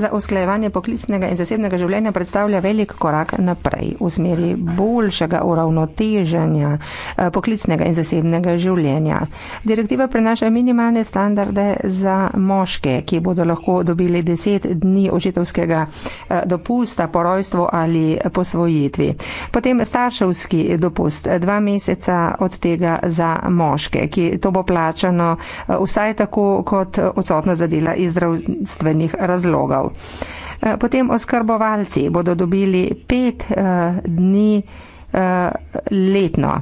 za usklajevanje poklicnega in zasebnega življenja predstavlja velik korak naprej v smeri boljšega uravnoteženja eh, poklicnega in zasebnega življenja. Direktiva prenaša minimalne standarde za moške, ki bodo lahko dobili 10 dni očetovskega eh, dopusta po rojstvu ali posvojitvi. Potem starševski dopust, dva meseca od tega za moške, ki to bo plačano eh, vsaj tako kot odsotno zadela iz zdravstvenih razlogov. Eh, potem oskrbovalci bodo dobili pet eh, dni eh, letno.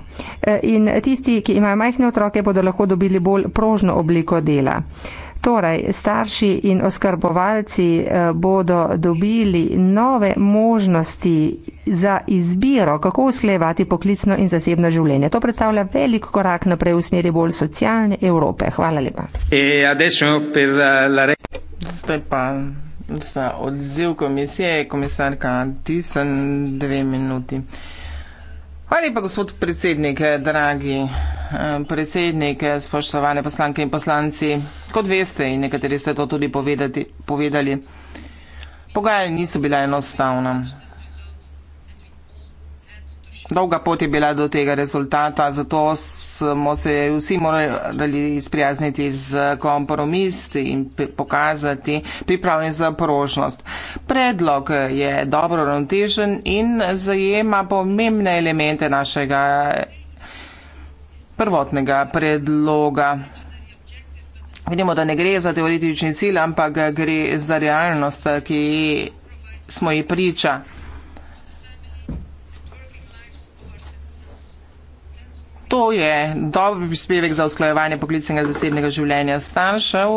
In tisti, ki imajo majhne otroke, bodo lahko dobili bolj prožno obliko dela. Torej, starši in oskrbovalci bodo dobili nove možnosti za izbiro, kako usklejevati poklicno in zasebno življenje. To predstavlja velik korak naprej v smeri bolj socialne Evrope. Hvala lepa. E, Zdaj pa za odziv komisije, komisarka Tisen, dve minuti. Hvala lepa, gospod predsednik, dragi eh, predsednik, spoštovane poslanke in poslanci. Kot veste in nekateri ste to tudi povedati, povedali, pogajanja niso bila enostavna. Dolga pot je bila do tega rezultata, zato smo se vsi morali sprijazniti z kompromisti in pokazati pripravljen za porožnost. Predlog je dobro rontežen in zajema pomembne elemente našega prvotnega predloga. Vidimo, da ne gre za teoretični cilj, ampak gre za realnost, ki smo ji priča. To je dober prispevek za usklajevanje poklicnega zasebnega življenja staršev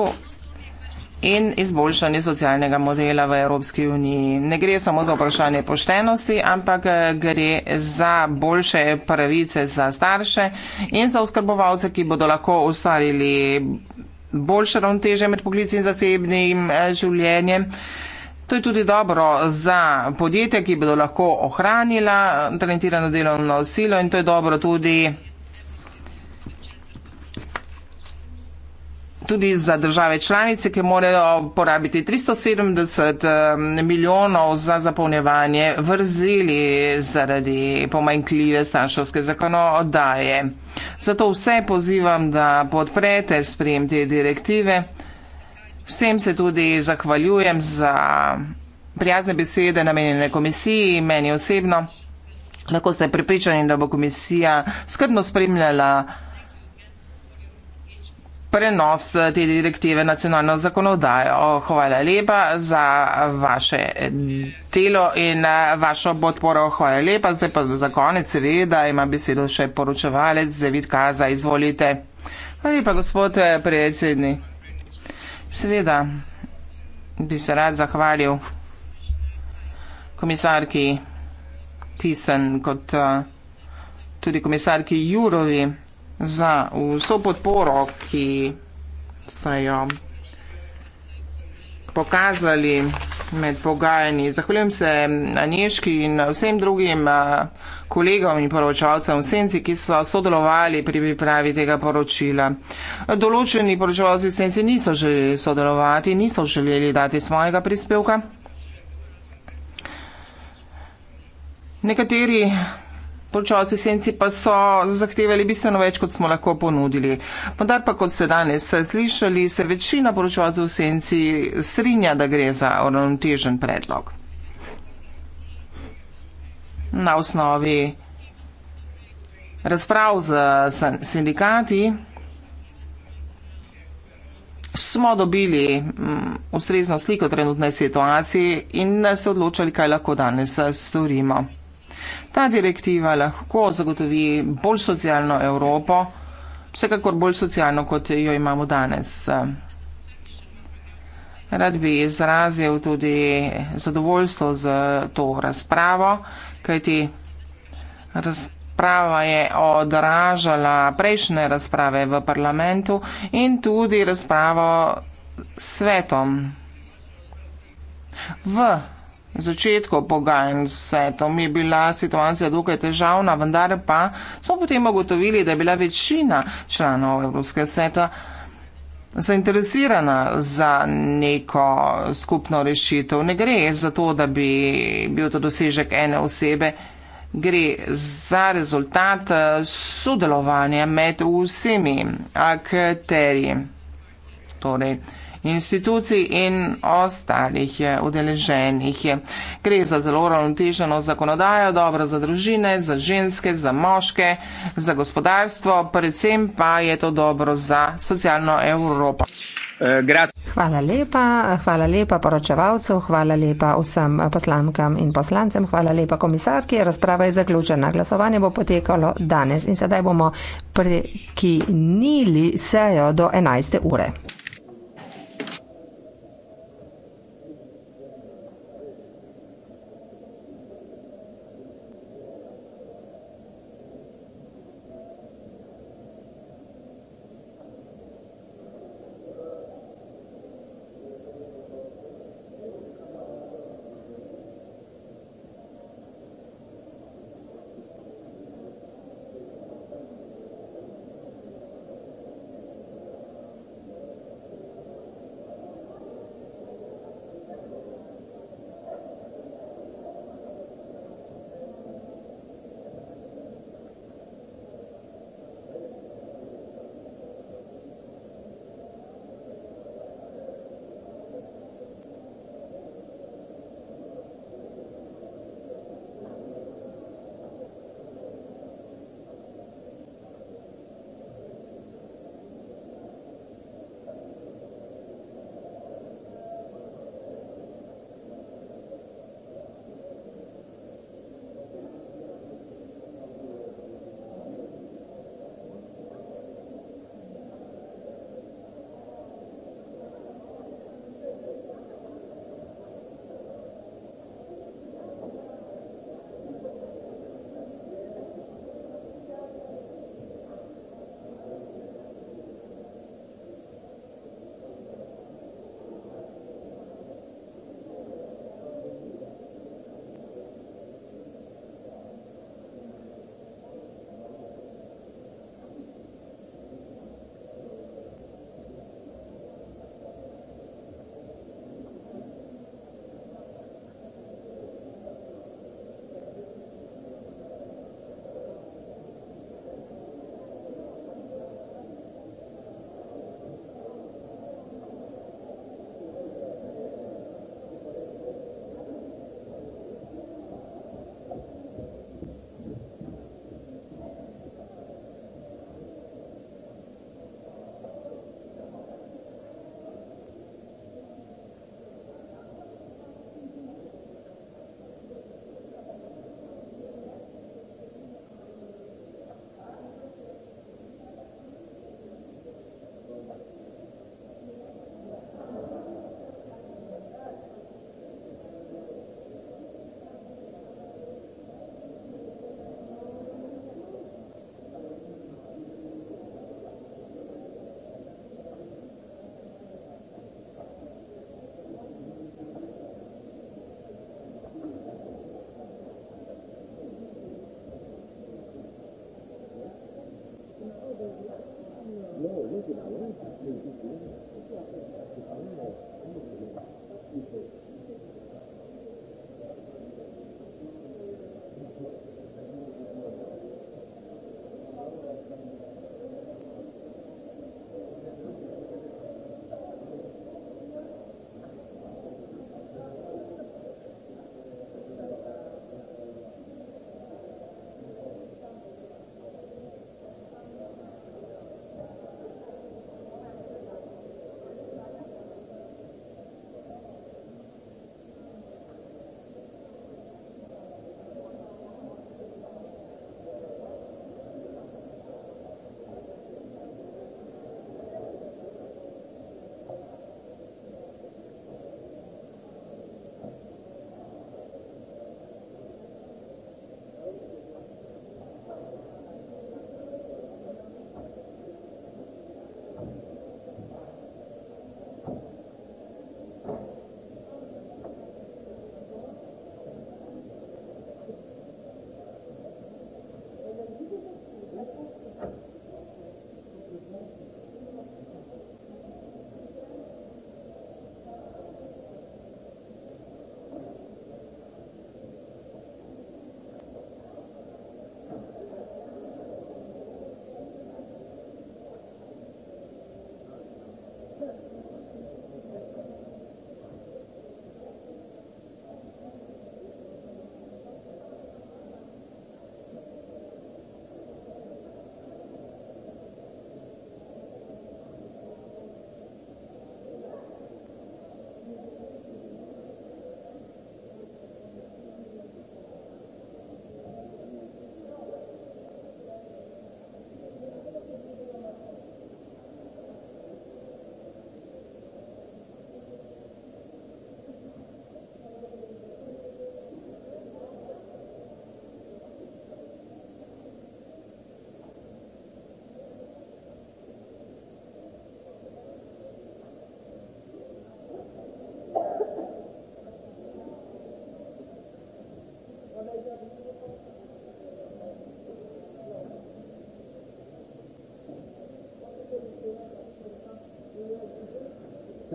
in izboljšanje socialnega modela v Evropski uniji. Ne gre samo za vprašanje poštenosti, ampak gre za boljše pravice za starše in za oskrbovalce, ki bodo lahko ustvarili boljše ravnoteže med poklicnim in zasebnim eh, življenjem. To je tudi dobro za podjetja, ki bodo lahko ohranila talentirano delovno silo in to je dobro tudi tudi za države članice, ki morajo porabiti 370 milijonov za zapolnjevanje vrzeli zaradi pomanjkljive stanšovske zakonodaje. Zato vse pozivam, da podprete sprejem te direktive. Vsem se tudi zahvaljujem za prijazne besede namenjene komisiji in meni osebno. Lahko ste pripričani, da bo komisija skrbno spremljala vse, prenos eh, te direktive nacionalno zakonodajo. Hvala lepa za vaše telo in eh, vašo podporo. Hvala lepa. Zdaj pa za konec seveda ima besedo še poročevalec Zevit Kaza. Izvolite. Hvala lepa, gospod eh, predsednik. Seveda bi se rad zahvalil komisarki Tisen kot tudi komisarki Jurovi za vso podporo, ki ste jo pokazali med pogajanji. Zahvaljujem se Anješki in vsem drugim eh, kolegom in poročevalcem v Senci, ki so sodelovali pri pripravi tega poročila. Določeni poročevalci v Senci niso želeli sodelovati, niso želeli dati svojega prispevka. Nekateri Poročevalci senci pa so zahtevali bistveno več, kot smo lahko ponudili. Vendar pa, kot ste danes slišali, se večina poročevalcev senci strinja, da gre za uravnotežen predlog. Na osnovi razprav z sindikati smo dobili mm, ustrezno sliko trenutne situacije in se odločali, kaj lahko danes storimo. Ta direktiva lahko zagotovi bolj socialno Evropo, vsekakor bolj socialno, kot jo imamo danes. Rad bi izrazil tudi zadovoljstvo z to razpravo, kajti razprava je odražala prejšnje razprave v parlamentu in tudi razpravo s svetom. V začetku pogajanj s svetom je bila situacija dokaj težavna, vendar pa smo potem ugotovili, da je bila večina članov Evropskega sveta zainteresirana za neko skupno rešitev. Ne gre za to, da bi bil to dosežek ene osebe, gre za rezultat eh, sodelovanja med vsemi akterji. Torej, institucij in ostalih eh, udeleženih. Gre za zelo ravnoteženo zakonodajo, dobro za družine, za ženske, za moške, za gospodarstvo, predvsem pa je to dobro za socialno Evropo. Hvala lepa, hvala lepa poročevalcu, hvala lepa vsem poslankam in poslancem, hvala lepa komisarki. Razprava je zaključena. Glasovanje bo potekalo danes in sedaj bomo prekinili sejo do 11. ure.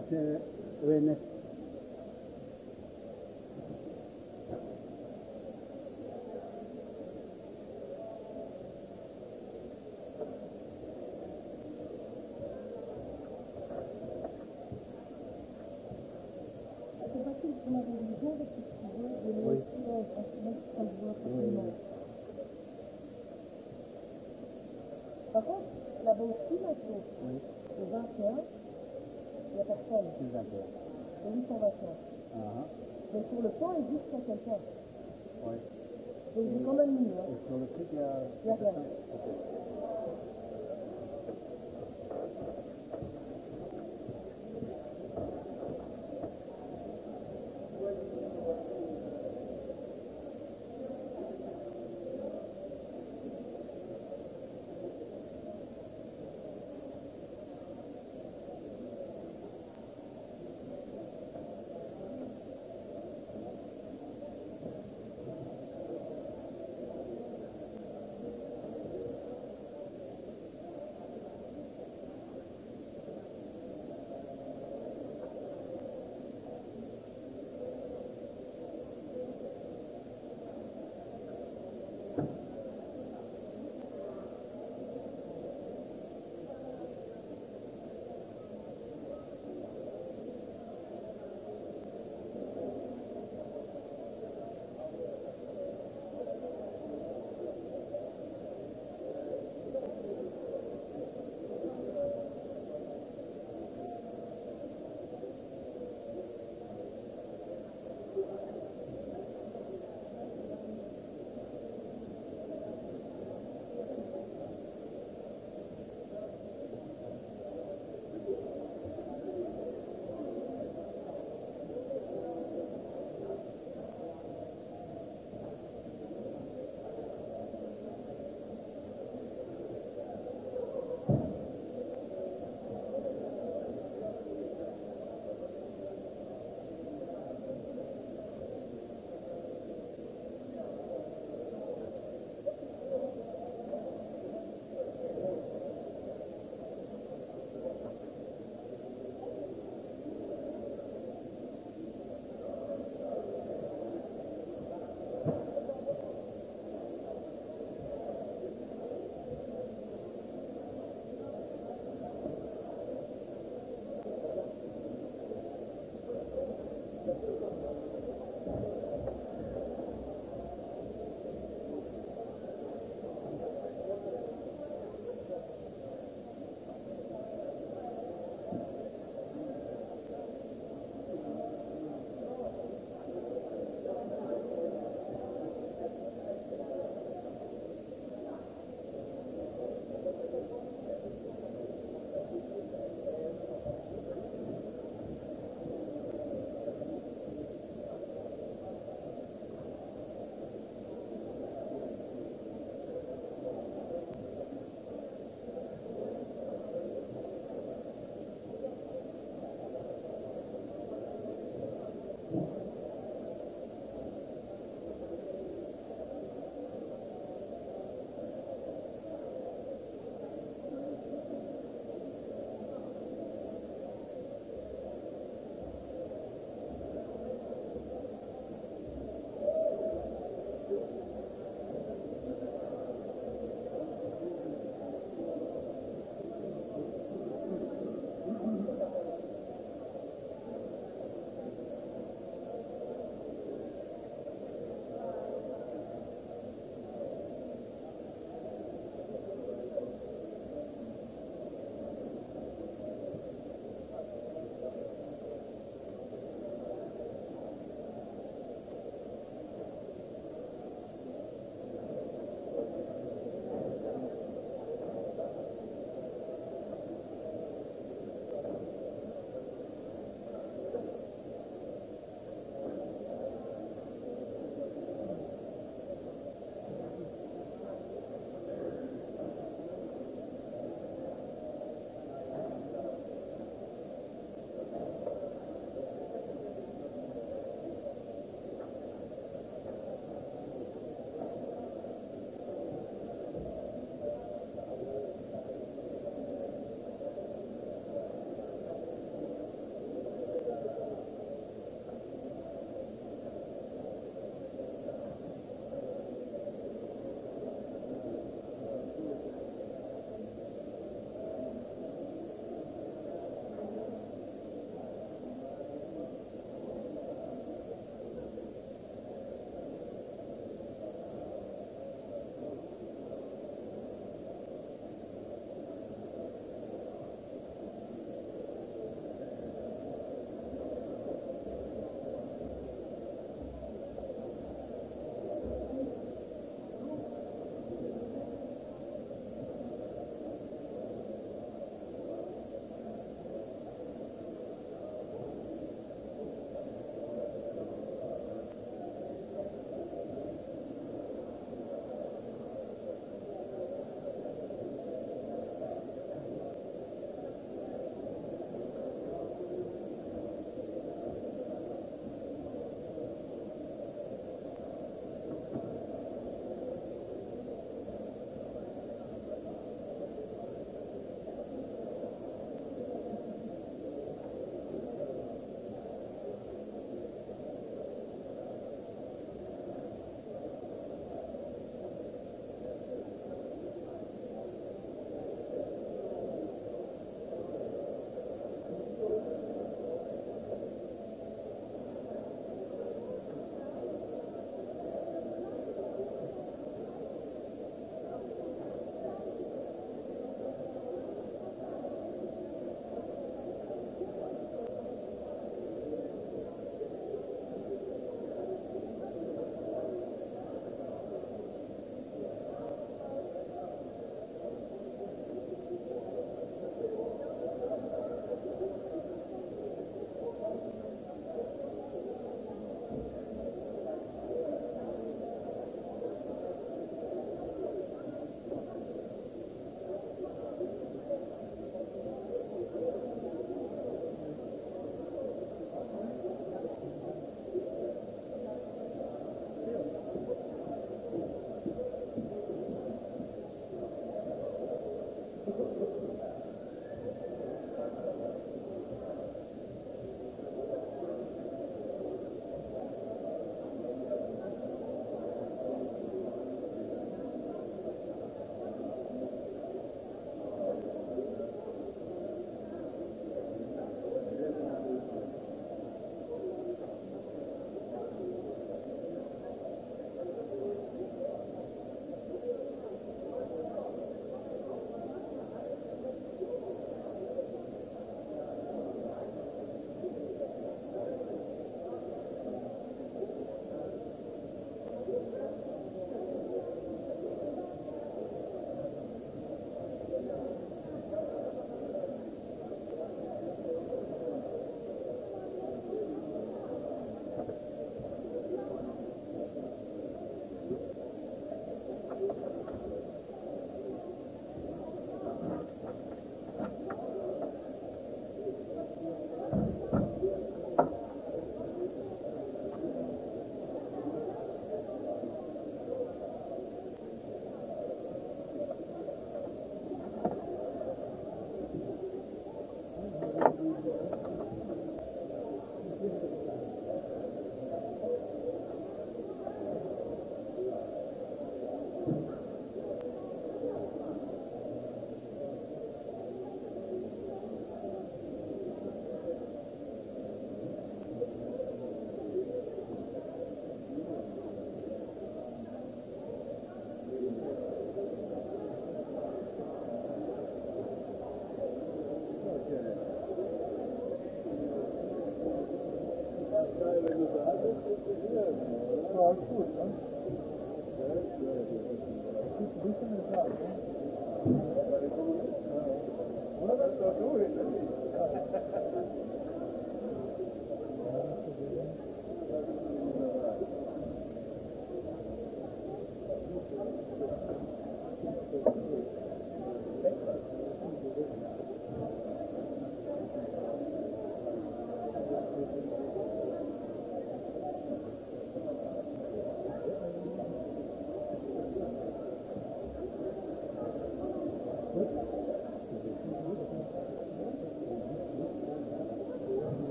nasene ve ne. Ой. Какой? Да был. personnes. D'accord. Et lui, son vacheur. Uh-huh. Donc sur le pont, il existe quelqu'un. Oui. Donc j'ai quand même mis. Hein. Et sur le truc, il y a. Il y a rien.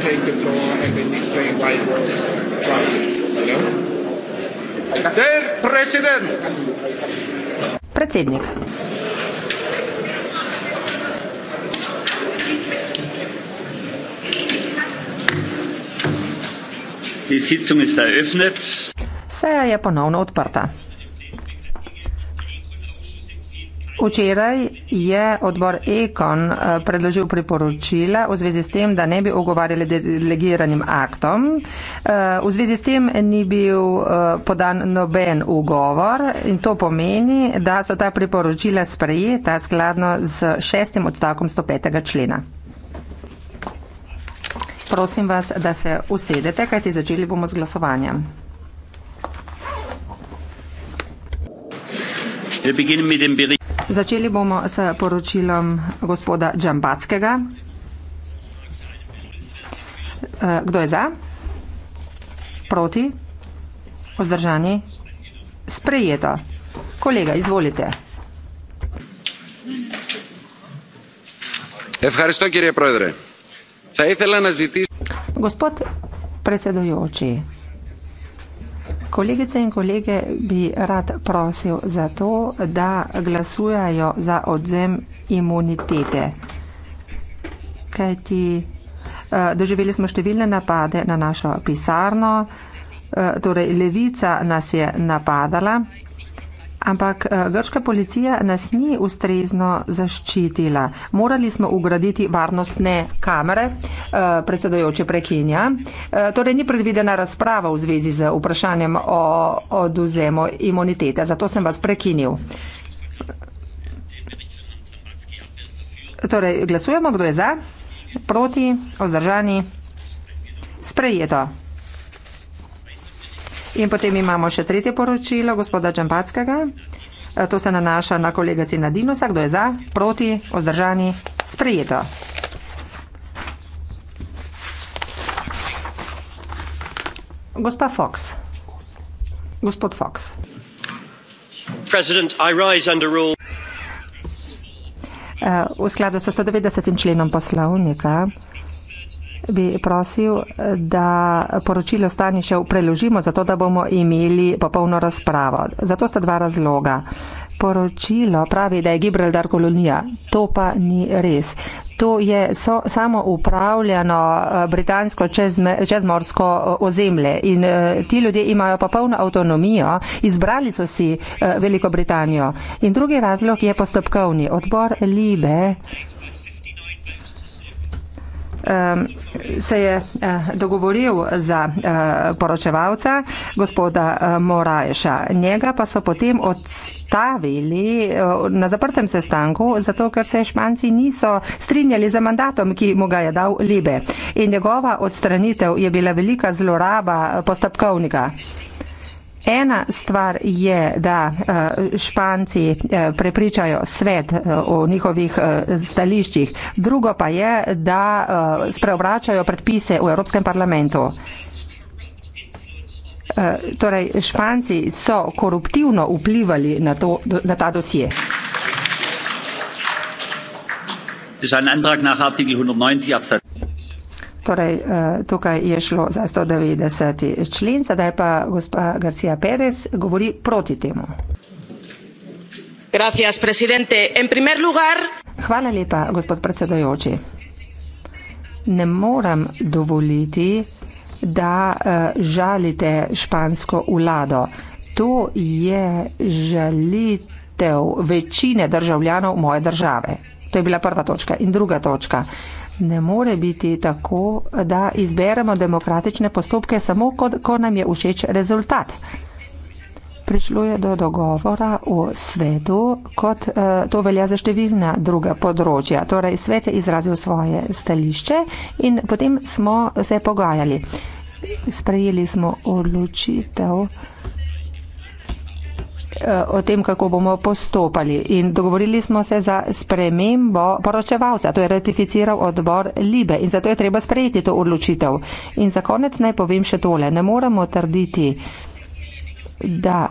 take the floor and then explain why it was drafted. Hello? Der Präsident! Predsednik. Seja je ponovno odprta. Včeraj je odbor Ekon eh, predložil priporočila v zvezi s tem, da ne bi ogovarjali delegiranim aktom. Eh, v zvezi s tem ni bil eh, podan noben ugovor in to pomeni, da so ta priporočila sprejeta skladno z šestim odstavkom 105. člena. Prosim vas, da se usedete, kajti začeli bomo z glasovanjem. We begin with the Začeli bomo s poročilom gospoda Džambackega. E, kdo je za? Proti? Ozdržani? Sprejeto. Kolega, izvolite. Gospod predsedujoči, Kolegice in kolege bi rad prosil za to, da glasujajo za odzem imunitete. Kaj ti? Eh, doživeli smo številne napade na našo pisarno, eh, torej levica nas je napadala. Ampak eh, grška policija nas ni ustrezno zaščitila. Morali smo ugraditi varnostne kamere, eh, predsedojoče prekinja. Eh, torej ni predvidena razprava v zvezi z vprašanjem o oduzemu imunitete. Zato sem vas prekinil. Torej, glasujemo, kdo je za, proti, ozdržani, sprejeto. In potem imamo še tretje poročilo gospoda Džambackega. E, to se nanaša na kolega Cinadinosa. Kdo je za, proti, ozdržani, sprejeto. Gospa Fox. Gospod Fox. E, v skladu s 190. členom poslovnika bi prosil, da poročilo Stanišev preložimo, zato da bomo imeli popolno razpravo. Zato sta dva razloga. Poročilo pravi, da je Gibraltar kolonija. To pa ni res. To je so, samo upravljeno eh, britansko čezme, čezmorsko eh, ozemlje in eh, ti ljudje imajo popolno avtonomijo, izbrali so si Veliko Britanijo. In drugi razlog je postopkovni. Odbor Libe se je eh, dogovoril za eh, poročevalca gospoda eh, Morajša. Njega pa so potem odstavili na zaprtem sestanku, zato ker se Španci niso strinjali za mandatom, ki mu ga je dal Libe. In njegova odstranitev je bila velika zloraba postopkovnika. Ena stvar je, da eh, Španci eh, prepričajo svet eh, o njihovih stališčih, drugo pa je, da spreobračajo predpise v Evropskem parlamentu. Torej, Španci so koruptivno vplivali na, to, na ta dosje. To je en predlog na artikel 190 absat torej eh, tukaj je šlo za 190. člen, sedaj pa gospa Garcia Perez govori proti temu. Hvala lepa, gospod predsedajoči. Ne moram dovoliti, da eh, žalite špansko vlado. To je žalitev večine državljanov moje države. To je bila prva točka. In druga točka ne more biti tako, da izberemo demokratične postopke samo, kot, ko nam je všeč rezultat. Prišlo je do dogovora v svetu, kot eh, to velja za številna druga področja. Torej, svet je izrazil svoje stališče in potem smo se pogajali. Sprejeli smo odločitev. Eh, o tem, kako bomo postopali. In dogovorili smo se za spremembo poročevalca, to je ratificiral odbor Libe in zato je treba sprejeti to odločitev. In za konec naj povem še tole. Ne moramo trditi, da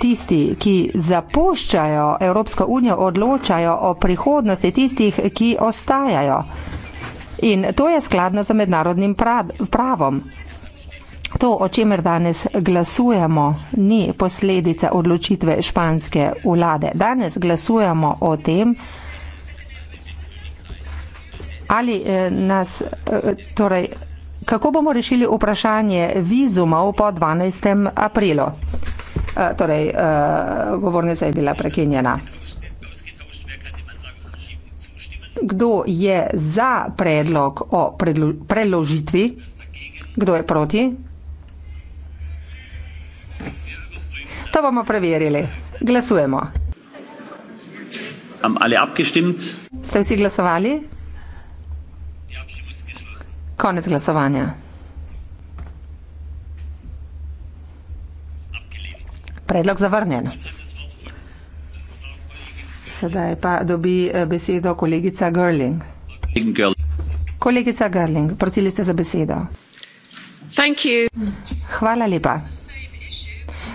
tisti, ki zapuščajo Evropsko unijo, odločajo o prihodnosti tistih, ki ostajajo. In to je skladno z mednarodnim pravom. To, o čemer danes glasujemo, ni posledica odločitve španske vlade. Danes glasujemo o tem, ali eh, nas, eh, torej, kako bomo rešili vprašanje vizumov po 12. aprilu. Eh, torej, govornica je bila prekinjena. Kdo je za predlog o preložitvi? Kdo je proti? To bomo preverili. Glasujemo. Ste vsi glasovali? Konec glasovanja. Predlog zavrnjen. Sedaj pa dobi eh, besedo kolegica Gerling. Kolegica Gerling, prosili ste za besedo. Hvala lepa.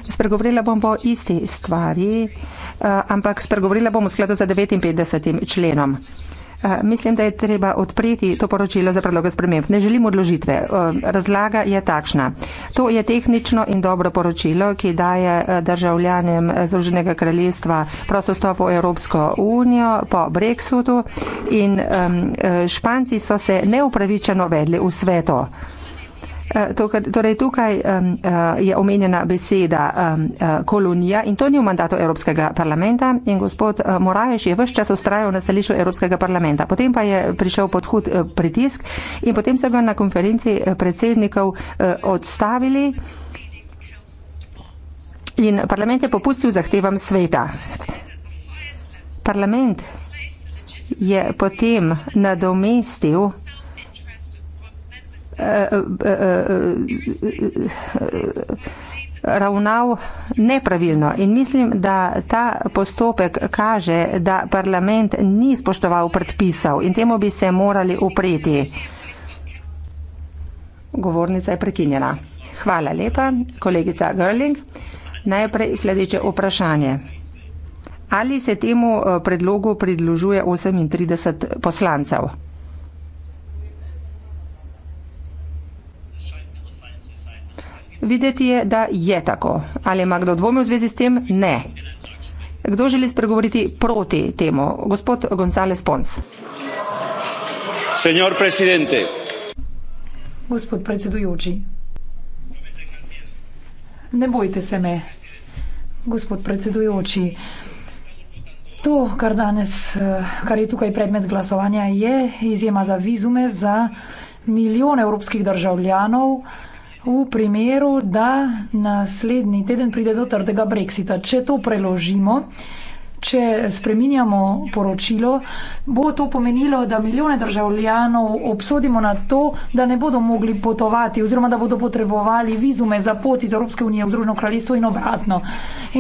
Spregovorila bom o isti stvari, eh, ampak spregovorila bom v skladu za 59. členom. Eh, mislim, da je treba odpreti to poročilo za predloge sprememb. Ne želim odložitve. Eh, razlaga je takšna. To je tehnično in dobro poročilo, ki daje državljanem Združenega kraljestva prosto stopo v Evropsko unijo po Brexitu in španci so se neupravičeno vedli v svetu. Eh, torej tukaj eh, je omenjena beseda eh, kolonija in to ni v mandatu Evropskega parlamenta in gospod Moraješ je vse čas ustrajal na stališču Evropskega parlamenta. Potem pa je prišel pod hud pritisk in potem so ga na konferenci predsednikov odstavili in parlament je popustil zahtevam sveta. Parlament je potem nadomestil ravnal nepravilno. In mislim, da ta postopek kaže, da parlament ni spoštoval predpisov in temu bi se morali upreti. Govornica je prekinjena. Hvala lepa, kolegica Gerling. Najprej sledeče vprašanje. Ali se temu eh, predlogu pridružuje 38 poslancev? Videti je, da je tako. Ali ima kdo dvomil v zvezi s tem? Ne. Kdo želi spregovoriti proti temu? Gospod Gonzales Pons. Gospod predsedujoči, ne bojte se me. Gospod predsedujoči, to, kar danes, eh, kar je tukaj predmet glasovanja, je izjema za vizume za milijone evropskih državljanov, V primeru, da naslednji teden pride do trdega brexita, če to preložimo, Če spreminjamo poročilo, bo to pomenilo, da milijone državljanov obsodimo na to, da ne bodo mogli potovati oziroma da bodo potrebovali vizume za pot iz Evropske unije v Združeno kraljestvo in obratno.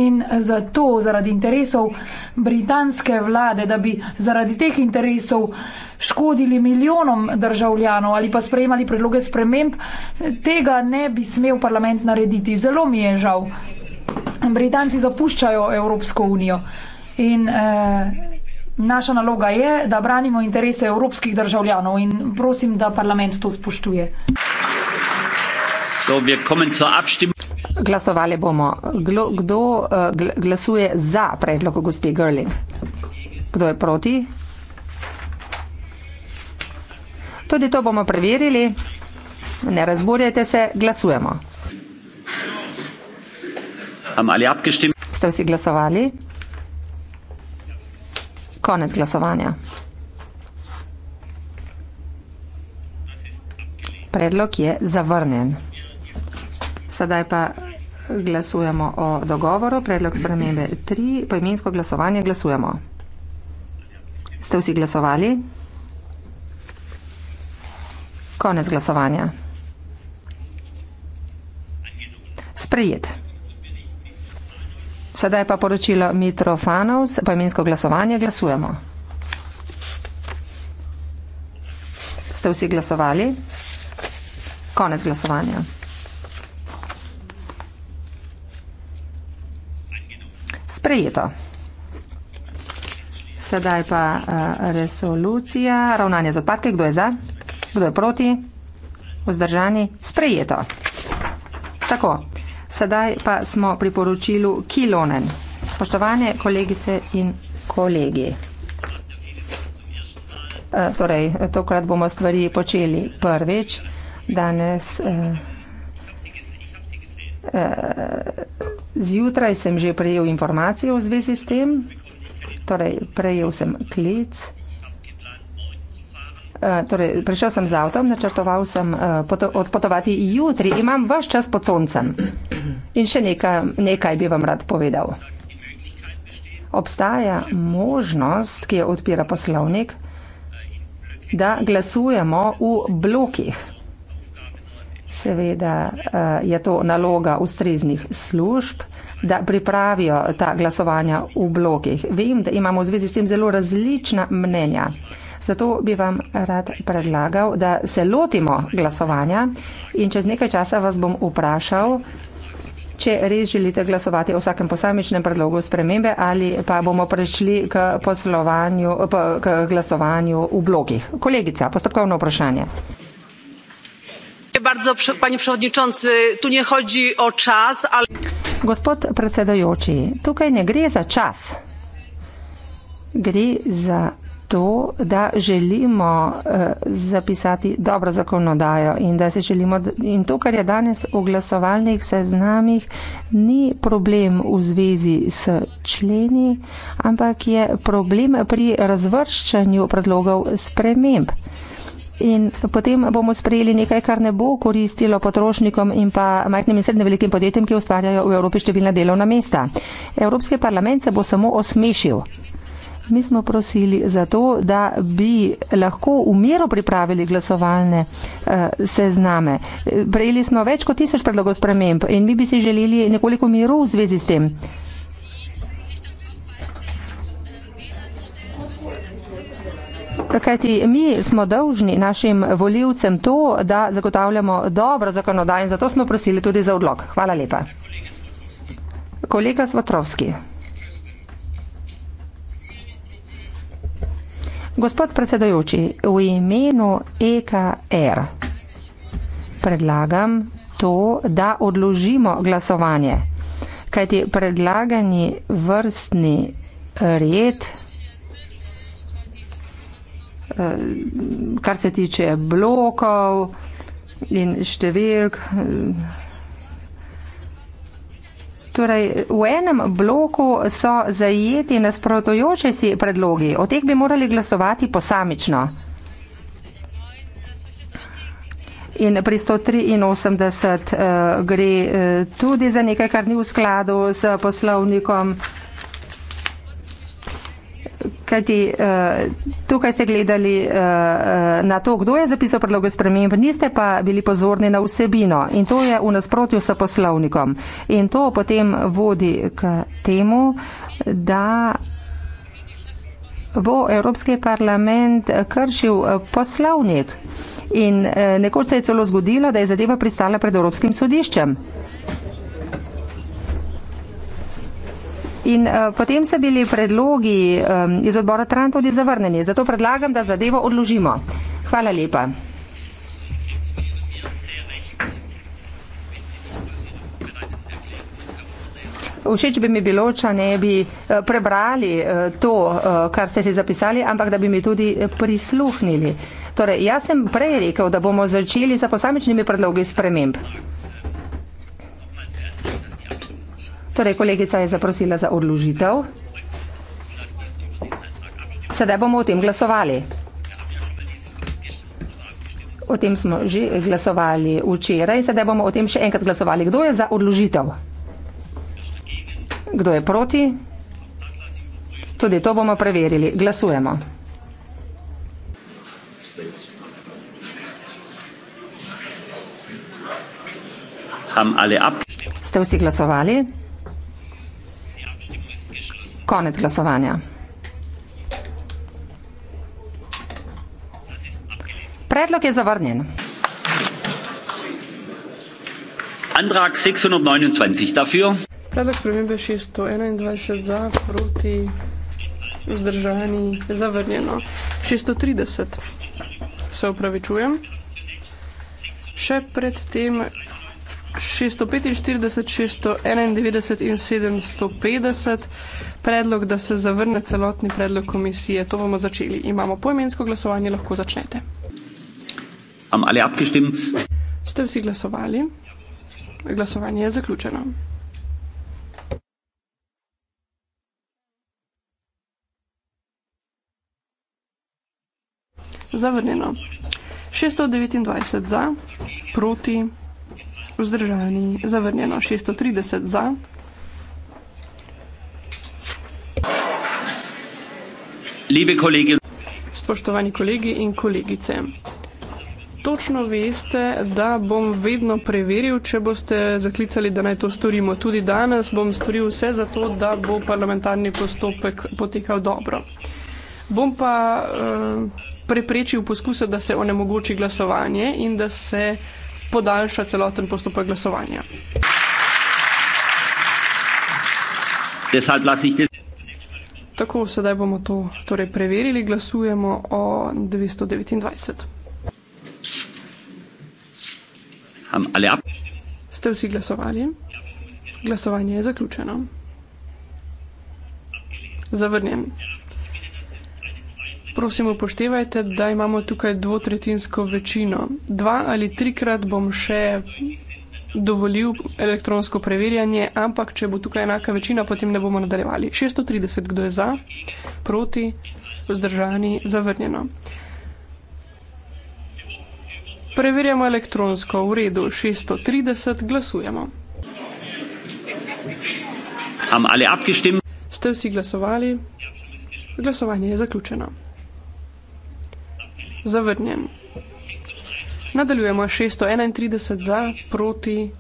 In zato zaradi interesov britanske vlade, da bi zaradi teh interesov škodili milijonom državljanov ali pa sprejemali predloge sprememb, tega ne bi smel parlament narediti. Zelo mi je žal. Britanci zapuščajo Evropsko unijo. In eh, naša naloga je, da branimo interese evropskih državljanov in prosim, da parlament to spoštuje. Glasovali bomo. Glo, kdo eh, gl, glasuje za predlog gospe Görlik? Kdo je proti? Tudi to bomo preverili. Ne razburjajte se, glasujemo. Ste vsi glasovali? Konec glasovanja. Predlog je zavrnjen. Sedaj pa glasujemo o dogovoru. Predlog spremembe 3. Poimensko glasovanje glasujemo. Ste vsi glasovali? Konec glasovanja. Sprejet. Sedaj pa poročilo Mitrofanov, pa imensko glasovanje, glasujemo. Ste vsi glasovali? Konec glasovanja. Sprejeto. Sedaj pa eh, resolucija, ravnanje z odpadke, kdo je za, kdo je proti, vzdržani, sprejeto. Tako. Sedaj pa smo pri poročilu Kilonen. Spoštovane kolegice in kolegi. Eh, torej, tokrat bomo stvari počeli prvič. Danes eh, eh, zjutraj sem že prejel informacije v zvezi s tem. Torej, prejel sem klic. Eh, torej, prišel sem z avtom, načrtoval sem uh, eh, odpotovati jutri, imam vaš čas pod soncem. In še nekaj, nekaj bi vam rad povedal. Obstaja možnost, ki jo odpira poslovnik, da glasujemo v blokih. Seveda eh, je to naloga ustreznih služb, da pripravijo ta glasovanja v blokih. Vem, da imamo v zvezi s tem zelo različna mnenja. Zato bi vam rad predlagal, da se lotimo glasovanja in čez nekaj časa vas bom vprašal, če res želite glasovati o vsakem posamičnem predlogu spremembe ali pa bomo prešli k, k glasovanju v blogih. Kolegica, postopkovno vprašanje. Bardzo, panie przewodniczący, tu nie chodzi o czas, ale. Gospod predsedujoči, tukaj ne gre za čas, gre za to, da želimo eh, zapisati dobro zakonodajo in da se želimo. In to, kar je danes v glasovalnih seznamih, ni problem v zvezi s členi, ampak je problem pri razvrščanju predlogov sprememb. In potem bomo sprejeli nekaj, kar ne bo koristilo potrošnikom in pa majhnim in srednje velikim podjetjem, ki ustvarjajo v Evropi številna delovna mesta. Evropski parlament se bo samo osmešil. Mi smo prosili za to, da bi lahko v miru pripravili glasovalne uh, sezname. Prejeli smo več kot tisoč predlogov sprememb in mi bi si želeli nekoliko miru v zvezi s tem. Kajti mi smo dolžni našim voljivcem to, da zagotavljamo dobro zakonodajo in zato smo prosili tudi za odlog. Hvala lepa. Kolega Svatrovski. Kolega Svatrovski. Gospod predsedajoči, v imenu EKR predlagam to, da odložimo glasovanje, kajti predlagani vrstni eh, red, eh, kar se tiče blokov in številk, eh, Torej, v enem bloku so zajeti nasprotujoče si predlogi. O teh bi morali glasovati posamično. In pri 183 uh, eh, gre uh, tudi za nekaj, kar ni v skladu s poslovnikom. Kajti uh, tukaj ste gledali uh, na to, kdo je zapisal predloge sprememb, niste pa bili pozorni na vsebino in to je v nasprotju s poslovnikom. In to potem vodi k temu, da bo Evropski parlament kršil poslovnik in uh, nekoč se je celo zgodilo, da je zadeva pristala pred Evropskim sodiščem. In uh, potem so bili predlogi um, iz odbora Trant tudi zavrneni. Zato predlagam, da zadevo odložimo. Hvala lepa. Všeč bi mi bilo, če ne bi eh, prebrali to, kar ste si zapisali, ampak da bi mi tudi prisluhnili. Torej, jaz sem prej rekel, da bomo začeli sa posamičnimi predlogi sprememb. Torej, kolegica je zaprosila za odložitev. Sedaj bomo o tem glasovali. O tem smo že glasovali včeraj, sedaj bomo o tem še enkrat glasovali. Kdo je za odložitev? Kdo je proti? Tudi to bomo preverili. Glasujemo. Ste vsi glasovali? Konec glasovanja. Predlog je zavrnjen. Antrag 629 dafür. Predlog spremembe 621 za, proti, vzdržani, zavrnjeno. 630 se upravičujem. Še pred tem 645, 691 in 750 predlog, da se zavrne celotni predlog komisije. To bomo začeli. Imamo poimensko glasovanje, lahko začnete. Am alle abgestimmt? Ste vsi glasovali? Glasovanje je zaključeno. Zavrnjeno. 629 za, proti vzdržani, zavrnjeno 630 za. Liebe kolegi. Spoštovani kolegi in kolegice, točno veste, da bom vedno preveril, če boste zaklicali, da naj to storimo. Tudi danes bom storil vse za to, da bo parlamentarni postopek potekal dobro. Bom pa uh, preprečil poskuse, da se onemogoči glasovanje in da se podaljša celoten postopek glasovanja. Tako, sedaj bomo to torej preverili. Glasujemo o 929. Ste vsi glasovali? Glasovanje je zaključeno. Zavrnjen prosim upoštevajte, da imamo tukaj dvotretinsko večino. Dva ali trikrat bom še dovolil elektronsko preverjanje, ampak če bo tukaj enaka večina, potem ne bomo nadaljevali. 630, kdo je za, proti, vzdržani, zavrnjeno. Preverjamo elektronsko, v redu, 630, glasujemo. Ste vsi glasovali? Glasovanje je zaključeno zavrnjen. Nadaljujemo 631 za, proti,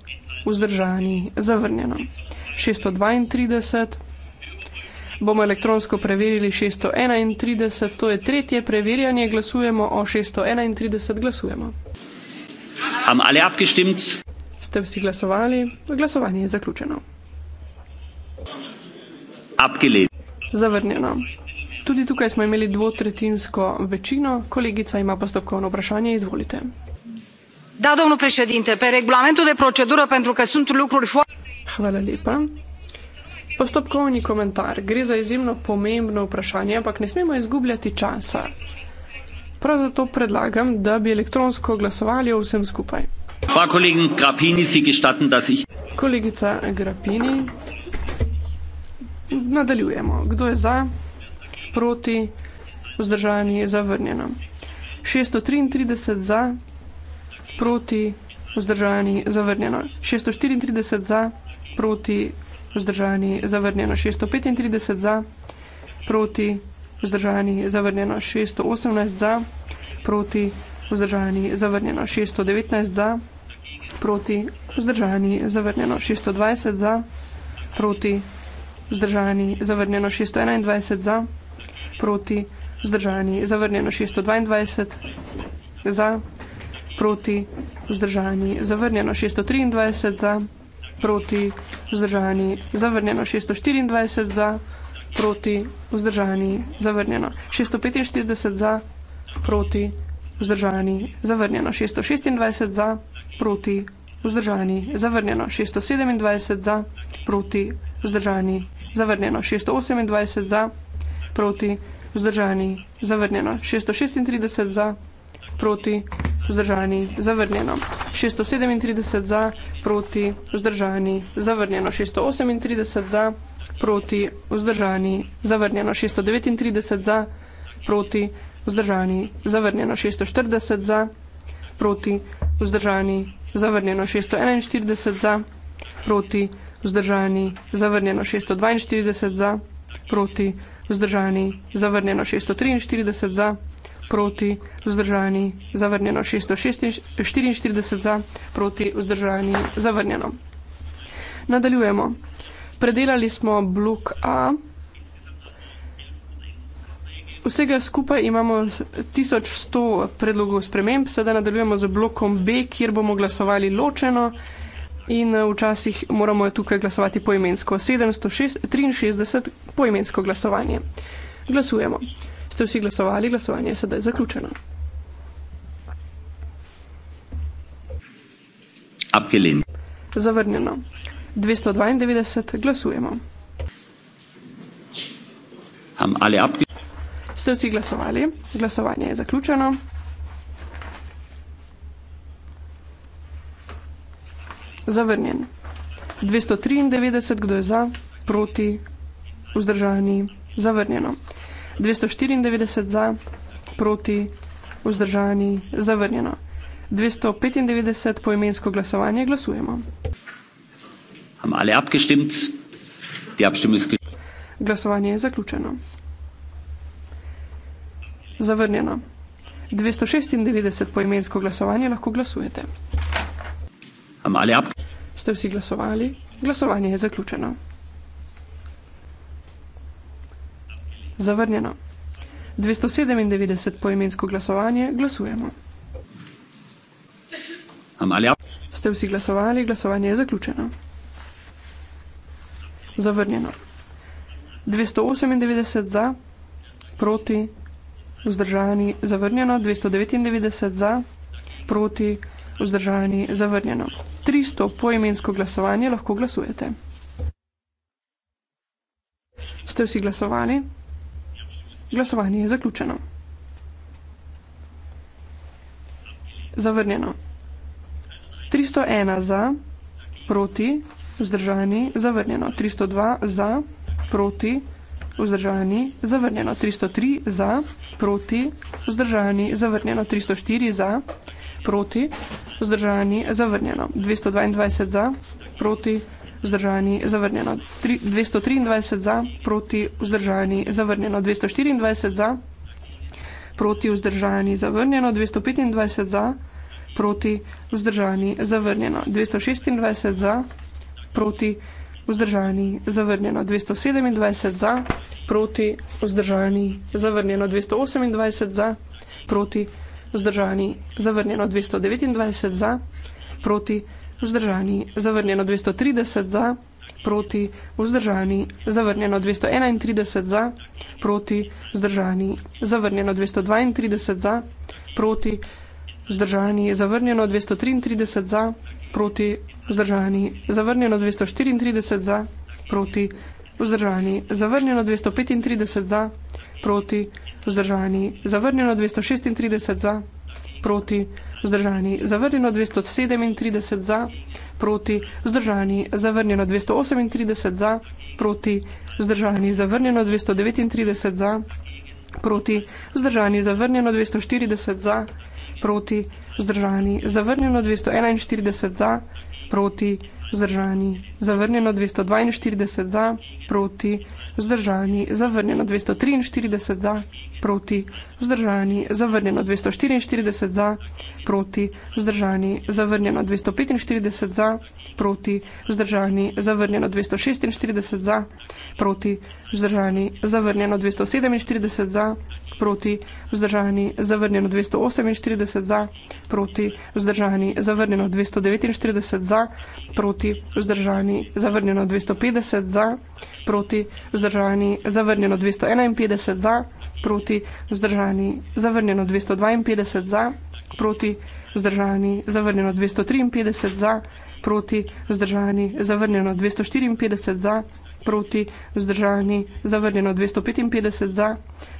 vzdržani, zavrnjeno. 632 bomo elektronsko preverili 631, to je tretje preverjanje, glasujemo o 631, glasujemo. Am alle abgestimmt? Ste vsi glasovali? Glasovanje je zaključeno. Abgelehnt. Zavrnjeno. Tudi tukaj smo imeli dvotretinsko večino. Kolegica ima postopkovno vprašanje, izvolite. Da, domnul predsednik, pe regulamentu de procedură, pentru că sunt lucruri foarte. Hvala lepa. Postopkovni komentar. Gre za izjemno pomembno vprašanje, ampak ne smemo izgubljati časa. Prav zato predlagam, da bi elektronsko glasovali o vsem skupaj. Kolegica Grapini, nadaljujemo. Kdo je za? proti, vzdržani je zavrnjeno. 633 za, proti, vzdržani zavrnjeno. 634 za, proti, vzdržani zavrnjeno. 635 za, proti, vzdržani zavrnjeno. 618 za, proti, vzdržani zavrnjeno. 619 za, proti, vzdržani zavrnjeno. 620 za, proti, vzdržani zavrnjeno. 621 za, proti, vzdržani, zavrnjeno 622, za, proti, vzdržani, zavrnjeno 623, za, proti, vzdržani, zavrnjeno 624, za, proti, vzdržani, zavrnjeno 645, za, proti, vzdržani, zavrnjeno 626, za, proti, vzdržani, zavrnjeno 627, za, proti, vzdržani, zavrnjeno 628, za, proti, proti, vzdržani, zavrnjeno. 636 za, proti, vzdržani, zavrnjeno. 637 za, proti, vzdržani, zavrnjeno. 638 za, proti, vzdržani, zavrnjeno. 639 za, proti, vzdržani, zavrnjeno. 640 za, proti, vzdržani, zavrnjeno. 641 za, proti, vzdržani, zavrnjeno. 642 za, proti, vzdržani, zavrnjeno. 642 za, proti, vzdržani, zavrnjeno 643 za, proti, vzdržani, zavrnjeno 644 za, proti, vzdržani, zavrnjeno. Nadaljujemo. Predelali smo blok A. Vsega skupaj imamo 1100 predlogov sprememb, sedaj nadaljujemo z blokom B, kjer bomo glasovali ločeno. In eh, včasih moramo tukaj glasovati poimensko. 763 poimensko glasovanje. Glasujemo. Ste vsi glasovali, glasovanje je sedaj zaključeno. Abgelen. Zavrnjeno. 292 glasujemo. Ste vsi glasovali, glasovanje je zaključeno. Zavrnjen. 293, kdo je za, proti, vzdržani, zavrnjeno. 294 za, proti, vzdržani, zavrnjeno. 295 poimensko glasovanje, glasujemo. Glasovanje je zaključeno. Zavrnjeno. 296 poimensko glasovanje, lahko glasujete. Amalija. Ste vsi glasovali? Glasovanje je zaključeno. Zavrnjeno. 297 poimensko glasovanje. Glasujemo. Amalija. Ste vsi glasovali? Glasovanje je zaključeno. Zavrnjeno. 298 za, proti, vzdržani, zavrnjeno. 299 za, proti, vzdržani vzdržani zavrnjeno. 300 poimensko glasovanje lahko glasujete. Ste vsi glasovali? Glasovanje je zaključeno. Zavrnjeno. 301 za, proti, vzdržani, zavrnjeno. 302 za, proti, vzdržani, zavrnjeno. 303 za, proti, vzdržani, zavrnjeno. 304 za, proti, vzdržani, zavrnjeno. 222 za, proti, vzdržani, zavrnjeno. 223 za, proti, vzdržani, zavrnjeno. 224 za, proti, vzdržani, zavrnjeno. 225 za, proti, vzdržani, zavrnjeno. 226 za, proti, vzdržani, zavrnjeno. 227 za, proti, vzdržani, zavrnjeno. 228 za, proti, vzdržani, zavrnjeno vzdržani, zavrnjeno 229 za, proti, vzdržani, zavrnjeno 230 za, proti, vzdržani, zavrnjeno 231 za, proti, vzdržani, zavrnjeno 232 za, proti, vzdržani, zavrnjeno 233 za, proti, vzdržani, zavrnjeno 234 za, proti, vzdržani, zavrnjeno 235 za, proti, vzdržani, vzdržani, zavrnjeno 236 za, proti, vzdržani, zavrnjeno 237 za, proti, vzdržani, zavrnjeno 238 za, proti, vzdržani, zavrnjeno 239 za, proti, vzdržani, zavrnjeno 240 za, proti, vzdržani, zavrnjeno 241 za, proti, vzdržani, vzdržani, zavrnjeno 242 za, proti, vzdržani, zavrnjeno 243 za, proti, vzdržani, zavrnjeno 244 za, proti, vzdržani, zavrnjeno 245 za, proti, vzdržani, zavrnjeno 246 za, proti, vzdržani, zavrnjeno 247 za, proti, vzdržani, zavrnjeno 248 za, proti, vzdržani, zavrnjeno 249 za, proti, proti, vzdržani, zavrnjeno 250 za, proti, vzdržani, zavrnjeno 251 za, proti, vzdržani, zavrnjeno 252 za, proti, vzdržani, zavrnjeno 253 za, proti, vzdržani, zavrnjeno 254 za, proti, vzdržani, zavrnjeno 255 za,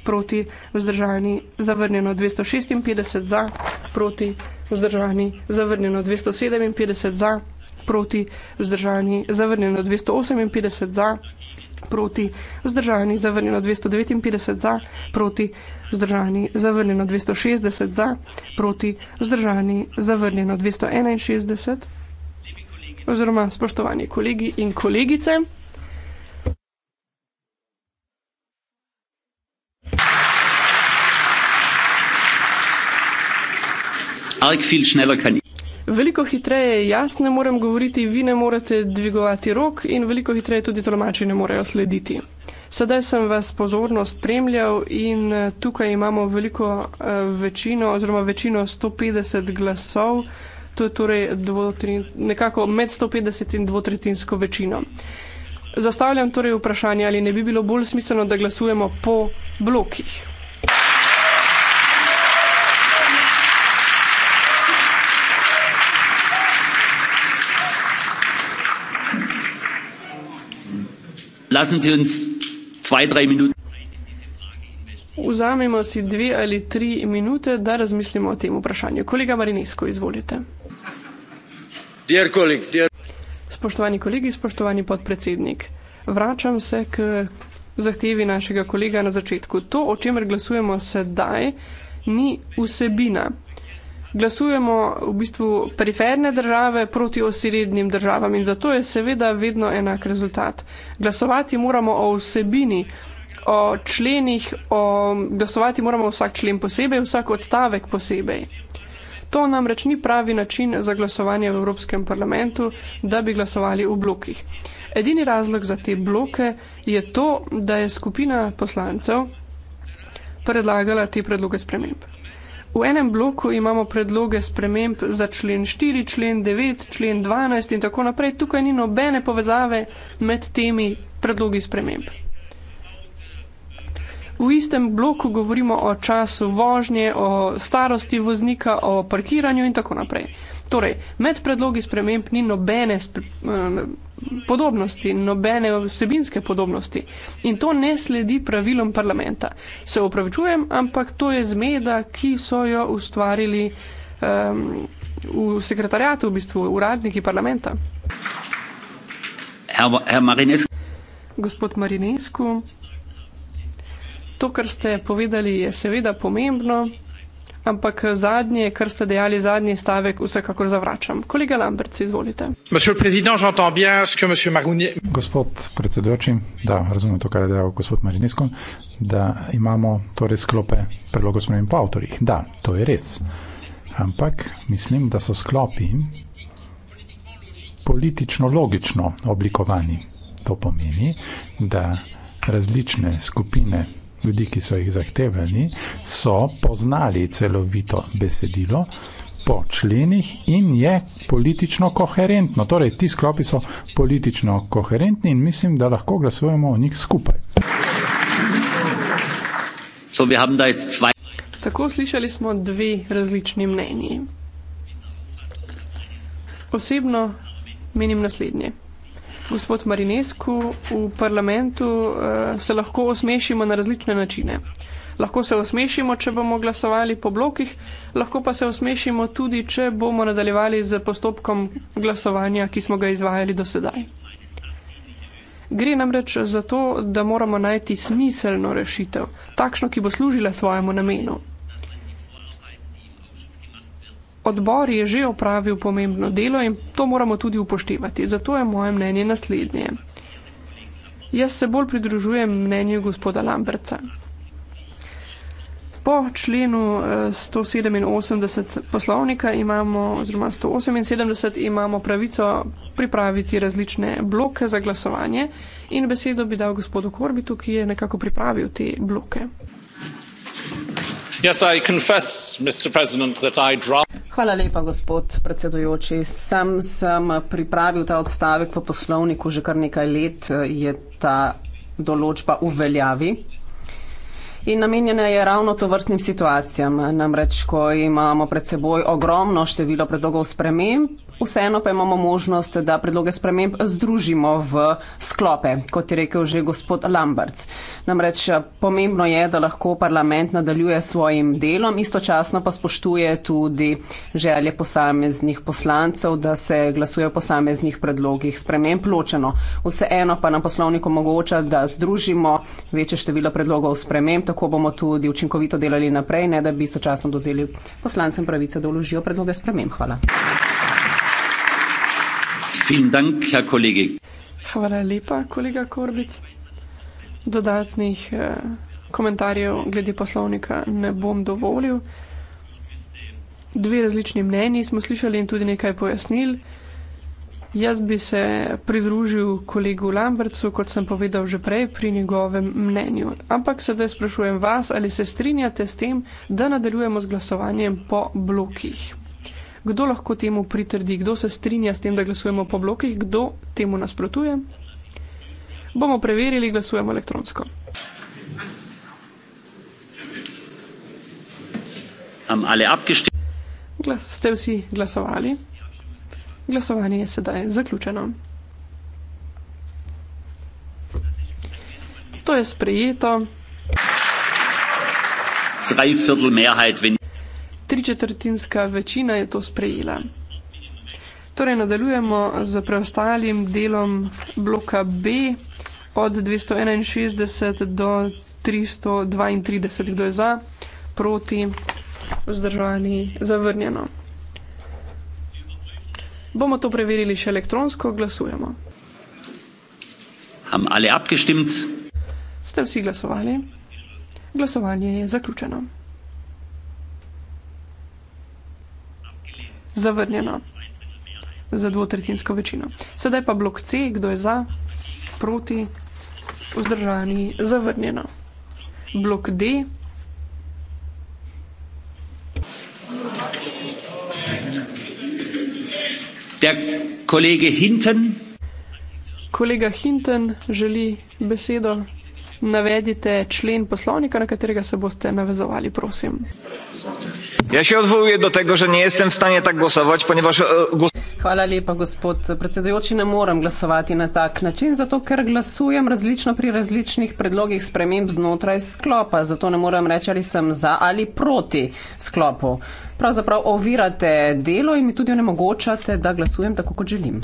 proti, vzdržani, zavrnjeno 256 za, proti, vzdržani, zavrnjeno 257 za, proti, proti, vzdržani, zavrnjeno 258 za, proti, vzdržani, zavrnjeno 259 za, proti, vzdržani, zavrnjeno 260 za, proti, vzdržani, zavrnjeno 261, oziroma spoštovani kolegi in kolegice. Alk viel schneller kann ich veliko hitreje jaz ne morem govoriti, vi ne morete dvigovati rok in veliko hitreje tudi tolmači ne morejo slediti. Sedaj sem vas pozorno spremljal in eh, tukaj imamo veliko eh, večino oziroma večino 150 glasov, to je torej nekako med 150 in dvotretinsko večino. Zastavljam torej vprašanje, ali ne bi bilo bolj smiselno, da glasujemo po blokih. Vzamemo si dve ali tri minute, da razmislimo o tem vprašanju. Kolega Marinesko, izvolite. Dear colleague, dear... Spoštovani kolegi, spoštovani podpredsednik, vračam se k zahtevi našega kolega na začetku. To, o čemer glasujemo sedaj, ni vsebina glasujemo v bistvu periferne države proti osrednjim državam in zato je seveda vedno enak rezultat. Glasovati moramo o vsebini, o členih, o, glasovati moramo vsak člen posebej, vsak odstavek posebej. To namreč ni pravi način za glasovanje v Evropskem parlamentu, da bi glasovali v blokih. Edini razlog za te bloke je to, da je skupina poslancev predlagala te predloge spremembe. V enem bloku imamo predloge sprememb za člen 4, člen 9, člen 12 in tako naprej. Tukaj ni nobene povezave med temi predlogi sprememb. V istem bloku govorimo o času vožnje, o starosti voznika, o parkiranju in tako naprej. Torej, med predlogi sprememb ni nobene eh, podobnosti, nobene vsebinske podobnosti in to ne sledi pravilom parlamenta. Se opravičujem, ampak to je zmeda, ki so jo ustvarili um, v sekretarjatu, v bistvu uradniki parlamenta. Her, her Marinesku. Gospod Marinesku, to, kar ste povedali, je seveda pomembno ampak zadnje, kar ste dejali, zadnji stavek, vsekakor zavračam. Kolega Lambert, izvolite. Gospod predsedujoči, da razumem to, kar je dejal gospod Marinesko, da imamo torej sklope predlogov spremem po avtorjih. Da, to je res. Ampak mislim, da so sklopi politično logično oblikovani. To pomeni, da različne skupine ljudi, ki so jih zahtevali, so poznali celovito besedilo po členih in je politično koherentno. Torej, ti sklopi so politično koherentni in mislim, da lahko glasujemo o njih skupaj. Tako slišali smo dve različni mnenji. Osebno menim naslednje. Gospod Marinesku, v parlamentu uh, se lahko osmešimo na različne načine. Lahko se osmešimo, če bomo glasovali po blokih, lahko pa se osmešimo tudi, če bomo nadaljevali z postopkom glasovanja, ki smo ga izvajali do sedaj. Gre namreč za to, da moramo najti smiselno rešitev, takšno, ki bo služila svojemu namenu. Odbor je že opravil pomembno delo in to moramo tudi upoštevati. Zato je moje mnenje naslednje. Jaz se bolj pridružujem mnenju gospoda Lamberca. Po členu 187 eh, poslovnika imamo, oziroma 178 imamo pravico pripraviti različne bloke za glasovanje in besedo bi dal gospodu Korbitu, ki je nekako pripravil te bloke. Hvala lepa, gospod predsedujoči. Sam sem pripravil ta odstavek po poslovniku že kar nekaj let, je ta določba v veljavi in namenjena je ravno to vrstnim situacijam. Namreč, ko imamo pred seboj ogromno število predlogov sprememb, vseeno pa imamo možnost, da predloge sprememb združimo v sklope, kot je rekel že gospod Lamberts. Namreč, pomembno je, da lahko parlament nadaljuje svojim delom, istočasno pa spoštuje tudi želje posameznih poslancev, da se glasuje o posameznih predlogih sprememb ločeno. Vseeno pa nam poslovnik omogoča, da združimo večje število predlogov sprememb, kako bomo tudi učinkovito delali naprej, ne da bi sočasno dozeli poslancem pravice, da vložijo predloge sprememb. Hvala. Dank, Hvala lepa, kolega Korbic. Dodatnih eh, komentarjev glede poslovnika ne bom dovolil. Dve različni mnenji smo slišali in tudi nekaj pojasnil. Jaz bi se pridružil kolegu Lambrcu, kot sem povedal že prej, pri njegovem mnenju. Ampak sedaj sprašujem vas, ali se strinjate s tem, da nadaljujemo z glasovanjem po blokih. Kdo lahko temu pritrdi, kdo se strinja s tem, da glasujemo po blokih, kdo temu nasprotuje? Bomo preverili, glasujemo elektronsko. Ali abgestimmt? Ste vsi glasovali? Glasovanje je sedaj zaključeno. To je sprejeto. Tri četrtinska večina je to sprejela. Torej nadaljujemo z preostalim delom bloka B od 261 do 332, kdo je za, proti, vzdržani, zavrnjeno. Bomo to preverili še elektronsko, glasujemo. Ste vsi glasovali? Glasovanje je zaključeno. Zavrnjeno. Za dvotretinsko večino. Sedaj pa blok C, kdo je za, proti, vzdržani, zavrnjeno. Blok D. Thank you. Der Kollege Hinten. Kolega Hinten želi besedo. Navedite člen poslovnika, na katerega se boste navezovali, prosim. Jaz se odvoljujem do tega, da nisem v stanju tako glasovati, ponivaš. Uh, eh, Hvala lepa, gospod predsedujoči. Ne morem glasovati na tak način, zato ker glasujem različno pri različnih predlogih sprememb znotraj sklopa. Zato ne morem reči, ali sem za ali proti sklopu. Pravzaprav ovirate delo in mi tudi onemogočate, da glasujem tako, kot želim.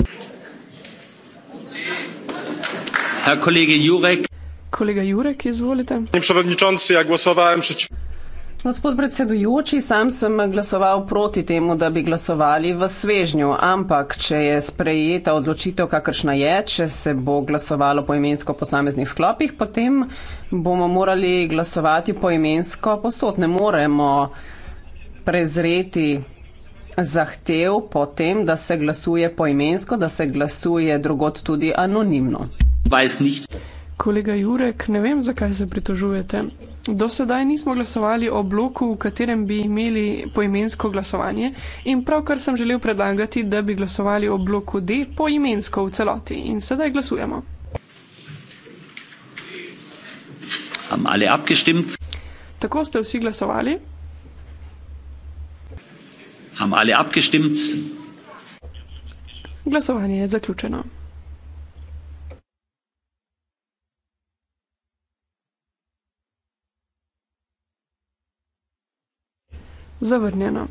Kolega Jurek, izvolite. Predsedujoči, ja glasovam proti. Gospod predsedujoči, sam sem glasoval proti temu, da bi glasovali v svežnju, ampak če je sprejeta odločitev, kakršna je, če se bo glasovalo poimensko po posameznih sklopih, potem bomo morali glasovati poimensko posod. Ne moremo prezreti zahtev po tem, da se glasuje poimensko, da se glasuje drugot tudi anonimno. Kolega Jurek, ne vem, zakaj se pritožujete. Do sedaj nismo glasovali o bloku, v katerem bi imeli poimensko glasovanje in pravkar sem želel predlagati, da bi glasovali o bloku D poimensko v celoti. In sedaj glasujemo. Tako ste vsi glasovali. Haben alle abgestimmt? Glasovanje je zaključeno. Zavrnjeno.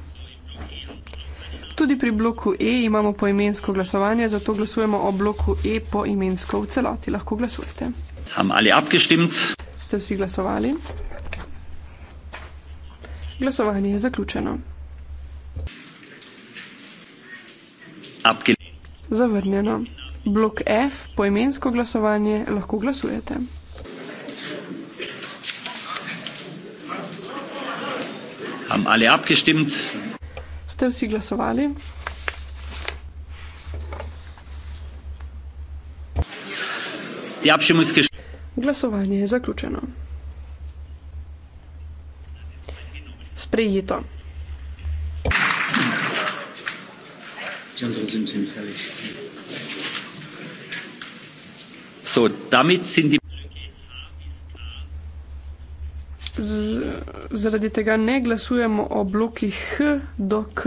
Tudi pri bloku E imamo poimensko glasovanje, zato glasujemo o bloku E poimensko v celoti. Lahko glasujete. Ste vsi glasovali? Glasovanje je zaključeno. Abge Zavrnjeno. Blok F poimensko glasovanje lahko glasujete. Haben alle abgestimmt? Ste vsi glasovali? Glasovanje je zaključeno. Sprejito. So, damit sind die zaradi tega ne glasujemo o blokih H do K.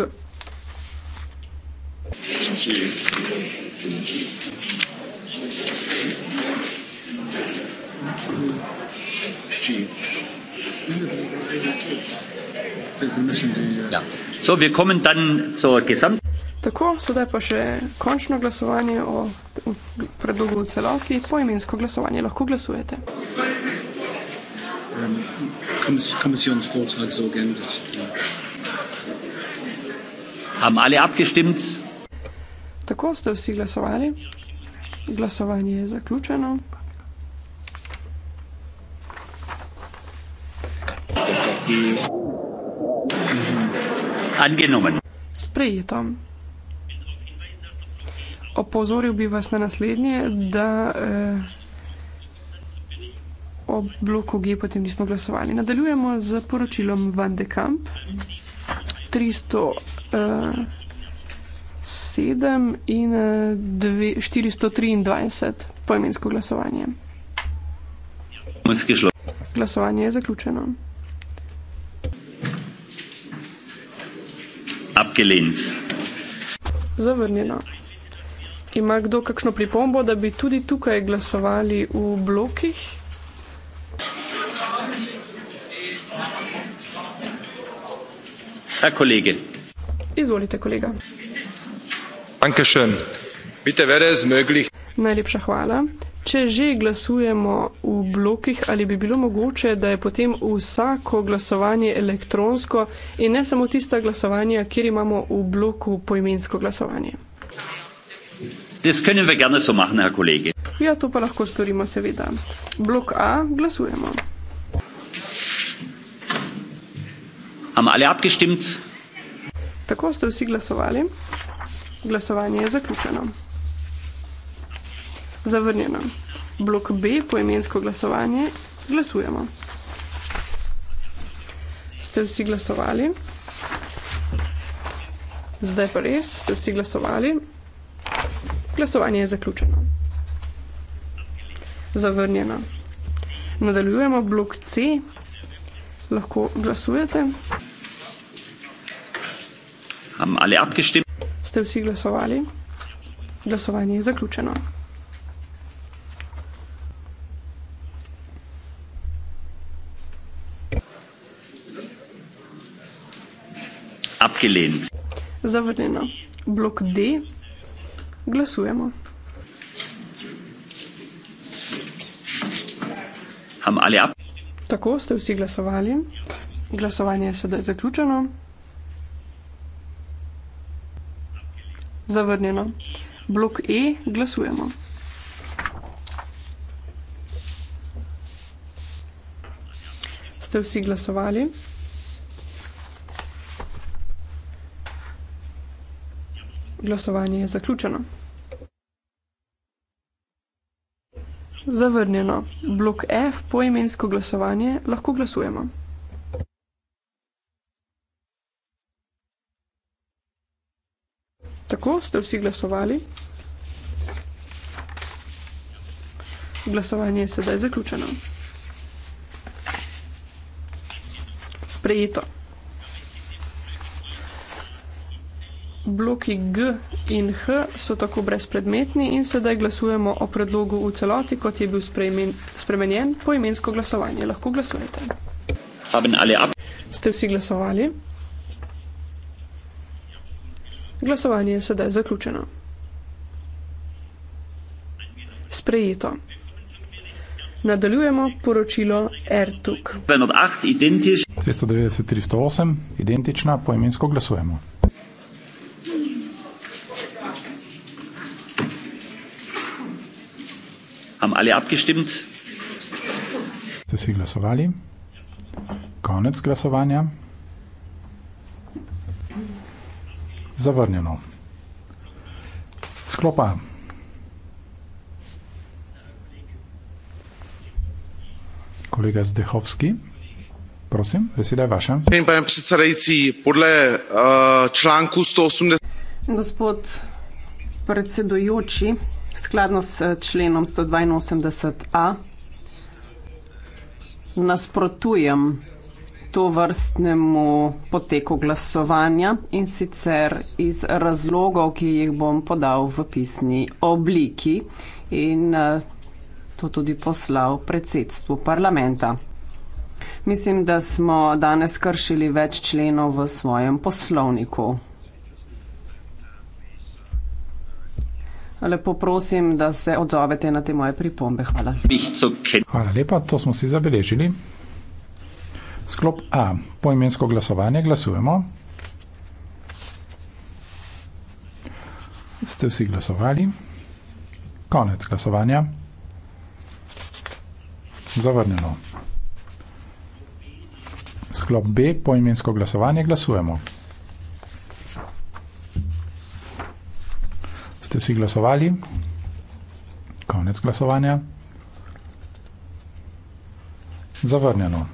Ja. Tako, sedaj pa še končno glasovanje o predlogu v celoti. Poimensko glasovanje lahko glasujete. Um. Kommissionsvortrag so geändert. Haben alle abgestimmt? Tako ste vsi glasovali. Glasovanje je zaključeno. Sprejeto. Opozoril bi vas na naslednje, da. Eh, o bloku G potem nismo glasovali. Nadaljujemo z poročilom Van de Kamp. 307 eh, in 423 eh, poemensko glasovanje. Glasovanje je zaključeno. Abgelehnt. Zavrnjeno. Ima kdo kakšno pripombo, da bi tudi tukaj glasovali v blokih? herr kollege! izvolite kolega. Dankeschön. Bitte wäre es möglich. Najlepša hvala. Če že glasujemo v blokih, ali bi bilo mogoče, da je potem vsako glasovanje elektronsko in ne samo tista glasovanja, kjer imamo v bloku poimensko glasovanje? Das wir gerne so machen, herr ja, to pa lahko storimo, seveda. Blok A glasujemo. haben alle abgestimmt? Tako ste vsi glasovali. Glasovanje je zaključeno. Zavrnjeno. Blok B, poemensko glasovanje, glasujemo. Ste vsi glasovali? Zdaj pa res, ste vsi glasovali? Glasovanje je zaključeno. Zavrnjeno. Nadaljujemo blok C, lahko glasujete. Ali abgestimmt? Ste vsi glasovali? Glasovanje je zaključeno. Abgelehnt. Zavrnjeno. Blok D. Glasujemo. Haben alle ab? Tako ste vsi glasovali. Glasovanje je sedaj zaključeno. Zavrnjeno. Blok E glasujemo. Ste vsi glasovali? Glasovanje je zaključeno. Zavrnjeno. Blok F, poimensko glasovanje, lahko glasujemo. Tako ste vsi glasovali. Glasovanje je sedaj zaključeno. Sprejeto. Bloki G in H so tako brezpredmetni in sedaj glasujemo o predlogu v celoti, kot je bil spremen, spremenjen po imensko glasovanje. Lahko glasujete. Ste vsi glasovali? Glasovanje je sedaj zaključeno. Sprejeto. Nadaljujemo poročilo RTUK. 290-308, identična, poimensko glasujemo. Haben alle abgestimmt? Ste vsi glasovali? Konec glasovanja. Zavrnjeno. Sklopa. Kolega Zdehovski, prosim, beseda je vaša. Podle, uh, eh, 180... Gospod predsedujoči, skladno s eh, členom 182a nasprotujem to vrstnemu poteku glasovanja in sicer iz razlogov, ki jih bom podal v pisni obliki in eh, to tudi poslal predsedstvu parlamenta. Mislim, da smo danes kršili več členov v svojem poslovniku. Lepo prosim, da se odzovete na te moje pripombe. Hvala. Hvala lepa, to smo si zabeležili. Sklop A. Poimensko glasovanje glasujemo. Ste vsi glasovali? Konec glasovanja. Zavrnjeno. Sklop B. Poimensko glasovanje glasujemo. vsi glasovali. Konec glasovanja. Zavrnjeno.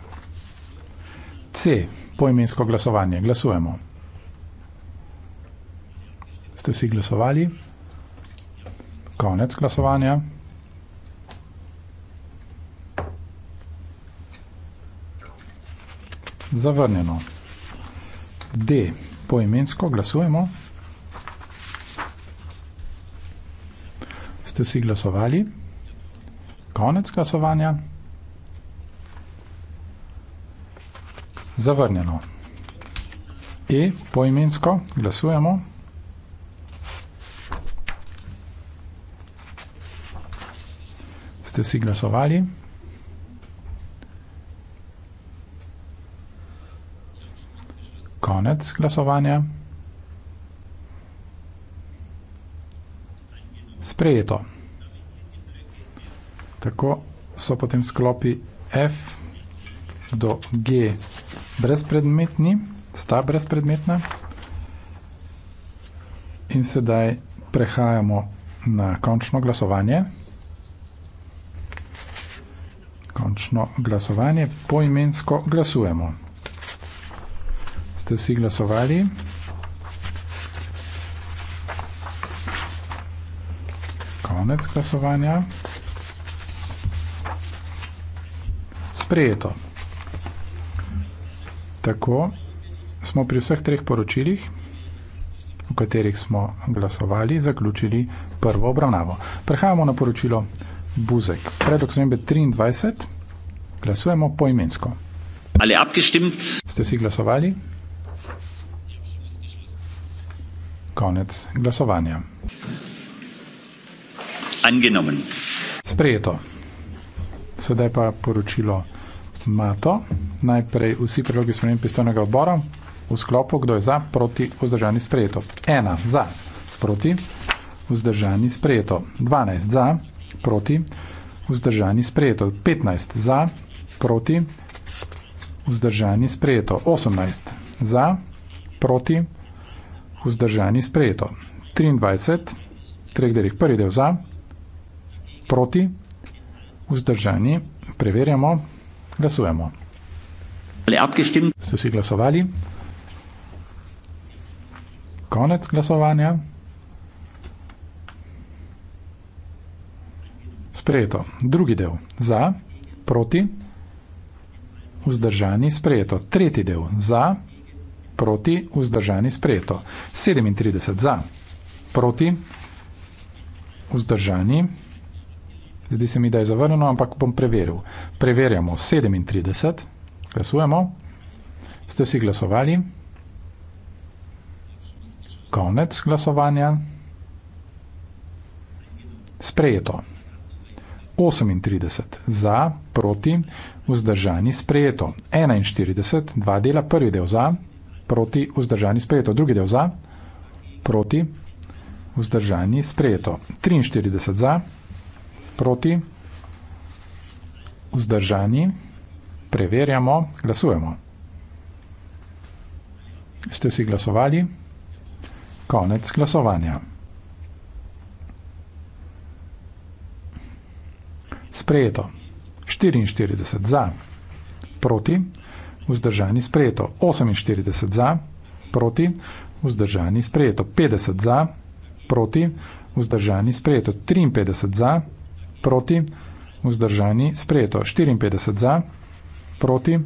C. Poimensko glasovanje. Glasujemo. Ste vsi glasovali. Konec glasovanja. Zavrnjeno. D. Poimensko glasujemo. Glasujemo. Ste vsi glasovali? Konec glasovanja. Zavrnjeno. E, poimensko, glasujemo. Ste vsi glasovali? Konec glasovanja. sprejeto. Tako so potem sklopi F do G brezpredmetni, sta brezpredmetna. In sedaj prehajamo na končno glasovanje. Končno glasovanje, poimensko glasujemo. Ste vsi glasovali? Ste vsi glasovali? konec glasovanja. Sprejeto. Tako smo pri vseh treh poročilih, v katerih smo glasovali, zaključili prvo obravnavo. Prehajamo na poročilo Buzek. Predlog smembe 23. Glasujemo poimensko. Ali abgestimt? Ste vsi glasovali? Konec glasovanja angenommen. Sprejeto. Sedaj pa poročilo Mato. Najprej vsi predlogi sprememb pristojnega odbora v sklopu, kdo je za, proti, vzdržani sprejeto. 1. Za, proti, vzdržani sprejeto. 12. Za, proti, vzdržani sprejeto. 15. Za, proti, vzdržani sprejeto. 18. Za, proti, vzdržani sprejeto. 23. Trek delih. Prvi del za, proti, vzdržani, preverjamo, glasujemo. Ste vsi glasovali? Konec glasovanja. Sprejeto. Drugi del. Za, proti, vzdržani, sprejeto. Tretji del. Za, proti, vzdržani, sprejeto. 37. Za, proti, vzdržani, sprejeto. Zdi se mi, da je zavrnjeno, ampak bom preveril. Preverjamo 37, glasujemo. Ste vsi glasovali? Konec glasovanja. Sprejeto. 38 za, proti, vzdržani, sprejeto. 41, dva dela, prvi del za, proti, vzdržani, sprejeto. Drugi del za, proti, vzdržani, sprejeto. 43 za, proti, vzdržani, preverjamo, glasujemo. Ste vsi glasovali? Konec glasovanja. Sprejeto. 44 za, proti, vzdržani, sprejeto. 48 za, proti, vzdržani, sprejeto. 50 za, proti, vzdržani, sprejeto. 53 za, proti, vzdržani, sprejeto. 54 za, proti,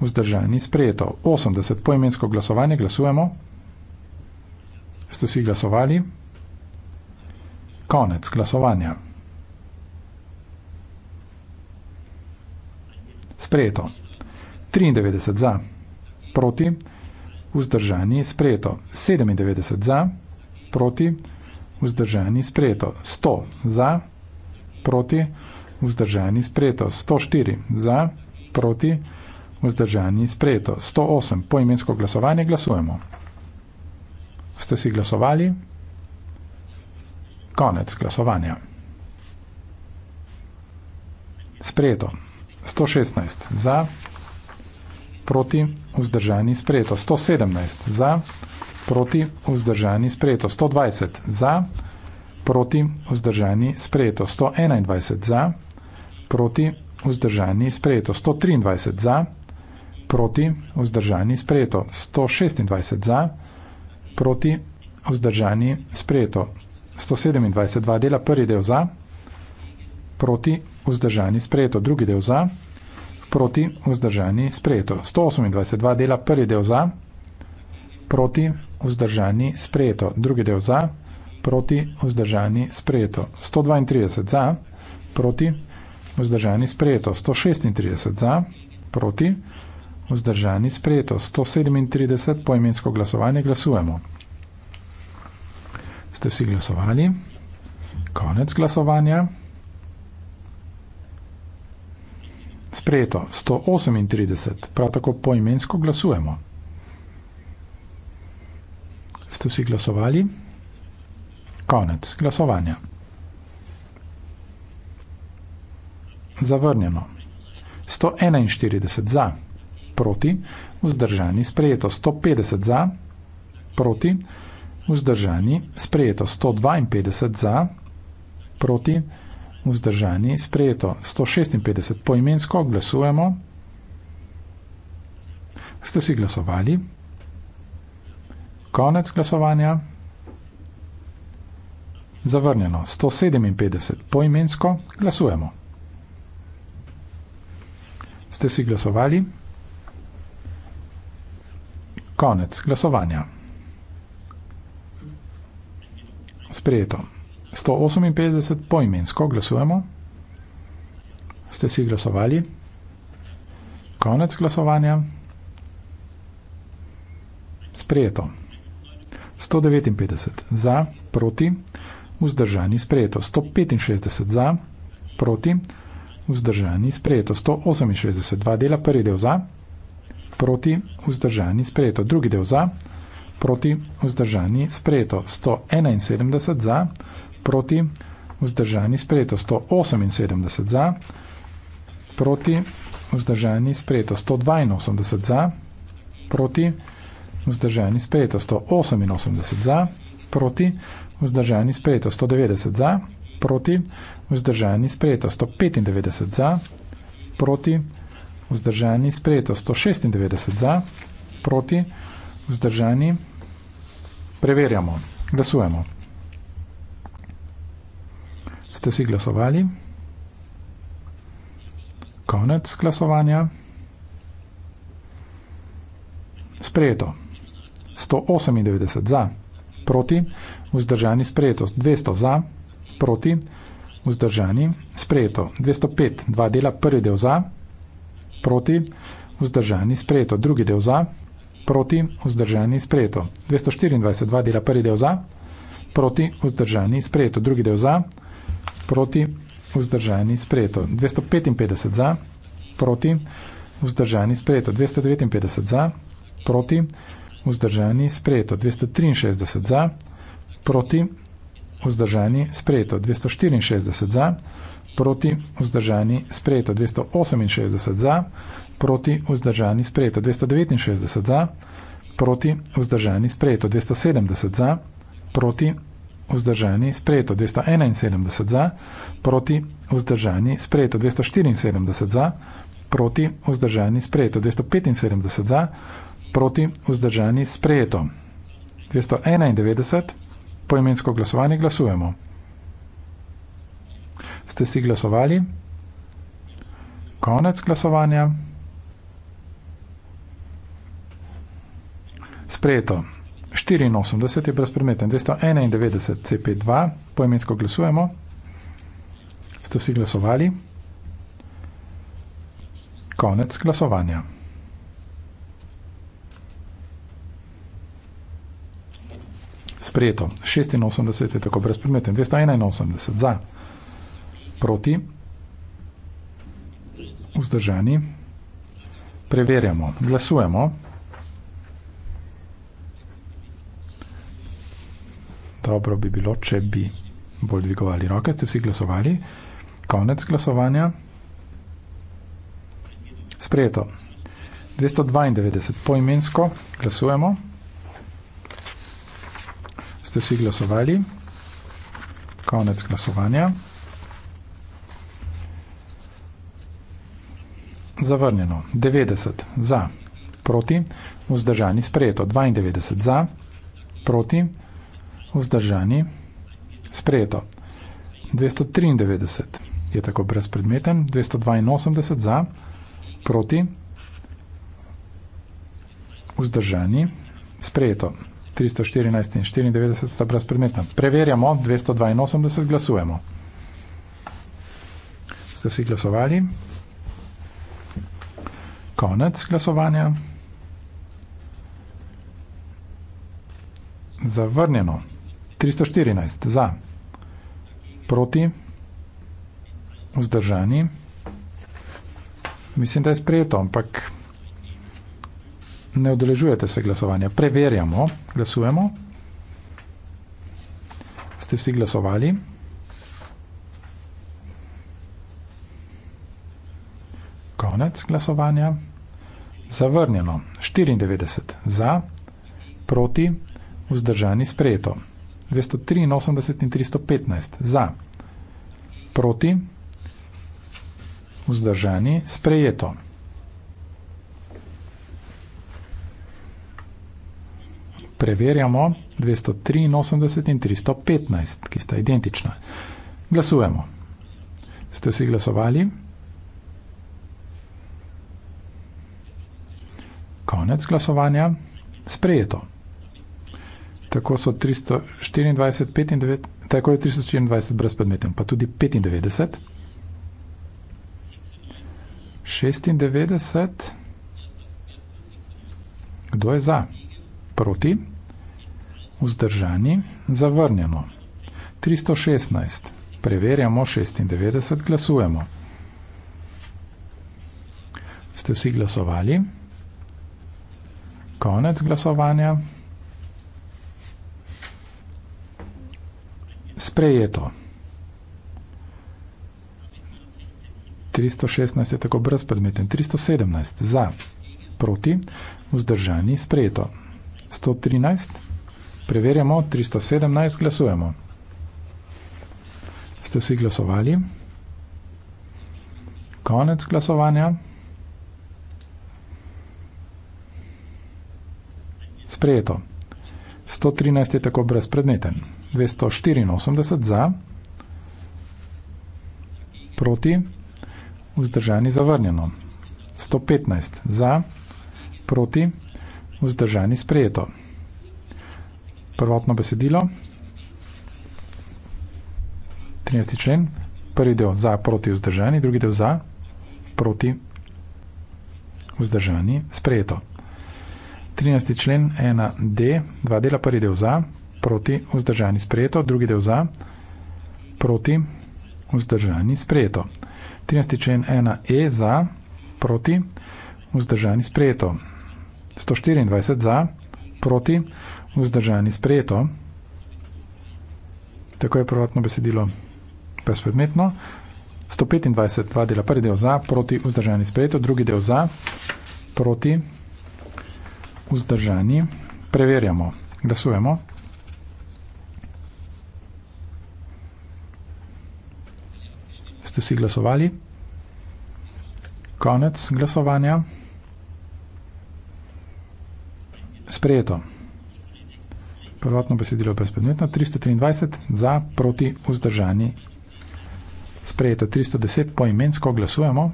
vzdržani, sprejeto. 80 poimensko glasovanje, glasujemo. Ste vsi glasovali? Konec glasovanja. Sprejeto. 93 za, proti, vzdržani, sprejeto. 97 za, proti, vzdržani, sprejeto. 100 za, proti, proti, vzdržani, sprejeto. 104 za, proti, vzdržani, sprejeto. 108, poimensko glasovanje, glasujemo. Ste si glasovali? Konec glasovanja. Sprejeto. 116 za, proti, vzdržani, sprejeto. 117 za, proti, vzdržani, sprejeto. 120 za, proti, proti, vzdržani, sprejeto 121 za, proti, vzdržani, sprejeto 123 za, proti, vzdržani, sprejeto 126 za, proti, vzdržani, sprejeto 127 2 dela prvi del za, proti, vzdržani, sprejeto drugi del za, proti, vzdržani, sprejeto 128 2 dela prvi del za, proti, vzdržani, sprejeto drugi del za, proti, proti, vzdržani, sprejeto. 132 za, proti, vzdržani, sprejeto. 136 za, proti, vzdržani, sprejeto. 137 poimensko glasovanje glasujemo. Ste vsi glasovali? Konec glasovanja. Sprejeto. 138, prav tako poimensko glasujemo. Ste vsi glasovali? Sprejeto. Konec glasovanja. Zavrnjeno. 141 za, proti, vzdržani, sprejeto 150 za, proti, vzdržani, sprejeto 152 za, proti, vzdržani, sprejeto 156. Poimensko glasujemo. Ste si glasovali? Konec glasovanja. Zavrnjeno 157 poimensko glasujemo. Ste si glasovali? Konec glasovanja. Sprejeto. 158 poimensko glasujemo. Ste si glasovali? Konec glasovanja. Sprejeto. 159 za, proti vzdržani sprejeto. 165 za, proti, vzdržani sprejeto. 168, dva dela, prvi del za, proti, vzdržani sprejeto. Drugi del za, proti, vzdržani sprejeto. 171 za, proti, vzdržani sprejeto. 178 za, proti, vzdržani sprejeto. 182 za, proti, vzdržani sprejeto. 188 za, proti, vzdržani sprejeto 190 za, proti, vzdržani sprejeto 195 za, proti, vzdržani sprejeto 196 za, proti, vzdržani, preverjamo, glasujemo. Ste vsi glasovali? Konec glasovanja. Sprejeto. 198 za, proti, proti, vzdržani sprejeto, 200 za, proti, vzdržani sprejeto, 205, dva dela, prvi del za, proti, vzdržani sprejeto, drugi del za, proti, vzdržani sprejeto, 224, dva dela, prvi del za, proti, vzdržani sprejeto, drugi del za, proti, vzdržani sprejeto, 255 za, proti, vzdržani sprejeto, 259 za, proti, vzdržani sprejeto, vzdržani, sprejeto 263 za, proti vzdržani, sprejeto 264 za, proti vzdržani, sprejeto 268 za, proti vzdržani, sprejeto 269 za, proti vzdržani, sprejeto 270 za, proti vzdržani, sprejeto 271 za, proti vzdržani, sprejeto 274 za, proti vzdržani, sprejeto 275 za, proti vzdržani, sprejeto 275 za, proti vzdržani sprejeto. 291. Poimensko glasovanje glasujemo. Ste si glasovali? Konec glasovanja. Sprejeto. 84 je brezpremeten. 291 CP2. Poimensko glasujemo. Ste si glasovali? Konec glasovanja. sprejeto. 86 je tako brezpredmeten. 281 za, proti, vzdržani. Preverjamo. Glasujemo. Dobro bi bilo, če bi bolj dvigovali roke. Ste vsi glasovali. Konec glasovanja. Sprejeto. 292 poimensko. Glasujemo. Glasujemo ste vsi glasovali. Konec glasovanja. Zavrnjeno. 90 za, proti, vzdržani, sprejeto. 92 za, proti, vzdržani, sprejeto. 293 je tako brezpredmeten. 282 za, proti, vzdržani, sprejeto. 314 in 94 sta brezpredmetna. Preverjamo, 282 glasujemo. Ste vsi glasovali? Konec glasovanja. Zavrnjeno. 314 za. Proti. Vzdržani. Mislim, da je sprejeto, ampak ne odeležujete se glasovanja. Preverjamo, glasujemo. Ste vsi glasovali? Konec glasovanja. Zavrnjeno. 94 za, proti, vzdržani sprejeto. 283 in 315 za, proti, vzdržani sprejeto. preverjamo 283 in 315, ki sta identična. Glasujemo. Ste vsi glasovali? Konec glasovanja. Sprejeto. Tako so 324, 95, tako je 324 brezpredmeten, pa tudi 95. 96. Kdo je za? proti, vzdržani, zavrnjeno. 316, preverjamo 96, glasujemo. Ste vsi glasovali? Konec glasovanja. Sprejeto. 316 je tako brezpredmeten. 317 za, proti, vzdržani, sprejeto. 113, preverjamo, 317, glasujemo. Ste vsi glasovali? Konec glasovanja. Sprejeto. 113 je tako brezpredmeten. 284 za, proti, vzdržani zavrnjeno. 115 za, proti, vzdržani zavrnjeno vzdržani sprejeto. Prvotno besedilo, 13. člen, prvi del za proti vzdržani, drugi del za proti vzdržani sprejeto. 13. člen 1D, dva dela, prvi del za, proti vzdržani sprejeto, drugi del za, proti vzdržani sprejeto. 13. člen 1E za, proti vzdržani sprejeto. 124 za, proti, vzdržani sprejeto. Tako je prvotno besedilo brezpredmetno. 125, dva dela, prvi del za, proti, vzdržani sprejeto, drugi del za, proti, vzdržani. Preverjamo, glasujemo. Ste vsi glasovali? Konec glasovanja. sprejeto. Prvotno besedilo brezpredmetno 323 za proti vzdržani sprejeto 310 poimensko glasujemo.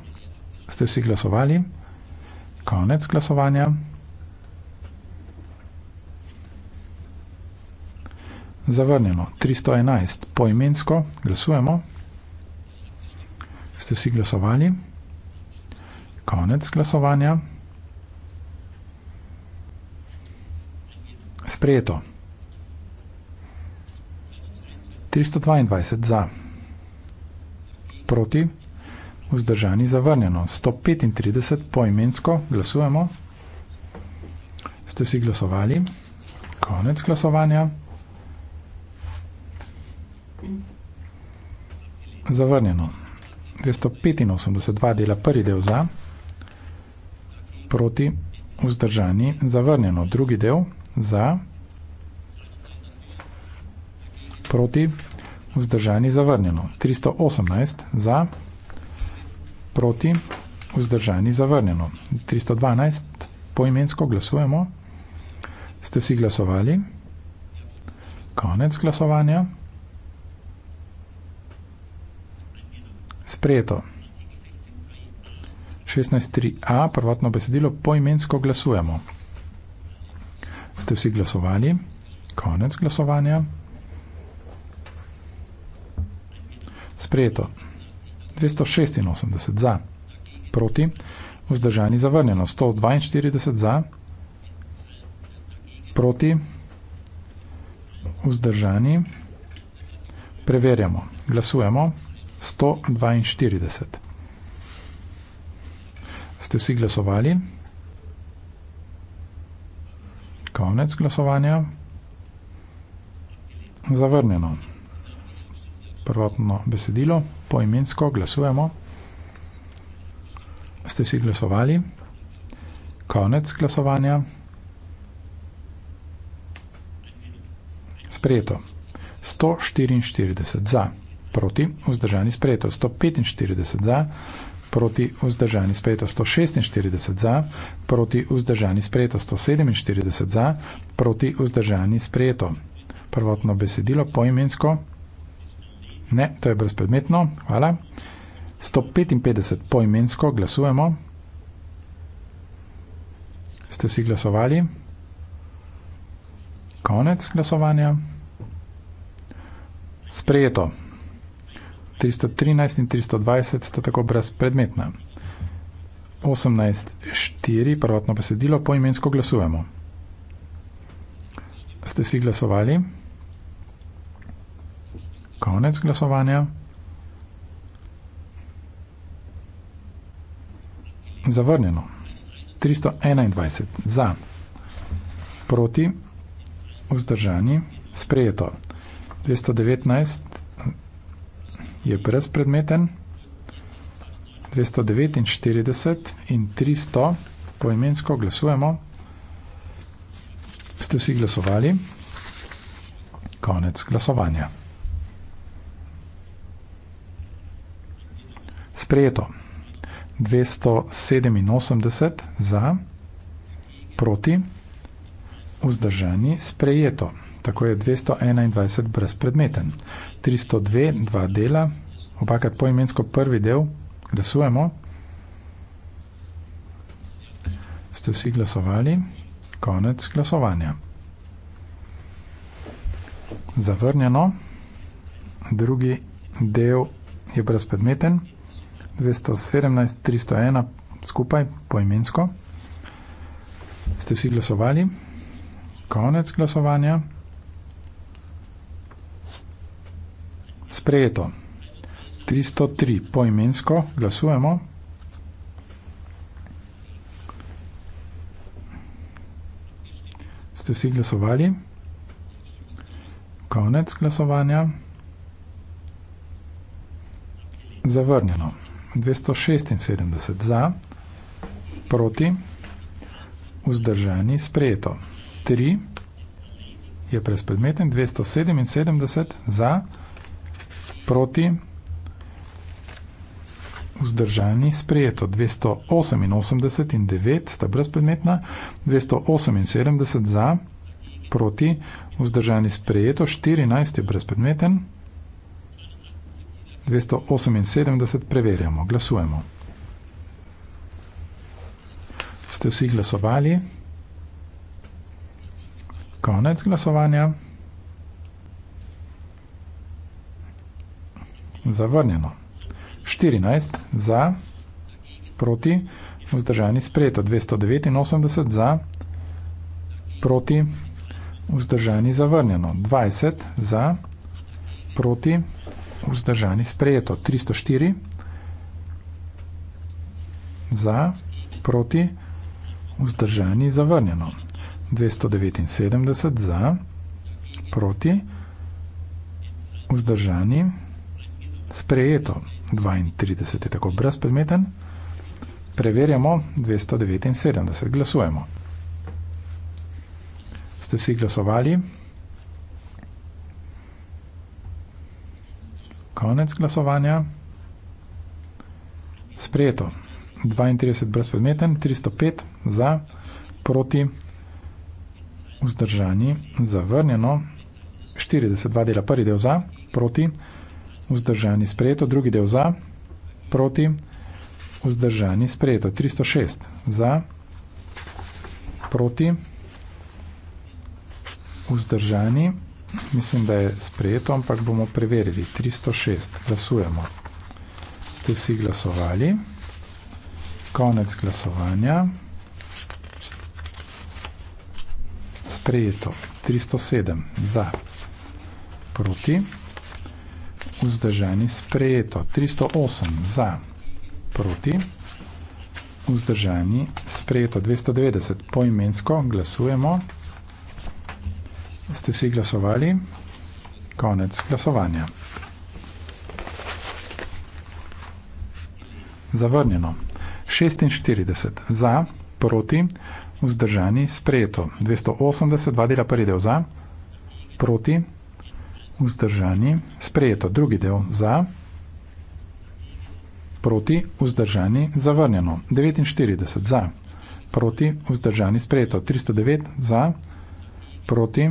Ste vsi glasovali? Konec glasovanja. Zavrnjeno 311 poimensko glasujemo. Ste vsi glasovali? Konec glasovanja. Sprejeto. 322 za. Proti. Vzdržani zavrnjeno. 135 poimensko. Glasujemo. Ste vsi glasovali. Konec glasovanja. Zavrnjeno. 285 dva dela prvi del za. Proti. Vzdržani. Zavrnjeno. Drugi del. Zavrnjeno za, proti, vzdržani, zavrnjeno. 318 za, proti, vzdržani, zavrnjeno. 312 poimensko glasujemo. Ste vsi glasovali? Konec glasovanja. Sprejeto. 16.3a, prvotno besedilo, poimensko glasujemo ste vsi glasovali, konec glasovanja. Sprejeto 286 za, proti, vzdržani zavrnjeno 142 za, proti, vzdržani, preverjamo, glasujemo 142. Ste vsi glasovali? konec glasovanja. Zavrnjeno. Prvotno besedilo, poimensko glasujemo. Ste vsi glasovali? Konec glasovanja. Sprejeto. 144 za, proti, vzdržani sprejeto. 145 za, proti vzdržani sprejeto 146 za, proti vzdržani sprejeto 147 za, proti vzdržani sprejeto. Prvotno besedilo poimensko. Ne, to je brezpredmetno. Hvala. 155 poimensko glasujemo. Ste vsi glasovali? Konec glasovanja. Sprejeto. 313 in 320 sta tako brezpredmetna. 18.4. prvotno besedilo poimensko glasujemo. Ste vsi glasovali? Konec glasovanja. Zavrnjeno. 321 za. Proti. Vzdržani. Sprejeto. 219 je brezpredmeten, 249 in 300 poimensko glasujemo. Ste vsi glasovali? Konec glasovanja. Sprejeto. 287 za, proti, vzdržani, sprejeto tako je 221 brezpredmeten. 302, dva dela, obakrat poimensko prvi del, glasujemo. Ste vsi glasovali? Konec glasovanja. Zavrnjeno. Drugi del je brezpredmeten. 217, 301 skupaj, poimensko. Ste vsi glasovali? Konec glasovanja. Sprejeto. 303 poimensko glasujemo. Ste vsi glasovali? Konec glasovanja. Zavrnjeno. 276 za, proti, vzdržani, sprejeto. 3 je brezpredmeten, 277 za, proti, proti, vzdržani, sprejeto 288 in 9, sta brezpredmetna, 278 za, proti, vzdržani, sprejeto, 14 je brezpredmeten, 278 preverjamo, glasujemo. Ste vsi glasovali? Konec glasovanja. zavrnjeno. 14 za, proti, vzdržani sprejeto. 289 za, proti, vzdržani zavrnjeno. 20 za, proti, vzdržani sprejeto. 304 za, proti, vzdržani zavrnjeno. 279 za, proti, vzdržani zavrnjeno sprejeto, 32 je tako brezpredmeten, preverjamo 279, glasujemo. Ste vsi glasovali? Konec glasovanja. Sprejeto. 32 brezpredmeten, 305 za, proti, vzdržani, zavrnjeno, 42 dela prvi del za, proti, vzdržani sprejeto, drugi del za, proti, vzdržani sprejeto, 306 za, proti, vzdržani, mislim, da je sprejeto, ampak bomo preverili, 306, glasujemo, ste vsi glasovali, konec glasovanja, sprejeto, 307 za, proti, proti, vzdržani, sprejeto. 308 za, proti, vzdržani, sprejeto. 290 poimensko, glasujemo. Ste vsi glasovali? Konec glasovanja. Zavrnjeno. 46 za, proti, vzdržani, sprejeto. 280, dva dela predel za, proti, vzdržani, vzdržani, sprejeto drugi del za, proti, vzdržani, zavrnjeno, 49 za, proti, vzdržani, sprejeto, 309 za, proti,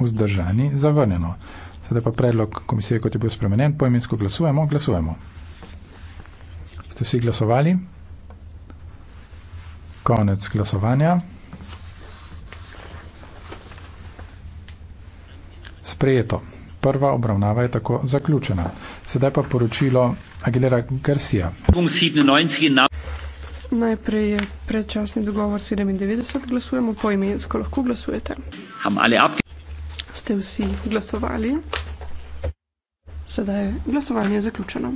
vzdržani, zavrnjeno. Sedaj pa predlog komisije, kot je bil spremenjen, poimensko glasujemo, glasujemo. Ste vsi glasovali? Konec glasovanja. sprejeto. Prva obravnava je tako zaključena. Sedaj pa poročilo Aguilera Garcia. Najprej je predčasni dogovor 97, glasujemo po imensko, lahko glasujete. Ste vsi glasovali? Sedaj je glasovanje zaključeno.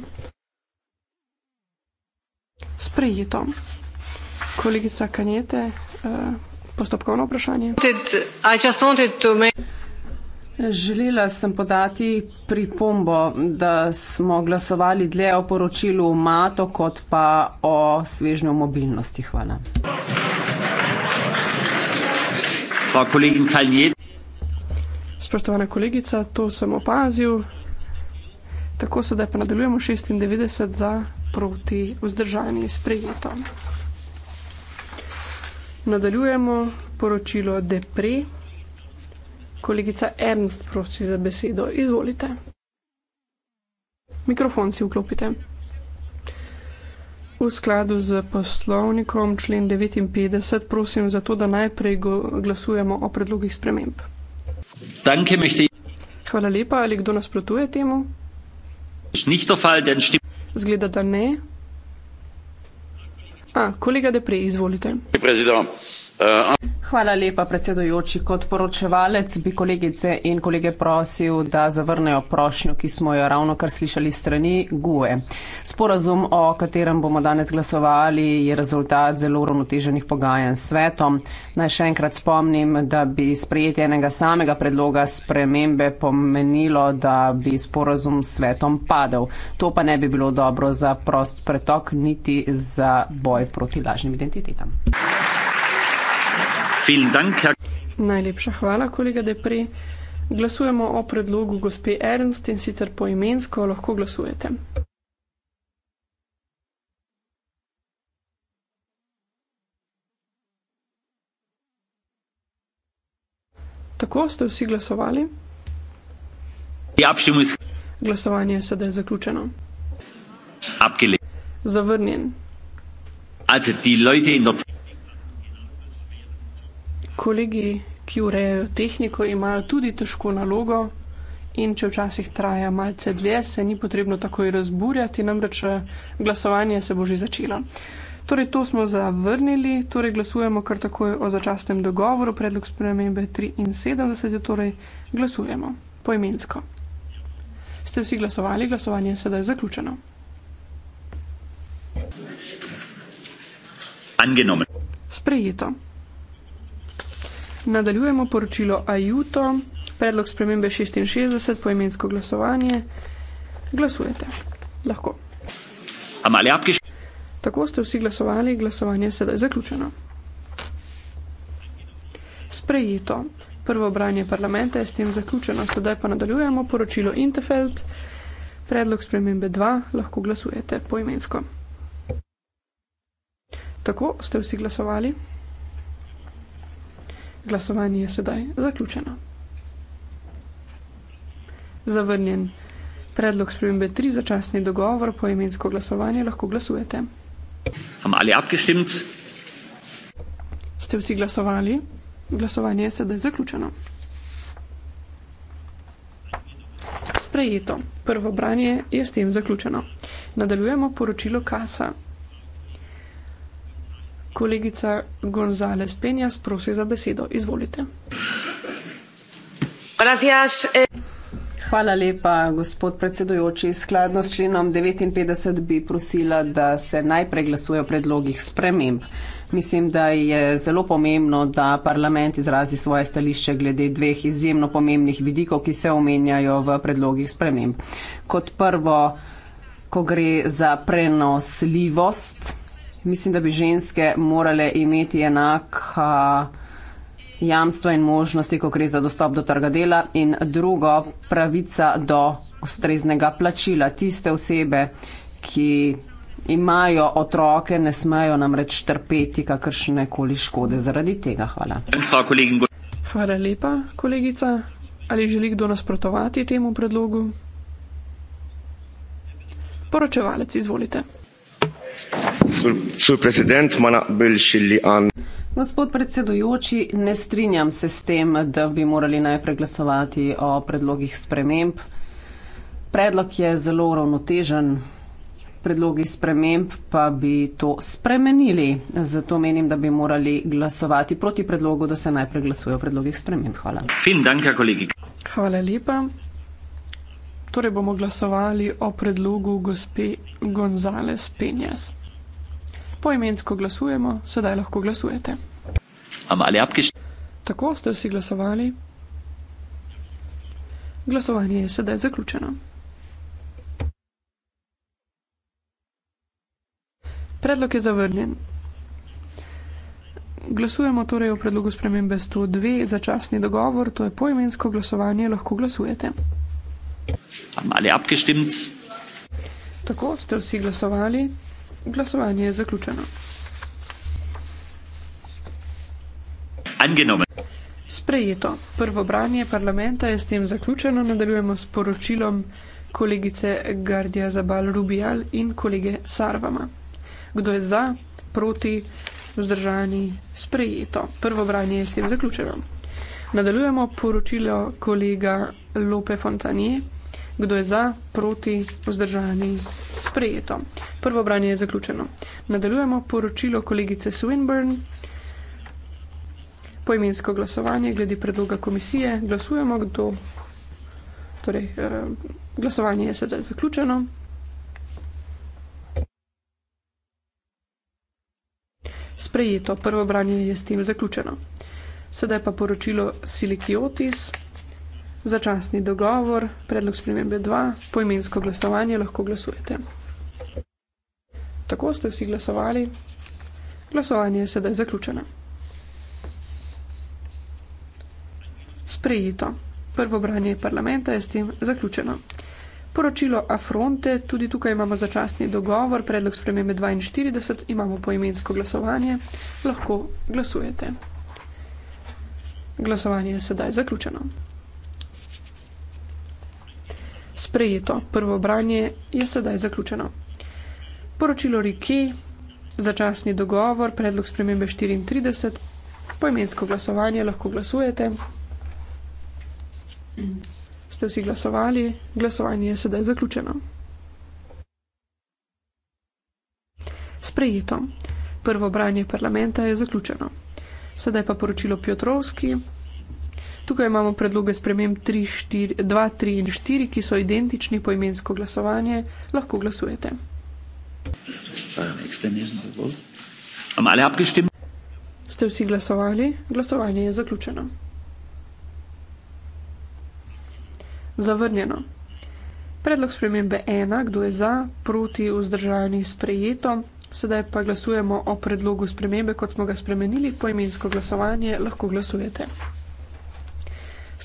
Sprejeto. Kolegica Kanjete, eh, postopkovno vprašanje. I just wanted to make... Želela sem podati pripombo, da smo glasovali dlje o poročilu Mato kot pa o svežnju mobilnosti. Hvala. Spoštovana kolegica, to sem opazil. Tako sedaj pa nadaljujemo 96 za proti vzdržanje sprejeto. Nadaljujemo poročilo Depre. Kolegica Ernst prosi za besedo. Izvolite. Mikrofon si vklopite. V skladu z poslovnikom člen 59 prosim za to, da najprej glasujemo o predlogih sprememb. Hvala lepa. Ali kdo nasprotuje temu? Zgleda, da ne. A, kolega Depre, izvolite. Predsednik. Hvala lepa, predsedujoči. Kot poročevalec bi kolegice in kolege prosil, da zavrnejo prošnjo, ki smo jo ravno kar slišali strani GUE. Sporazum, o katerem bomo danes glasovali, je rezultat zelo ravnoteženih pogajanj s svetom. Naj še enkrat spomnim, da bi sprejetje enega samega predloga spremembe pomenilo, da bi sporazum s svetom padel. To pa ne bi bilo dobro za prost pretok, niti za boj proti lažnim identitetam. Thank you. Najlepša hvala, kolega Depre. Glasujemo o predlogu gospe Ernst in sicer po imensko lahko glasujete. Tako ste vsi glasovali? Glasovanje je sedaj zaključeno. Zavrnjen. Also die Leute in der kolegi, ki urejajo tehniko, imajo tudi težko nalogo in če včasih traja malce dlje, se ni potrebno takoj razburjati, namreč eh, glasovanje se bo že začelo. Torej, to smo zavrnili, torej glasujemo kar takoj o začasnem dogovoru, predlog spremembe 73, torej glasujemo poimensko. Ste vsi glasovali, glasovanje je sedaj zaključeno. Angenomen. Sprejeto. Nadaljujemo poročilo Ajuto, predlog spremembe 66, poimensko glasovanje. Glasujete. Lahko. Amalja Apkiš. Tako ste vsi glasovali, glasovanje je sedaj zaključeno. Sprejeto. Prvo branje parlamenta je s tem zaključeno, sedaj pa nadaljujemo poročilo Interfeld. Predlog spremembe 2 lahko glasujete poimensko. Tako ste vsi glasovali. Glasovanje je sedaj zaključeno. Zavrnjen predlog spremembe 3 začasni dogovor po imensko glasovanje lahko glasujete. Am alle abgestimmt? Ste vsi glasovali? Glasovanje je sedaj zaključeno. Sprejeto. Prvo branje je s tem zaključeno. Nadaljujemo poročilo Kasa. Kolegica González Penjas prosi za besedo. Izvolite. Gracias. Eh. Hvala lepa, gospod predsedujoči. Skladno s členom 59 bi prosila, da se najprej glasuje o predlogih sprememb. Mislim, da je zelo pomembno, da parlament izrazi svoje stališče glede dveh izjemno pomembnih vidikov, ki se omenjajo v predlogih sprememb. Kot prvo, ko gre za prenosljivost. Mislim, da bi ženske morale imeti enaka jamstva in možnosti, ko gre za dostop do trga dela in drugo pravica do ustreznega plačila. Tiste osebe, ki imajo otroke, ne smejo namreč trpeti kakršne koli škode zaradi tega. Hvala. Hvala lepa, kolegica. Ali želi kdo nasprotovati temu predlogu? Poročevalec, izvolite. Gospod predsedujoči, ne strinjam se s tem, da bi morali najprej glasovati o predlogih sprememb. Predlog je zelo ravnotežen, predlogi sprememb pa bi to spremenili. Zato menim, da bi morali glasovati proti predlogu, da se najprej glasuje o predlogih sprememb. Hvala. Danka, Hvala lepa. Torej bomo glasovali o predlogu gospe González Penjas. Poimensko glasujemo, sedaj lahko glasujete. Tako ste vsi glasovali. Glasovanje je sedaj zaključeno. Predlog je zavrnjen. Glasujemo torej o predlogu spremembe 102 za časni dogovor, to je poimensko glasovanje, lahko glasujete. Tako ste vsi glasovali. Glasovanje je zaključeno. Angenomen. Sprejeto. Prvo branje parlamenta je s tem zaključeno. Nadaljujemo s poročilom kolegice Gardija Zabal Rubijal in kolege Sarvama. Kdo je za, proti, vzdržani, sprejeto. Prvo branje je s tem zaključeno. Nadaljujemo poročilo kolega Lope Fontanije kdo je za, proti, vzdržani, sprejeto. Prvo branje je zaključeno. Nadaljujemo poročilo kolegice Swinburne. Poimensko glasovanje glede predloga komisije. Glasujemo, kdo. Torej, eh, glasovanje je sedaj zaključeno. Sprejeto. Prvo branje je s tem zaključeno. Sedaj pa poročilo Silikiotis začasni dogovor, predlog spremembe 2, poimensko glasovanje lahko glasujete. Tako ste vsi glasovali. Glasovanje je sedaj zaključeno. Sprejeto. Prvo branje parlamenta je s tem zaključeno. Poročilo Afronte, tudi tukaj imamo začasni dogovor, predlog spremembe 42, imamo poimensko glasovanje, lahko glasujete. Glasovanje je sedaj zaključeno sprejeto. Prvo branje je sedaj zaključeno. Poročilo Riki, začasni dogovor, predlog spremembe 34, poimensko glasovanje, lahko glasujete. Ste vsi glasovali, glasovanje je sedaj zaključeno. Sprejeto. Prvo branje parlamenta je zaključeno. Sedaj pa poročilo Piotrovski. Tukaj imamo predloge sprememb 2, 3 in 4, ki so identični po imensko glasovanje. Lahko glasujete. Ste vsi glasovali? Glasovanje je zaključeno. Zavrnjeno. Predlog spremembe 1, kdo je za, proti, vzdržani, sprejeto. Sedaj pa glasujemo o predlogu spremembe, kot smo ga spremenili, poimensko glasovanje, lahko glasujete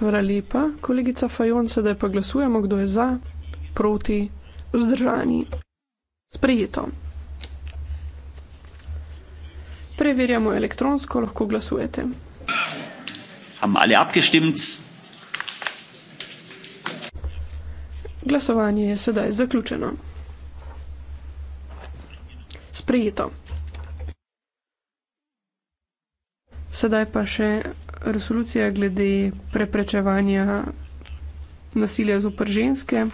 Hvala lepa, kolegica Fajon, sedaj pa glasujemo, kdo je za, proti, vzdržani. Sprejeto. Preverjamo elektronsko, lahko glasujete. Haben alle abgestimmt? Glasovanje je sedaj zaključeno. Sprejeto. Sedaj pa še resolucija glede preprečevanja nasilja zoper ženske.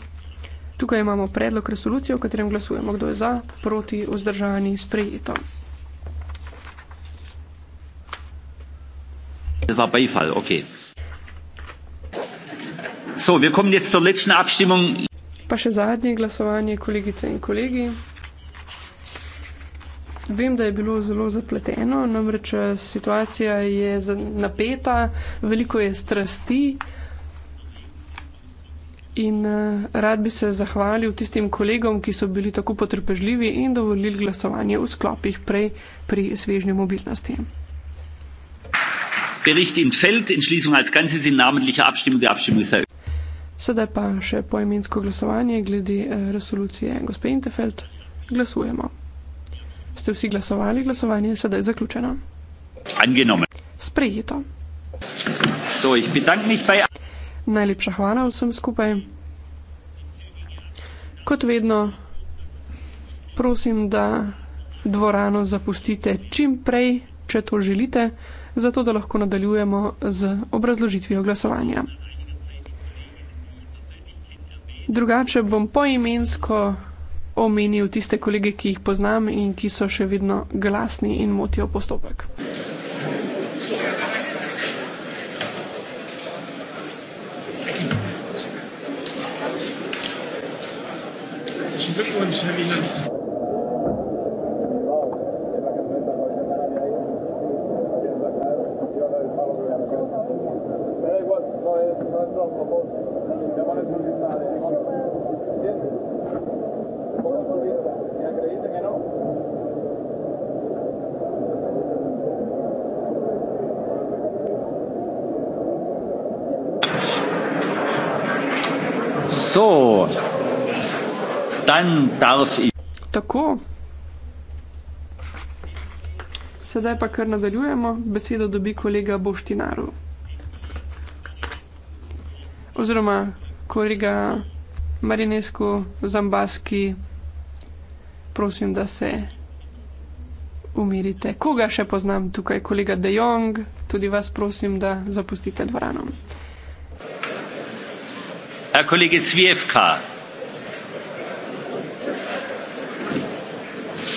Tukaj imamo predlog resolucije, v katerem glasujemo, kdo je za, proti, vzdržani, sprejeto. Pa še zadnje glasovanje, kolegice in kolegi. Vem, da je bilo zelo zapleteno, namreč eh, situacija je napeta, veliko je strasti in eh, rad bi se zahvalil tistim kolegom, ki so bili tako potrpežljivi in dovolili glasovanje v sklopih prej pri svežnju mobilnosti. Bericht in feld, entschließung als ganzes in namentliche abstimmung der abstimmung selbst. Sedaj pa še poimensko glasovanje glede eh, resolucije. Gospe Intefeld, glasujemo. Ste vsi glasovali? Glasovanje je sedaj zaključeno. Angenome. Sprejeto. So, bei... Najlepša hvala vsem skupaj. Kot vedno, prosim, da dvorano zapustite čim prej, če to želite, zato da lahko nadaljujemo z obrazložitvijo glasovanja. Drugače bom poimensko omenil tiste kolege, ki jih poznam in ki so še vedno glasni in motijo postopek. Thank you. dan darf ich. Tako. Sedaj pa kar nadaljujemo. Besedo dobi kolega Boštinaru. Oziroma kolega Marinesko Zambaski, prosim, da se umirite. Koga še poznam tukaj? Kolega De Jong, tudi vas prosim, da zapustite dvorano. Kolega Svjevka.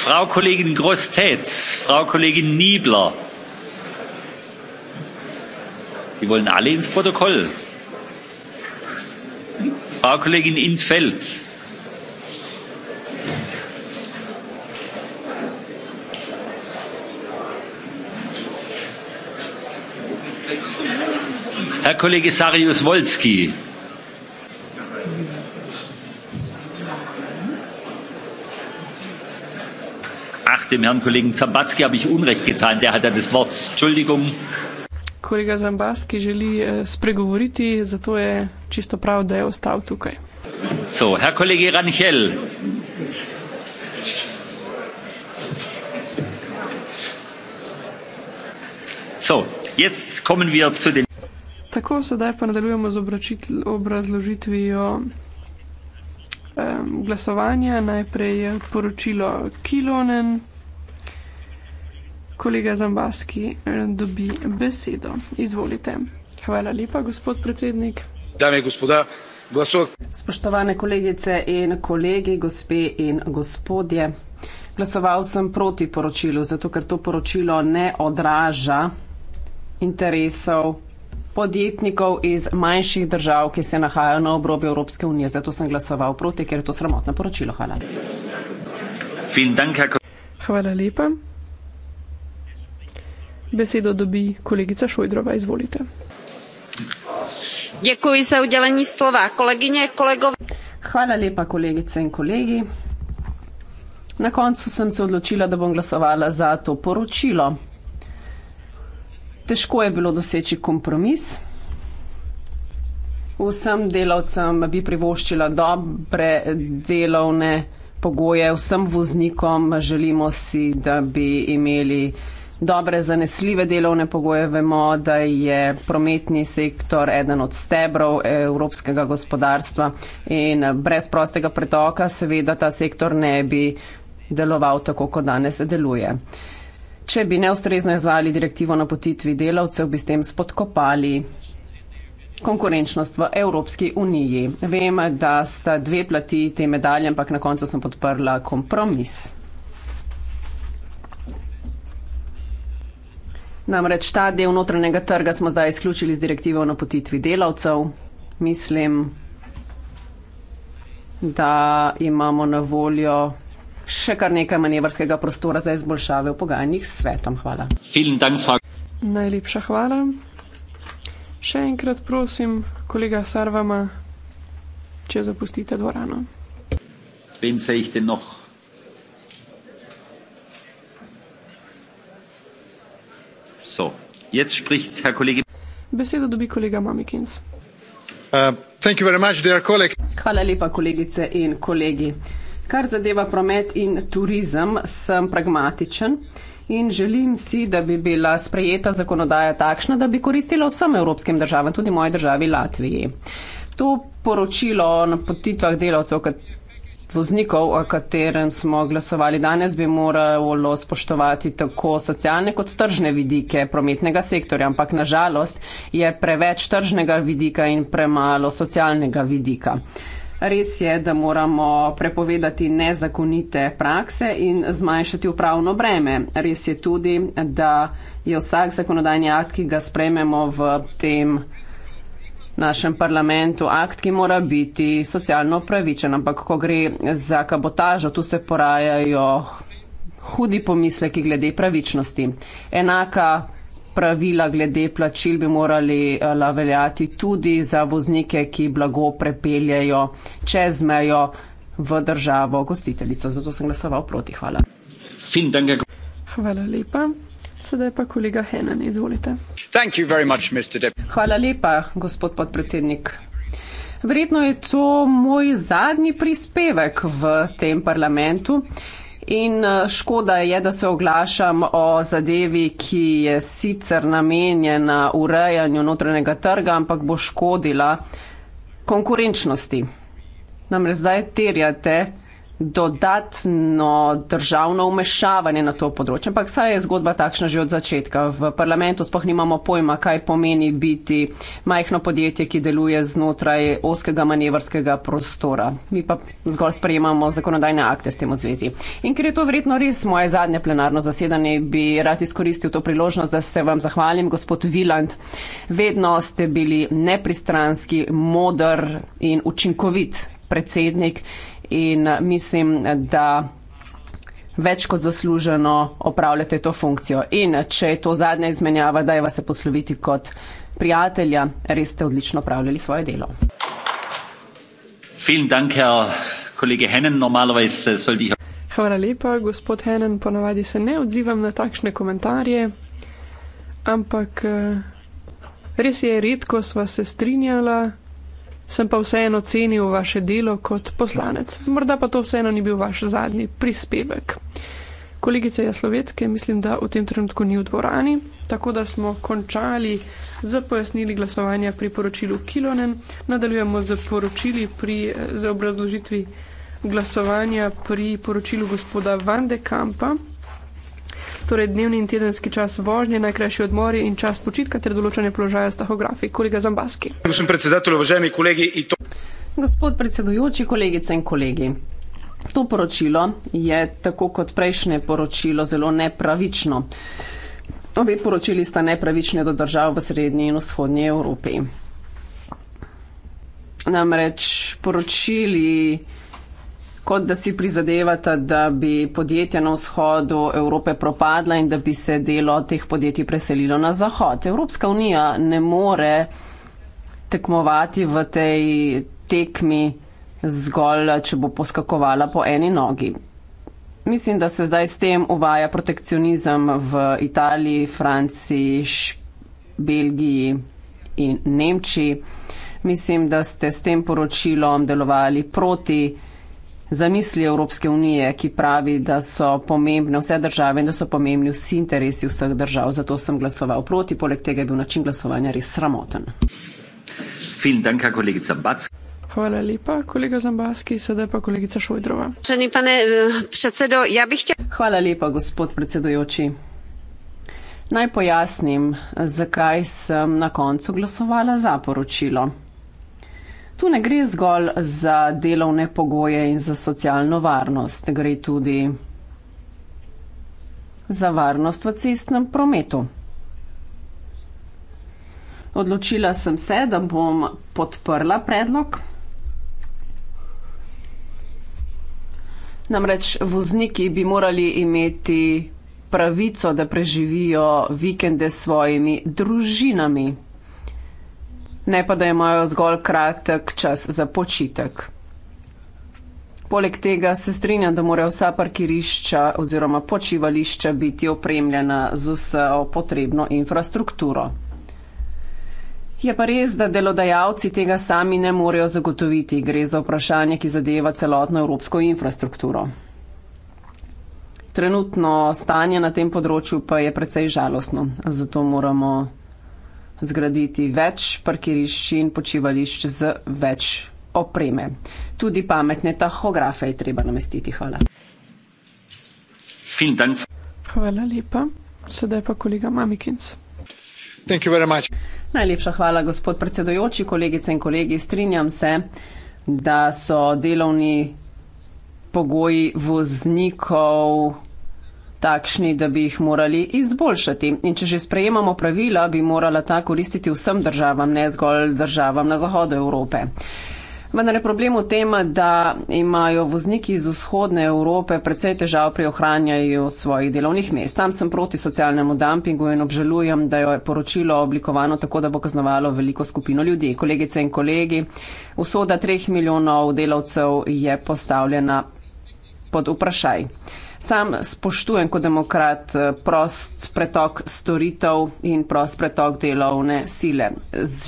frau kollegin grossette frau kollegin niebler die wollen alle ins protokoll frau kollegin in 't veld herr kollege saryusz wolski dem Herrn Kollegen Zambatski habe ich Unrecht getan, der hat ja das Wort. Entschuldigung. Kollege Zambatski želi eh, spregovoriti, zato je čisto prav, da je ostal tukaj. So, Herr Kollege Ranchel. So, jetzt kommen wir zu den Tako, sedaj pa nadaljujemo z obrazložitvijo glasovanja. Najprej je poročilo Kilonen, Kolega Zambaski eh, dobi besedo. Izvolite. Hvala lepa, gospod predsednik. Dame in gospoda, glasu. Spoštovane kolegice in kolegi, gospe in gospodje. Glasoval sem proti poročilu, zato ker to poročilo ne odraža interesov podjetnikov iz manjših držav, ki se nahajajo na obrobju Evropske unije. Zato sem glasoval proti, ker je to sramotno poročilo. Hvala. Hvala lepa. Besedo dobi kolegica Šojdrova, izvolite. Slova. Kolegine, kolegov... Hvala lepa, kolegice in kolegi. Na koncu sem se odločila, da bom glasovala za to poročilo. Težko je bilo doseči kompromis. Vsem delavcem bi privoščila dobre delovne pogoje, vsem voznikom želimo si, da bi imeli dobre, zanesljive delovne pogoje. Vemo, da je prometni sektor eden od stebrov evropskega gospodarstva in brez prostega pretoka seveda ta sektor ne bi deloval tako, kot danes deluje. Če bi neustrezno izvali direktivo na potitvi delavcev, bi s tem spodkopali konkurenčnost v Evropski uniji. Vem, da sta dve plati te medalje, ampak na koncu sem podprla kompromis. Namreč ta del notranjega trga smo zdaj izključili z direktivo o napotitvi delavcev. Mislim, da imamo na voljo še kar nekaj manevrskega prostora za izboljšave v pogajanjih s svetom. Hvala. Najlepša hvala. Še enkrat prosim, kolega Sarvama, če zapustite dvorano. Vem, se jih te noh. so. Jetzt spricht Herr Kollege. Besedo dobi kolega Mamikins. Uh, thank you very much, dear colleague. Hvala lepa, kolegice in kolegi. Kar zadeva promet in turizem, sem pragmatičen in želim si, da bi bila sprejeta zakonodaja takšna, da bi koristila vsem evropskim državam, tudi moji državi Latviji. To poročilo o napotitvah delavcev, voznikov, o katerem smo glasovali danes, bi moralo spoštovati tako socialne kot tržne vidike prometnega sektorja, ampak nažalost je preveč tržnega vidika in premalo socialnega vidika. Res je, da moramo prepovedati nezakonite prakse in zmanjšati upravno breme. Res je tudi, da je vsak zakonodajni akt, ki ga sprejmemo v tem našem parlamentu akt, ki mora biti socialno pravičen, ampak ko gre za kabotažo, tu se porajajo hudi pomisleki glede pravičnosti. Enaka pravila glede plačil bi morali eh, veljati tudi za voznike, ki blago prepeljajo čez mejo v državo gostiteljico. Zato sem glasoval proti. Hvala. Hvala lepa. Hvala lepa, gospod podpredsednik. Verjetno je to moj zadnji prispevek v tem parlamentu in eh, škoda je, da se oglašam o zadevi, ki je sicer namenjena urejanju notranjega trga, ampak bo škodila konkurenčnosti. Namreč zdaj terjate dodatno državno umešavanje na to področje, ampak saj je zgodba takšna že od začetka. V parlamentu spoh nimamo pojma, kaj pomeni biti majhno podjetje, ki deluje znotraj oskega manevrskega prostora. Mi pa zgolj sprejemamo zakonodajne akte s tem v zvezi. In ker je to verjetno res moje zadnje plenarno zasedanje, bi rad izkoristil to priložnost, da se vam zahvalim, gospod Viland. Vedno ste bili nepristranski, modr in učinkovit predsednik in eh, mislim, da več kot zasluženo opravljate to funkcijo. In eh, če je to zadnja izmenjava, daj vas se posloviti kot prijatelja, res ste odlično opravljali svoje delo. Hvala lepa, gospod Henen, ponavadi se ne odzivam na takšne komentarje, ampak eh, res je, redko sva se strinjala, sem pa vseeno cenil vaše delo kot poslanec. Morda pa to vseeno ni bil vaš zadnji prispevek. Kolegice Jaslovecke, mislim, da v tem trenutku ni v dvorani, tako da smo končali z pojasnili glasovanja pri poročilu Kilonen. Nadaljujemo z poročili pri z obrazložitvi glasovanja pri poročilu gospoda Vande Kampa torej dnevni in tedenski čas vožnje, najkrajši odmori in čas počitka ter določanje položaja stahografi. Kolega Zambaski. Gospod predsedujoči, kolegice in kolegi. To poročilo je, tako kot prejšnje poročilo, zelo nepravično. Obe poročili sta nepravične do držav v srednji in vzhodnji Evropi. Namreč poročili kot da si prizadevate, da bi podjetja na vzhodu Evrope propadla in da bi se delo teh podjetij preselilo na zahod. Evropska unija ne more tekmovati v tej tekmi zgolj, če bo poskakovala po eni nogi. Mislim, da se zdaj s tem uvaja protekcionizem v Italiji, Franciji, Belgiji in Nemčiji. Mislim, da ste s tem poročilom delovali proti zamisli Evropske unije, ki pravi, da so pomembne vse države in da so pomembni vsi interesi vseh držav. Zato sem glasoval proti, poleg tega je bil način glasovanja res sramoten. Dank, Hvala lepa, kolega Zambaski, sedaj pa kolegica Šojdrova. Pane, eh, predsedo, ja tja... Hvala lepa, gospod predsedujoči. Naj pojasnim, zakaj sem na koncu glasovala za poročilo. Tu ne gre zgolj za delovne pogoje in za socialno varnost, gre tudi za varnost v cestnem prometu. Odločila sem se, da bom podprla predlog. Namreč vozniki bi morali imeti pravico, da preživijo vikende s svojimi družinami ne pa da imajo zgolj kratek čas za počitek. Poleg tega se strinjam, da morajo vsa parkirišča oziroma počivališča biti opremljena z vso potrebno infrastrukturo. Je pa res, da delodajalci tega sami ne morejo zagotoviti. Gre za vprašanje, ki zadeva celotno evropsko infrastrukturo. Trenutno stanje na tem področju pa je precej žalostno, zato moramo zgraditi več parkirišč in počivališč z več opreme. Tudi pametne tahografe je treba namestiti. Hvala. Hvala lepa. Sedaj pa kolega Mamikins. Najlepša hvala, gospod predsedojoči, kolegice in kolegi. Strinjam se, da so delovni pogoji voznikov takšni, da bi jih morali izboljšati. In če že sprejemamo pravila, bi morala ta koristiti vsem državam, ne zgolj državam na zahodu Evrope. Vendar je problem v tem, da imajo vozniki iz vzhodne Evrope predvsej težav pri ohranjanju svojih delovnih mest. Tam sem proti socialnemu dumpingu in obžalujem, da je poročilo oblikovano tako, da bo kaznovalo veliko skupino ljudi. Kolegice in kolegi, usoda treh milijonov delavcev je postavljena pod vprašaj. Sam spoštujem kot demokrat eh, prost pretok storitev in prost pretok delovne sile.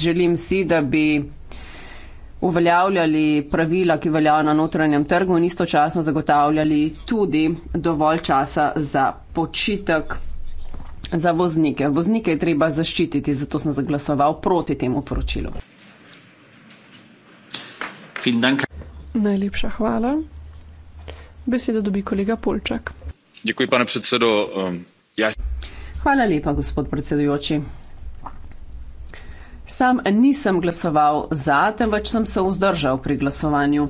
Želim si, da bi uveljavljali pravila, ki veljajo na notranjem trgu in istočasno zagotavljali tudi dovolj časa za počitek. Za voznike. Voznike je treba zaščititi, zato sem zaglasoval proti temu poročilu. Najlepša hvala. Besedo dobi kolega Polčak. Děkuji, pane předsedo. Ehm, já... Hvala lepa, gospod predsedujoči. Sam nisem glasoval za, temveč sem se vzdržal pri glasovanju.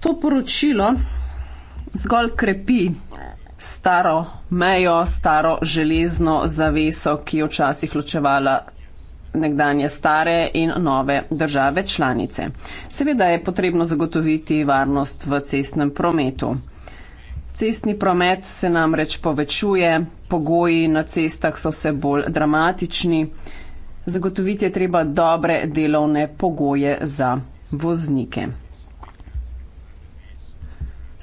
To poročilo zgolj krepi staro mejo, staro železno zaveso, ki je včasih ločevala nekdanje stare in nove države članice. Seveda je potrebno zagotoviti varnost v cestnem prometu. Cestni promet se namreč povečuje, pogoji na cestah so vse bolj dramatični. Zagotoviti je treba dobre delovne pogoje za voznike.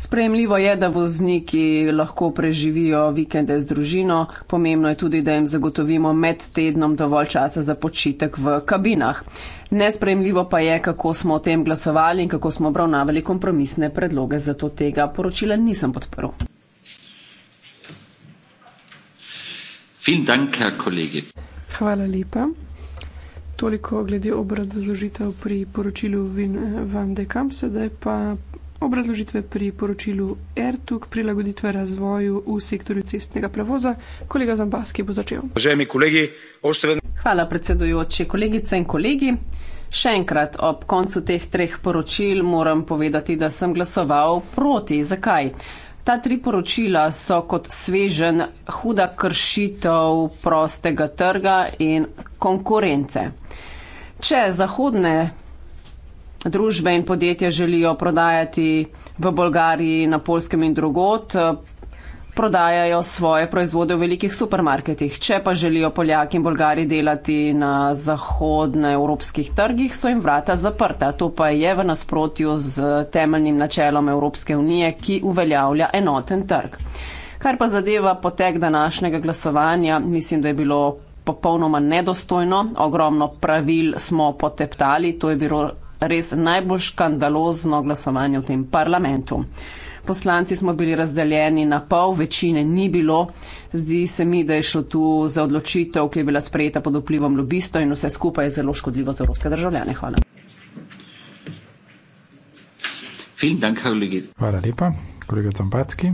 Sprejemljivo je, da vozniki lahko preživijo vikende z družino, pomembno je tudi, da jim zagotovimo med tednom dovolj časa za počitek v kabinah. Nesprejemljivo pa je, kako smo o tem glasovali in kako smo obravnavali kompromisne predloge, zato tega poročila nisem podprl. Dank, Hvala lepa. Toliko glede obrazložitev pri poročilu Vindekam, sedaj pa obrazložitve pri poročilu AirTuk prilagoditve razvoju v sektorju cestnega prevoza. Kolega Zambaski bo začel. Kolegi, oštren... Hvala predsedujoči, kolegice in kolegi. Še enkrat ob koncu teh treh poročil moram povedati, da sem glasoval proti. Zakaj? Ta tri poročila so kot svežen huda kršitev prostega trga in konkurence. Če zahodne družbe in podjetja želijo prodajati v Bolgariji, na Polskem in drugot, eh, prodajajo svoje proizvode v velikih supermarketih. Če pa želijo Poljaki in Bolgari delati na zahodne evropskih trgih, so jim vrata zaprta. To pa je v nasprotju z temeljnim načelom Evropske unije, ki uveljavlja enoten trg. Kar pa zadeva potek današnjega glasovanja, mislim, da je bilo popolnoma nedostojno. Ogromno pravil smo poteptali, to je bilo res najbolj škandalozno glasovanje v tem parlamentu. Poslanci smo bili razdeljeni na pol, večine ni bilo. Zdi se mi, da je šlo tu za odločitev, ki je bila sprejeta pod vplivom lobistov in vse skupaj je zelo škodljivo za evropske državljane. Hvala. Hvala lepa, kolega Zambacki.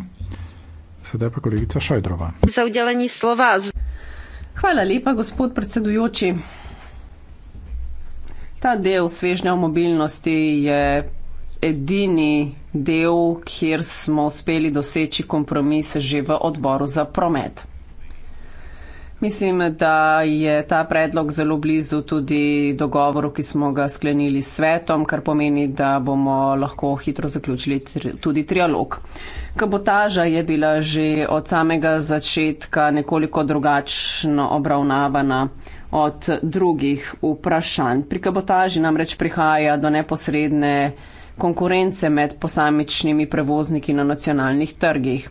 Sedaj pa kolegica Šojdrova. Za udeljenje slova. Hvala lepa, gospod predsedujoči. Ta del svežnja o mobilnosti je edini del, kjer smo uspeli doseči kompromis že v odboru za promet. Mislim, da je ta predlog zelo blizu tudi dogovoru, ki smo ga sklenili s svetom, kar pomeni, da bomo lahko hitro zaključili tudi trialog. Kabotaža je bila že od samega začetka nekoliko drugačno obravnavana od drugih vprašanj. Pri kabotaži namreč prihaja do neposredne konkurence med posamičnimi prevozniki na nacionalnih trgih.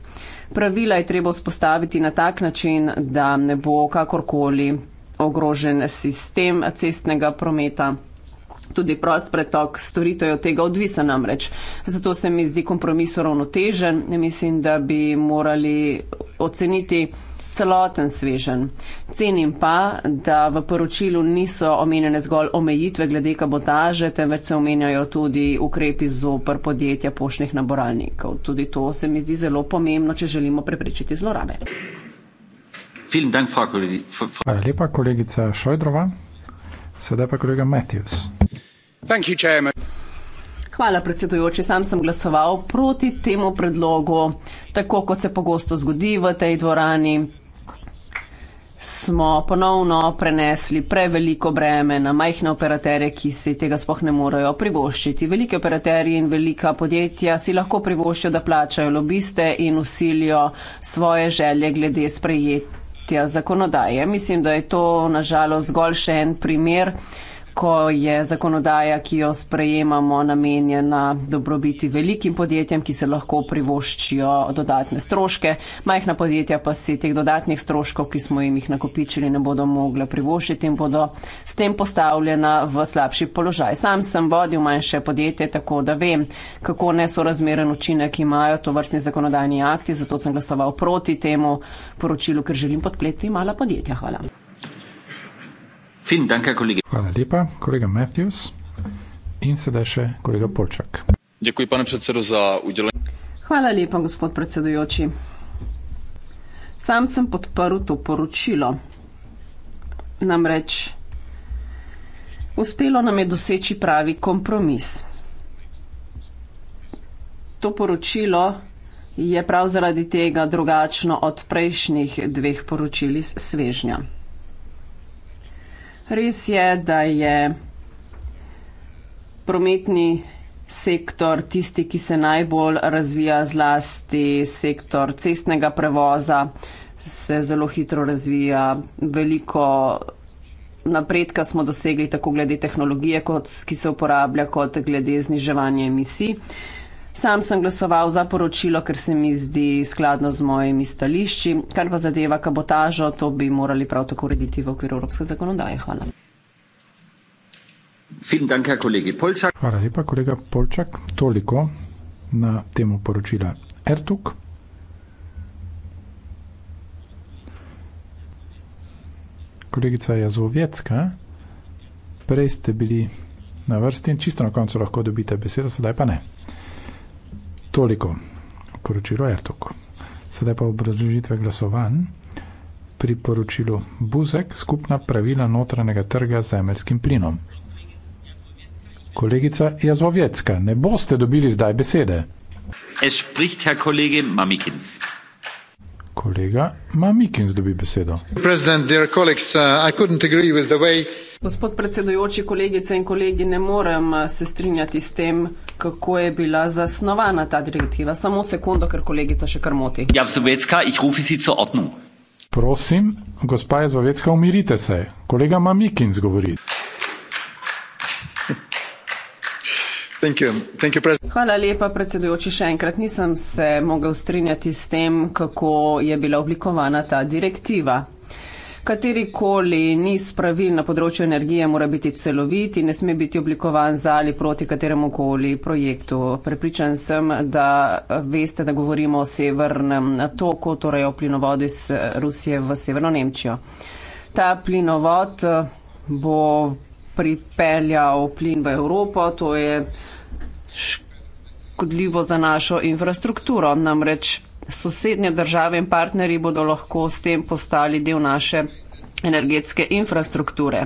Pravila je treba vzpostaviti na tak način, da ne bo kakorkoli ogrožen sistem cestnega prometa. Tudi prost pretok storitev je od tega odvisen namreč. Zato se mi zdi kompromis uravnotežen. Mislim, da bi morali oceniti celoten svežen. Cenim pa, da v poročilu niso omenjene zgolj omejitve glede kabotaže, temveč se omenjajo tudi ukrepi zopr podjetja pošnih naboralnikov. Tudi to se mi zdi zelo pomembno, če želimo preprečiti zlorabe. Hvala lepa, kolegica Šojdrova. Sedaj pa kolega Matthews. Hvala, predsedujoči. Sam sem glasoval proti temu predlogu, tako kot se pogosto zgodi v tej dvorani smo ponovno prenesli preveliko breme na majhne operaterje, ki si tega sploh ne morejo privoščiti. Veliki operaterji in velika podjetja si lahko privoščijo, da plačajo lobiste in usilijo svoje želje glede sprejetja zakonodaje. Mislim, da je to nažalost zgolj še en primer ko je zakonodaja, ki jo sprejemamo, namenjena dobrobiti velikim podjetjem, ki se lahko privoščijo dodatne stroške, majhna podjetja pa si teh dodatnih stroškov, ki smo jim jih nakopičili, ne bodo mogla privoščiti in bodo s tem postavljena v slabši položaj. Sam sem vodil manjše podjetje, tako da vem, kako nesorazmeren učinek imajo to vrstni zakonodajni akti, zato sem glasoval proti temu poročilu, ker želim podpleti mala podjetja. Hvala. Fin, danke, kolegi. Hvala lepa, kolega Matthews. In sedaj še kolega Polčak. Dekuji, pane predsedo, za udeležbo. Hvala lepa, gospod predsedujoči. Sam sem podprl to poročilo. Namreč, uspelo nam je doseči pravi kompromis. To poročilo je prav zaradi tega drugačno od prejšnjih dveh poročil iz svežnja. Res je, da je prometni sektor tisti, ki se najbolj razvija, zlasti sektor cestnega prevoza se zelo hitro razvija. Veliko napredka smo dosegli tako glede tehnologije, kot, ki se uporablja, kot glede zniževanja emisij. Uh, Sam sem glasoval za poročilo, ker se mi zdi skladno z mojimi stališči, kar pa zadeva kabotažo, to bi morali prav tako urediti v okviru evropske zakonodaje. Hvala. Hvala lepa, kolega Polčak. Toliko na temo poročila Ertug. Kolegica Jazovjecka, prej ste bili na vrsti in čisto na koncu lahko dobite besedo, sedaj pa ne. Toliko poročilo Ertoku. Sedaj pa obrazložitve glasovanj pri poročilu Buzek skupna pravila notranjega trga z zemeljskim plinom. Kolegica Jazovjecka, ne boste dobili zdaj besede. Es spricht Herr Kollege Mamikins. Kolega Mamikins dobi besedo. President, dear colleagues, uh, I couldn't agree with the way Gospod predsedujoči, kolegice in kolegi, ne morem uh, se strinjati s tem, kako je bila zasnovana ta direktiva. Samo sekundo, ker kolegica še kar moti. Ja, Zovecka, jih rufi sicer odnu. Prosim, gospa je Zovecka, umirite se. Kolega Mamikin zgovori. Thank you. Thank you, Hvala lepa, predsedujoči. Še enkrat nisem se mogel strinjati s tem, kako je bila oblikovana ta direktiva. Katerikoli niz pravil na področju energije mora biti celovit in ne sme biti oblikovan za ali proti kateremu koli projektu. Prepričan sem, da veste, da govorimo o severnem toku, torej o plinovodu iz Rusije v severno Nemčijo. Ta plinovod eh, bo pripeljal plin v Evropo, to je škodljivo za našo infrastrukturo. Namreč sosednje države in partnerji bodo lahko s tem postali del naše energetske infrastrukture.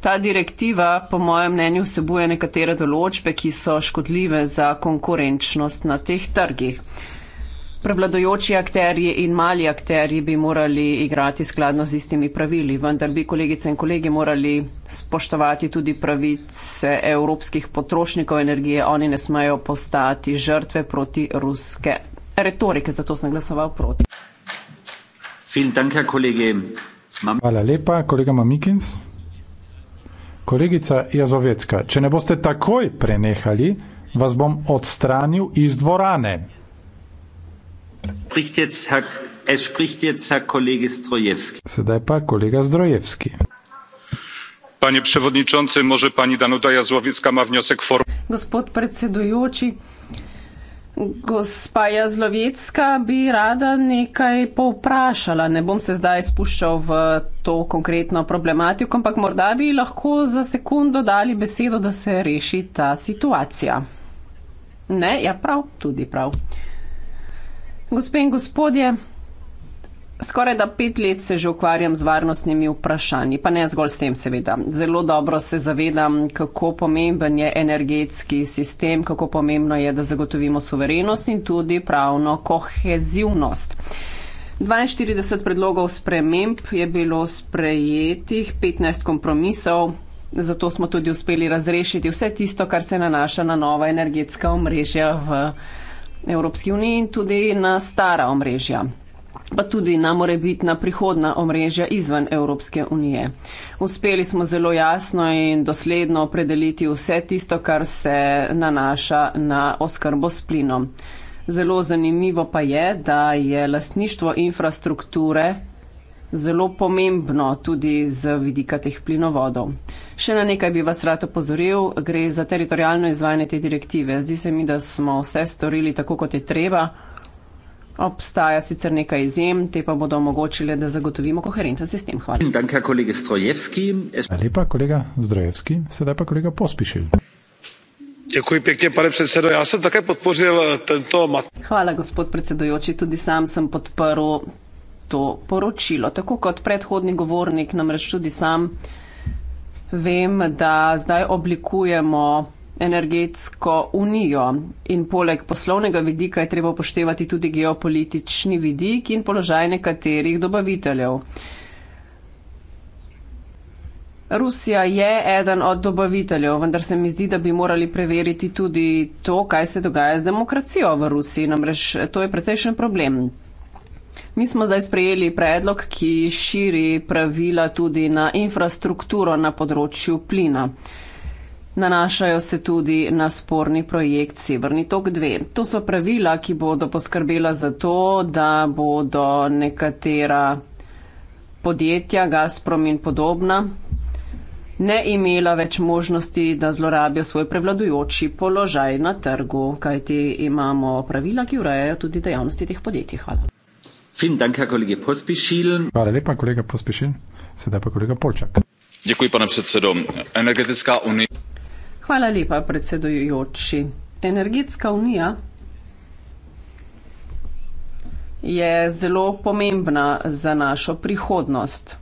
Ta direktiva, po mojem mnenju, vsebuje nekatere določbe, ki so škodljive za konkurenčnost na teh trgih. Prevladojoči akterji in mali akterji bi morali igrati skladno z istimi pravili, vendar bi kolegice in kolegi morali spoštovati tudi pravice evropskih potrošnikov energije. Oni ne smejo postati žrtve proti ruske retorike, zato sem glasoval proti. Dank, Hvala lepa, kolega Mamikins. Kolegica Jazovecka, če ne boste takoj prenehali, vas bom odstranil iz dvorane. Sedaj pa kolega Zdrojevski. Gospod predsedujoči, Gospa Jazlovecka bi rada nekaj povprašala. Ne bom se zdaj spuščal v to konkretno problematiko, ampak morda bi lahko za sekundo dali besedo, da se reši ta situacija. Ne, ja prav, tudi prav. Gospe in gospodje, Skoraj da pet let se že ukvarjam z varnostnimi vprašanji, pa ne zgolj s tem, seveda. Zelo dobro se zavedam, kako pomemben je energetski sistem, kako pomembno je, da zagotovimo suverenost in tudi pravno kohezivnost. 42 predlogov sprememb je bilo sprejetih, 15 kompromisov, zato smo tudi uspeli razrešiti vse tisto, kar se nanaša na nova energetska omrežja v Evropski uniji in tudi na stara omrežja pa tudi na morebitna prihodna omrežja izven Evropske unije. Uspeli smo zelo jasno in dosledno opredeliti vse tisto, kar se nanaša na oskrbo s plinom. Zelo zanimivo pa je, da je lastništvo infrastrukture zelo pomembno tudi z vidika teh plinovodov. Še na nekaj bi vas rad opozoril, gre za teritorijalno izvajanje te direktive. Zdi se mi, da smo vse storili tako, kot je treba. Obstaja sicer nekaj izjem, te pa bodo omogočile, da zagotovimo koherenten sistem. Hvala. Danke, kolega Strojevski. Lepa, kolega Strojevski, sedaj pa kolega Pospišil. Děkuji pěkně, pane předsedo. Já jsem také podpořil eh, tento mat. Hvala, gospod predsedojoči. Tudi sam sem podprl to poročilo. Tako kot predhodni govornik, namreč tudi sam vem, da zdaj oblikujemo energetsko unijo in poleg poslovnega vidika je treba upoštevati tudi geopolitični vidik in položaj nekaterih dobaviteljev. Rusija je eden od dobaviteljev, vendar se mi zdi, da bi morali preveriti tudi to, kaj se dogaja z demokracijo v Rusiji. Namreč to je precejšen problem. Mi smo zdaj sprejeli predlog, ki širi pravila tudi na infrastrukturo na področju plina. Uh, Nanašajo se tudi na sporni projekt Severni tok 2. To so pravila, ki bodo poskrbela za to, da bodo nekatera podjetja, Gazprom in podobna, ne imela več možnosti, da zlorabijo svoj prevladujoči položaj na trgu, kajti imamo pravila, ki urejajo tudi dejavnosti teh podjetij. Hvala. Hvala lepa, kolega Pospišil. Sedaj pa kolega Polčak. Děkuji, pane předsedo. Energetická unie. Hvala lepa, predsedujoči. Energetska unija je zelo pomembna za našo prihodnost.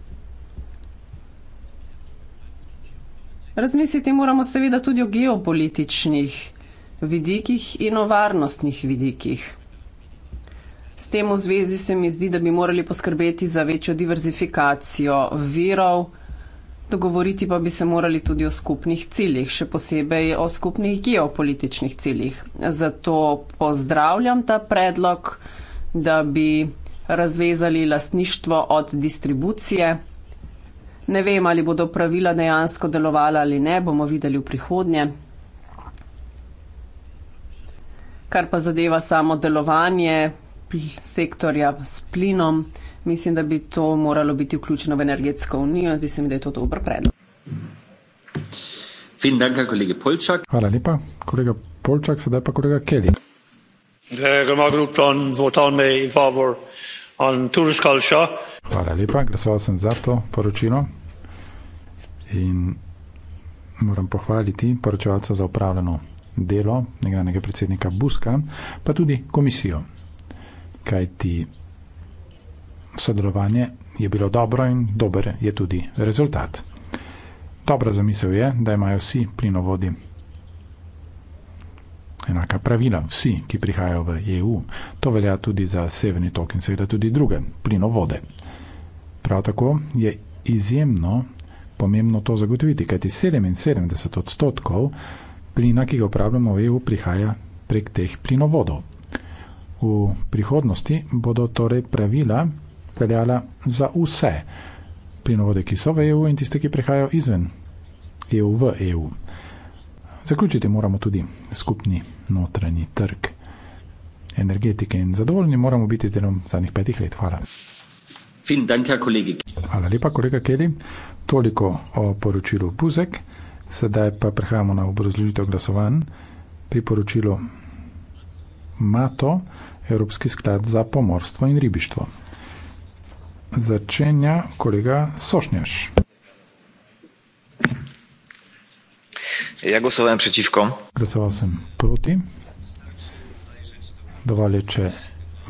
Razmisliti moramo seveda tudi o geopolitičnih vidikih in o varnostnih vidikih. S tem v zvezi se mi zdi, da bi morali poskrbeti za večjo diverzifikacijo virov, Dogovoriti pa bi se morali tudi o skupnih ciljih, še posebej o skupnih geopolitičnih ciljih. Zato pozdravljam ta predlog, da bi razvezali lastništvo od distribucije. Ne vem, ali bodo pravila dejansko delovala ali ne, bomo videli v prihodnje. Kar pa zadeva samo delovanje, sektorja s plinom. Mislim, da bi to moralo biti vključeno v energetsko unijo. Zdi se mi, da je to dober predlog. Hvala lepa, kolega Polčak, sedaj pa kolega Kelly. Hvala lepa, glasoval sem za to poročilo in moram pohvaliti poročevalca za upravljeno delo nekdanjega predsednika Buska, pa tudi komisijo kaj ti sodelovanje je bilo dobro in dober je tudi rezultat. Dobra zamisel je, da imajo vsi plinovodi enaka pravila, vsi, ki prihajajo v EU. To velja tudi za severni tok in seveda tudi druge plinovode. Prav tako je izjemno pomembno to zagotoviti, kajti 77 odstotkov plina, ki ga uporabljamo v EU, prihaja prek teh plinovodov v prihodnosti, bodo torej pravila veljala za vse plinovode, ki so v EU in tiste, ki prihajajo izven EU v EU. Zaključiti moramo tudi skupni notranji trg energetike in zadovoljni moramo biti z delom zadnjih petih let. Hvala. Hvala lepa, kolega Kelly. Toliko o poročilu Buzek. Sedaj pa prehajamo na obrazložitev glasovanj pri poročilu Mato. Evropski sklad za pomorstvo in ribištvo. Začenja kolega Sošnjaš. Ja głosowałem przeciwko. Głosowałem proti. Dovali, če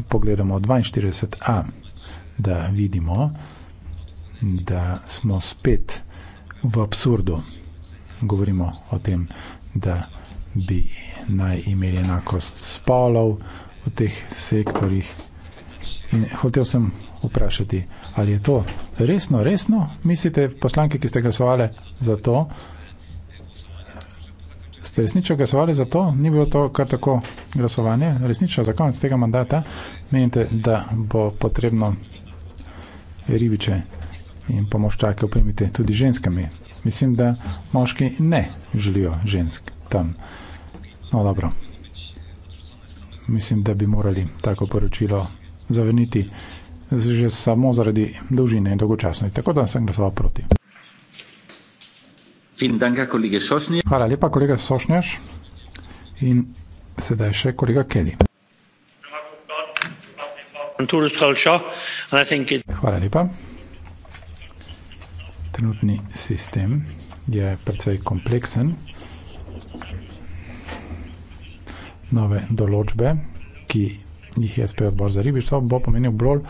pogledamo 42a, da vidimo, da smo spet v absurdu. Govorimo o tem, da bi naj imeli enakost spolov, v teh sektorjih. In hotel sem vprašati, ali je to resno, resno, mislite, poslanke, ki ste glasovali za to, ste resnično glasovali za to, ni bilo to kar tako glasovanje, resnično za konec tega mandata, menite, da bo potrebno ribiče in pomoščake opremiti tudi ženskami. Mislim, da moški ne želijo žensk tam. No, dobro mislim, da bi morali tako poročilo zavrniti že samo zaradi dolžine in dolgočasnosti. Tako da sem glasoval proti. Hvala lepa, kolega Sošnjaš. In sedaj še kolega Kelly. Hvala lepa. Trenutni sistem je precej kompleksen. nove določbe, ki jih je spet odbor za ribištvo, bo pomenil bolj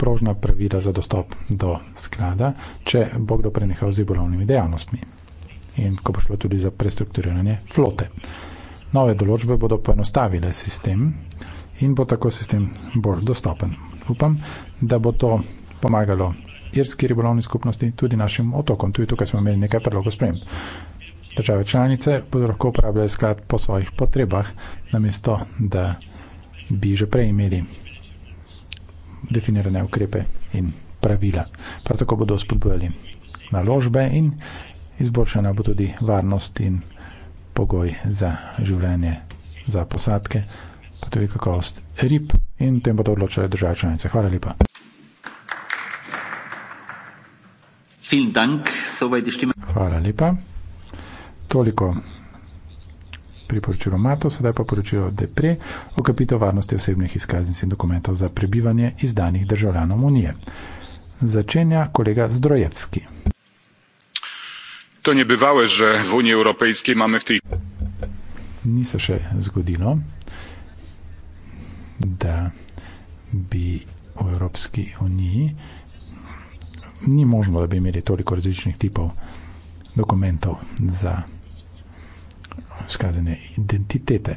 prožna pravila za dostop do sklada, če bo kdo prenehal z ribolovnimi dejavnostmi in ko bo šlo tudi za prestrukturiranje flote. Nove določbe bodo poenostavile sistem in bo tako sistem bolj dostopen. Upam, da bo to pomagalo irski ribolovni skupnosti, tudi našim otokom. Tudi tukaj smo imeli nekaj predlogov sprememb. Države članice bodo lahko uporabljali sklad po svojih potrebah, namesto da bi že prej imeli definirane ukrepe in pravila. Prav tako bodo spodbujali naložbe in izboljšana bo tudi varnost in pogoj za življenje, za posadke, pa tudi kakovost rib in tem bodo odločale države članice. Hvala lepa. Hvala lepa. Toliko priporočilo Mato, sedaj pa poročilo Depre o kapitov varnosti osebnih izkaznic in dokumentov za prebivanje izdanih državljanom Unije. Začenja kolega Zdrojevski. To ni bivalo, že v Uniji Evropejski imamo v tej. Ni se še zgodilo, da bi v Evropski uniji ni možno, da bi imeli toliko različnih tipov dokumentov za skazene identitete.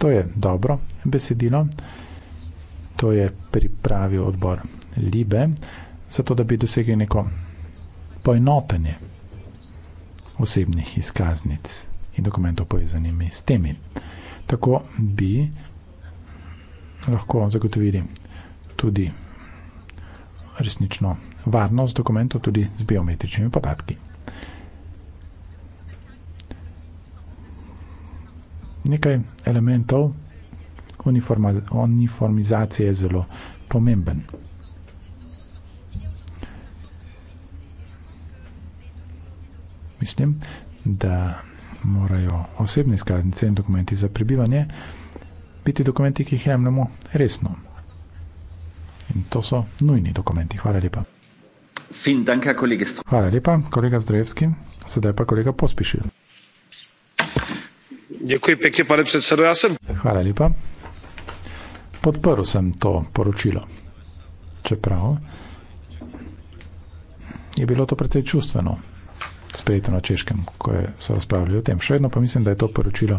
To je dobro besedilo, to je pripravil odbor Libe, zato da bi dosegli neko poenotenje osebnih izkaznic in dokumentov povezanimi s temi. Tako bi lahko zagotovili tudi resnično varnost dokumentov tudi z biometričnimi podatki. nekaj elementov uniformizacije je zelo pomemben. Mislim, da morajo osebne izkaznice in dokumenti za prebivanje biti dokumenti, ki jih jemljamo resno. In to so nujni dokumenti. Hvala lepa. Fin danka, kolega Hvala lepa, kolega Zdrojevski. Sedaj pa kolega Pospišil pane předsedající. Já jsem... Hvala lepa. Podporu jsem to poručilo. Čeprav je bilo to precej čustveno sprejeto na češkem, ko je so razpravljali o tem. Še vedno pa mislim, da je to poročilo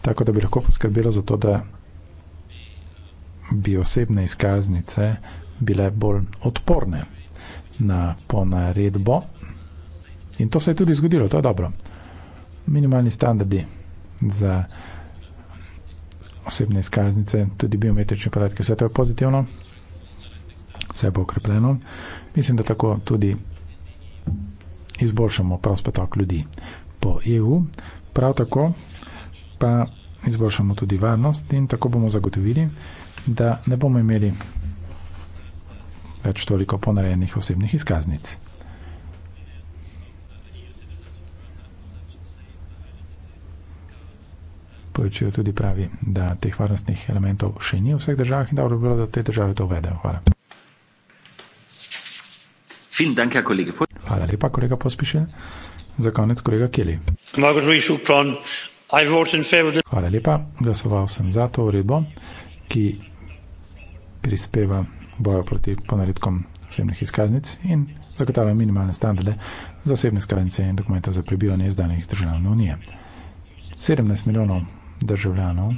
tako, da bi lahko poskrbelo za to, da bi osebne izkaznice bile bolj odporne na ponaredbo. In to se je tudi zgodilo, to je dobro minimalni standardi za osebne izkaznice, tudi biometrične podatke, vse to je pozitivno, vse bo okrepljeno. Mislim, da tako tudi izboljšamo prav spetok ljudi po EU, prav tako pa izboljšamo tudi varnost in tako bomo zagotovili, da ne bomo imeli več toliko ponarejenih osebnih izkaznic. povečujejo tudi pravi, da teh varnostnih elementov še ni v vseh državah in da bi bilo, da te države to uvedejo. Hvala. Hvala lepa, kolega Pospišen. Za konec, kolega Kelly. Hvala lepa, glasoval sem za to uredbo, ki prispeva bojo proti ponaredkom osebnih izkaznic in zagotavlja minimalne standarde za osebne izkaznice in dokumentov za prebivanje izdanih državne unije. 17 milijonov državljanov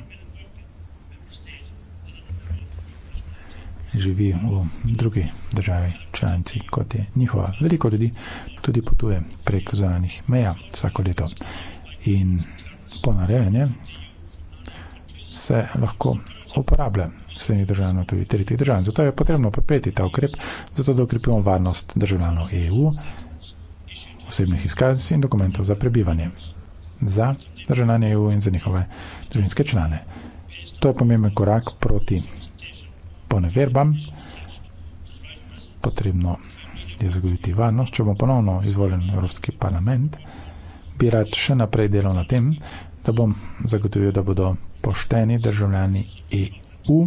živi v drugi državi članci, kot je njihova. Veliko ljudi tudi potuje prek zanih meja vsako leto. In ponarejanje se lahko uporablja srednjih državljanov tudi tretjih držav. Zato je potrebno podpreti ta ukrep, zato da ukrepimo varnost državljanov EU, osebnih izkaznic in dokumentov za prebivanje. Za državljane EU in za njihove družinske člane. To je pomemben korak proti poneverbam. Potrebno je zagoditi varnost. Če bom ponovno izvoljen Evropski parlament, bi rad še naprej delal na tem, da bom zagotovil, da bodo pošteni državljani EU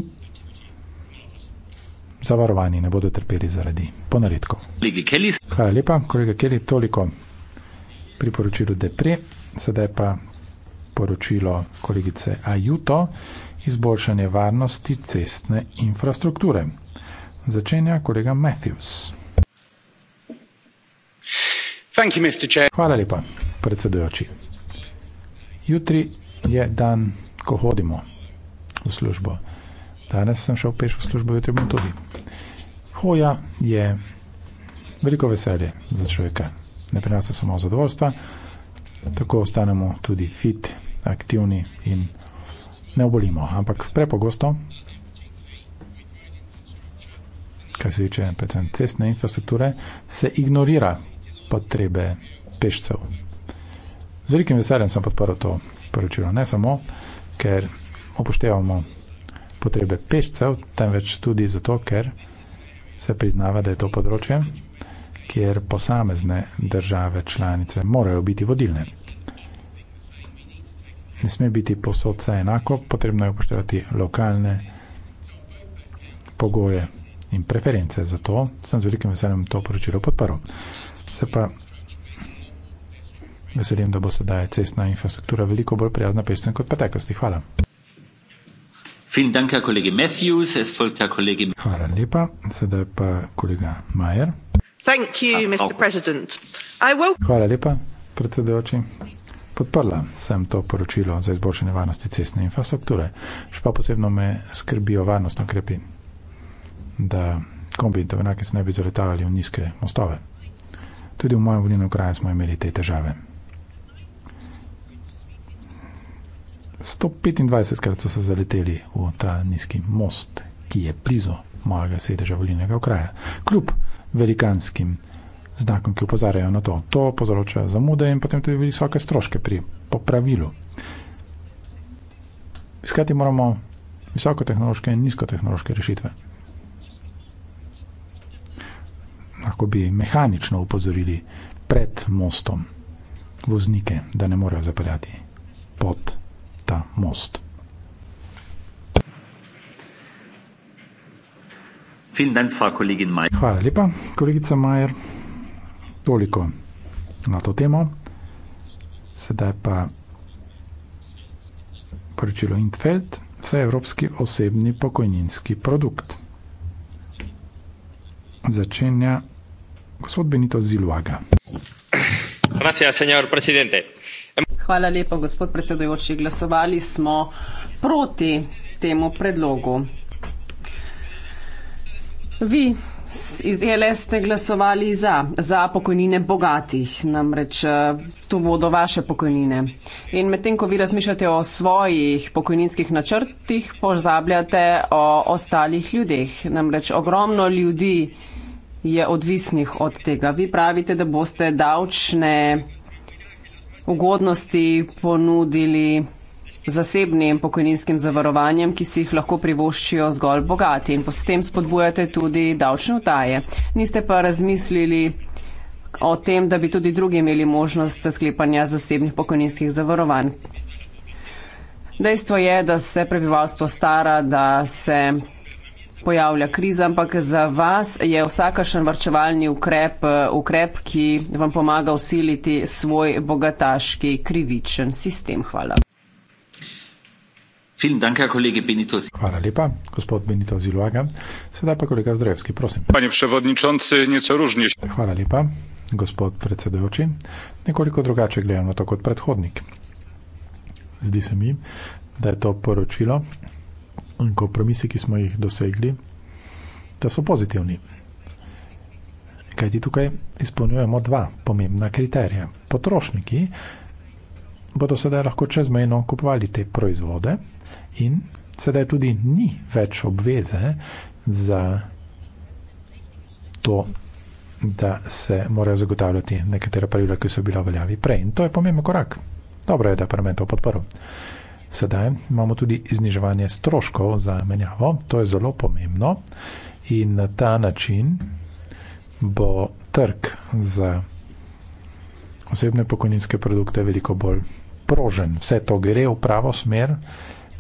zavarovani, ne bodo trpeli zaradi ponaredkov. Hvala lepa, kolega Kelly, toliko priporočilo Depre, sedaj pa priporočilo kolegice Ajuto, izboljšanje varnosti cestne infrastrukture. Začenja kolega Matthews. Thank you, Mr. Chair. Hvala lepa, predsedujoči. Jutri je dan, ko hodimo v službo. Danes sem šel peš v službo, jutri bom tudi. Hoja je veliko veselje za človeka. Ne prinaša samo zadovoljstva, tako ostanemo tudi fit aktivni in ne obolimo, ampak prepogosto, kar se tiče cestne infrastrukture, se ignorira potrebe pešcev. Z velikim veseljem sem podprl to poročilo, ne samo, ker upoštevamo potrebe pešcev, temveč tudi zato, ker se priznava, da je to področje, kjer posamezne države članice morajo biti vodilne ne sme biti posod vse enako, potrebno je upoštevati lokalne pogoje in preference. Zato sem z velikim veseljem to poročilo podprl. Se pa veselim, da bo sedaj cestna infrastruktura veliko bolj prijazna pešcem kot preteklosti. Hvala. Hvala lepa. Sedaj pa kolega Majer. Ah, ah. Hvala lepa, predsedujoči podprla sem to poročilo za izboljšanje varnosti cestne infrastrukture. Še pa posebno me skrbijo varnostno krepi, da kombi in tovrnake se ne bi zaletavali v nizke mostove. Tudi v mojem volilnem kraju smo imeli te težave. 125 krat so se zaleteli v ta nizki most, ki je blizu mojega sedeža volilnega kraja. Kljub velikanskim znakom, ki upozarjajo na to. To povzroča zamude in potem tudi visoke stroške pri popravilu. Iskati moramo visokotehnološke in nizkotehnološke rešitve. Lahko bi mehanično upozorili pred mostom voznike, da ne morejo zapeljati pod ta most. Hvala lepa, kolegica Majer. Toliko na to temo. Sedaj pa poročilo Intfeld, vse evropski osebni pokojninski produkt. Začenja gospod Benito Ziluaga. Gracias, señor presidente. Hvala lepa, gospod predsedujoči. Glasovali smo proti temu predlogu. Vi, Iz e LS ste glasovali za, za pokojnine bogatih, namreč eh, to bodo vaše pokojnine. In medtem, ko vi razmišljate o svojih pokojninskih načrtih, pozabljate o ostalih ljudeh. Namreč ogromno ljudi je odvisnih od tega. Vi pravite, da boste davčne ugodnosti ponudili zasebnim pokojninskim zavarovanjem, ki si jih lahko privoščijo zgolj bogati in s tem spodbujate tudi davčne utaje. Niste pa razmislili o tem, da bi tudi drugi imeli možnost za sklepanja zasebnih pokojninskih zavarovanj. Dejstvo je, da se prebivalstvo stara, da se pojavlja kriza, ampak za vas je vsakašen varčevalni ukrep, ukrep, ki vam pomaga usiliti svoj bogataški krivičen sistem. Hvala. Vielen Dank, Herr Kollege Benitozi. Hvala lepa, gospod Benitozi Luaga. Sedaj pa kolega Zdrevski, prosim. Panie przewodniczący, nieco różni. Hvala lepa, gospod predsedujoči. Nekoliko drugače gledam na to kot predhodnik. Zdi se mi, da je to poročilo in kompromisi, ki smo jih dosegli, da so pozitivni. Kajti tukaj izpolnjujemo dva pomembna kriterija. Potrošniki bodo sedaj lahko čezmejno kupovali te proizvode, In sedaj tudi ni več obveze za to, da se morajo zagotavljati nekatera pravila, ki so bila v veljavi prej. In to je pomemben korak. Dobro je, da je parlament to podprl. Sedaj imamo tudi izniževanje stroškov za menjavo, to je zelo pomembno in na ta način bo trg za osebne pokojninske produkte veliko bolj prožen. Vse to gre v pravo smer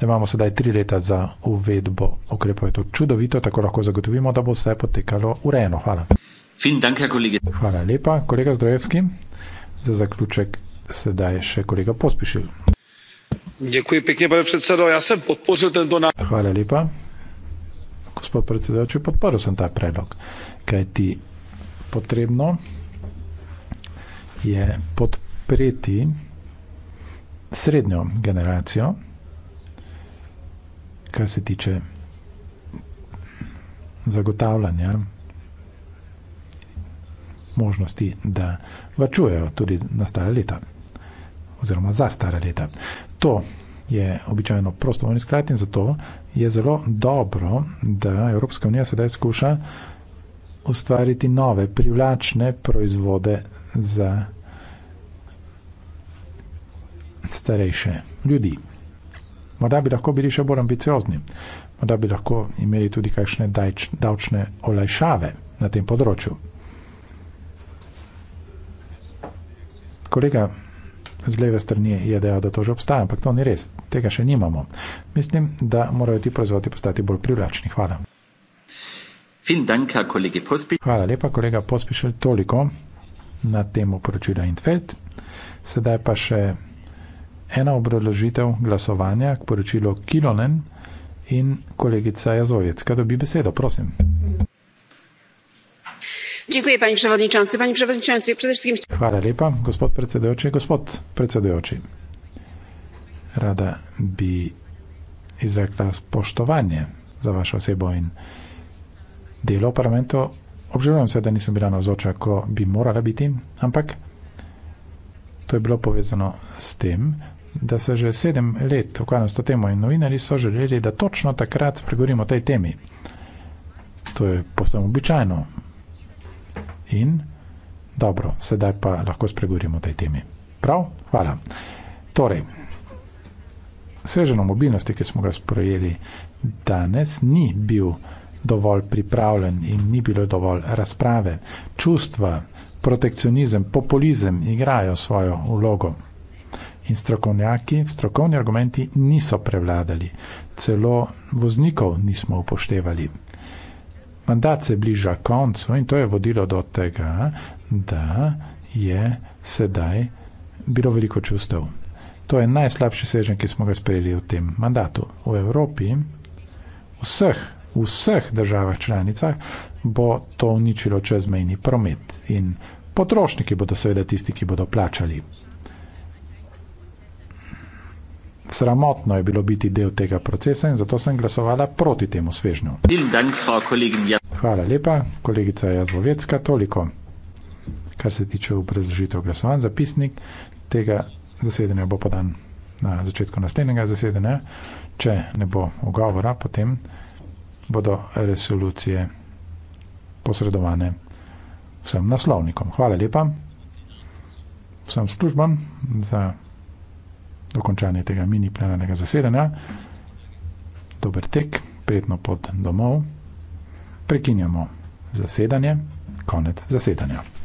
da imamo sedaj tri leta za uvedbo ukrepov. Je to čudovito, tako lahko zagotovimo, da bo vse potekalo urejeno. Hvala. Dank, Hvala lepa, kolega Zdrojevski. Za zaključek sedaj še kolega Pospišil. Děkuji pěkně, pane předsedo. Já jsem podpořil tento návrh. Hvala lepa. Gospod predsedoči, podporil jsem ta predlog, kaj ti potrebno je podpreti srednjo generacijo, kar se tiče zagotavljanja možnosti, da vačujejo tudi na stare leta oziroma za stare leta. To je običajno prostovoljni sklad in zato je zelo dobro, da Evropska unija sedaj skuša ustvariti nove privlačne proizvode za starejše ljudi. Morda bi lahko bili še bolj ambiciozni, morda bi lahko imeli tudi kakšne dajč, davčne olajšave na tem področju. Kolega z leve strani je dejal, da to že obstaja, ampak to ni res, tega še nimamo. Mislim, da morajo ti proizvodi postati bolj privlačni. Hvala. Hvala lepa, kolega Pospišelj, toliko na temo poročila Intfeld. Sedaj pa še ena obrazložitev glasovanja k poročilu Kilonen in kolegica Jazovec, ki dobi besedo, prosim. Dziękuję, panie przewodniczący. Panie przewodniczący, przede wszystkim. Hvala lepa, gospod predsedujoči. Gospod predsedujoči, rada bi izrekla spoštovanje za vašo osebo in delo v parlamentu. Obžalujem se, da nisem bila navzoča, ko bi morala biti, ampak to je bilo povezano s tem, da se že sedem let ukvarjam s to temo in novinari so želeli, da točno takrat pregovorimo o tej temi. To je posebno običajno. In dobro, sedaj pa lahko spregovorimo o tej temi. Prav? Hvala. Torej, sveženo mobilnosti, ki smo ga sprejeli danes, ni bil dovolj pripravljen in ni bilo dovolj razprave. Čustva, protekcionizem, populizem igrajo svojo vlogo in strokovnjaki, strokovni argumenti niso prevladali, celo voznikov nismo upoštevali. Mandat se bliža koncu in to je vodilo do tega, da je sedaj bilo veliko čustev. To je najslabši svežen, ki smo ga sprejeli v tem mandatu. V Evropi, v vseh, vseh državah članicah, bo to uničilo čezmejni promet in potrošniki bodo seveda tisti, ki bodo plačali. Sramotno je bilo biti del tega procesa in zato sem glasovala proti temu svežnju. Ja- Hvala lepa, kolegica Jazlovecka, toliko. Kar se tiče obrazložitev glasovan, zapisnik tega zasedanja bo podan na začetku naslednjega zasedanja. Če ne bo ogovora, potem bodo resolucije posredovane vsem naslovnikom. Hvala lepa vsem službam za dokončanje tega mini plenarnega zasedanja. Dober tek, prijetno pot domov. Prekinjamo zasedanje, konec zasedanja.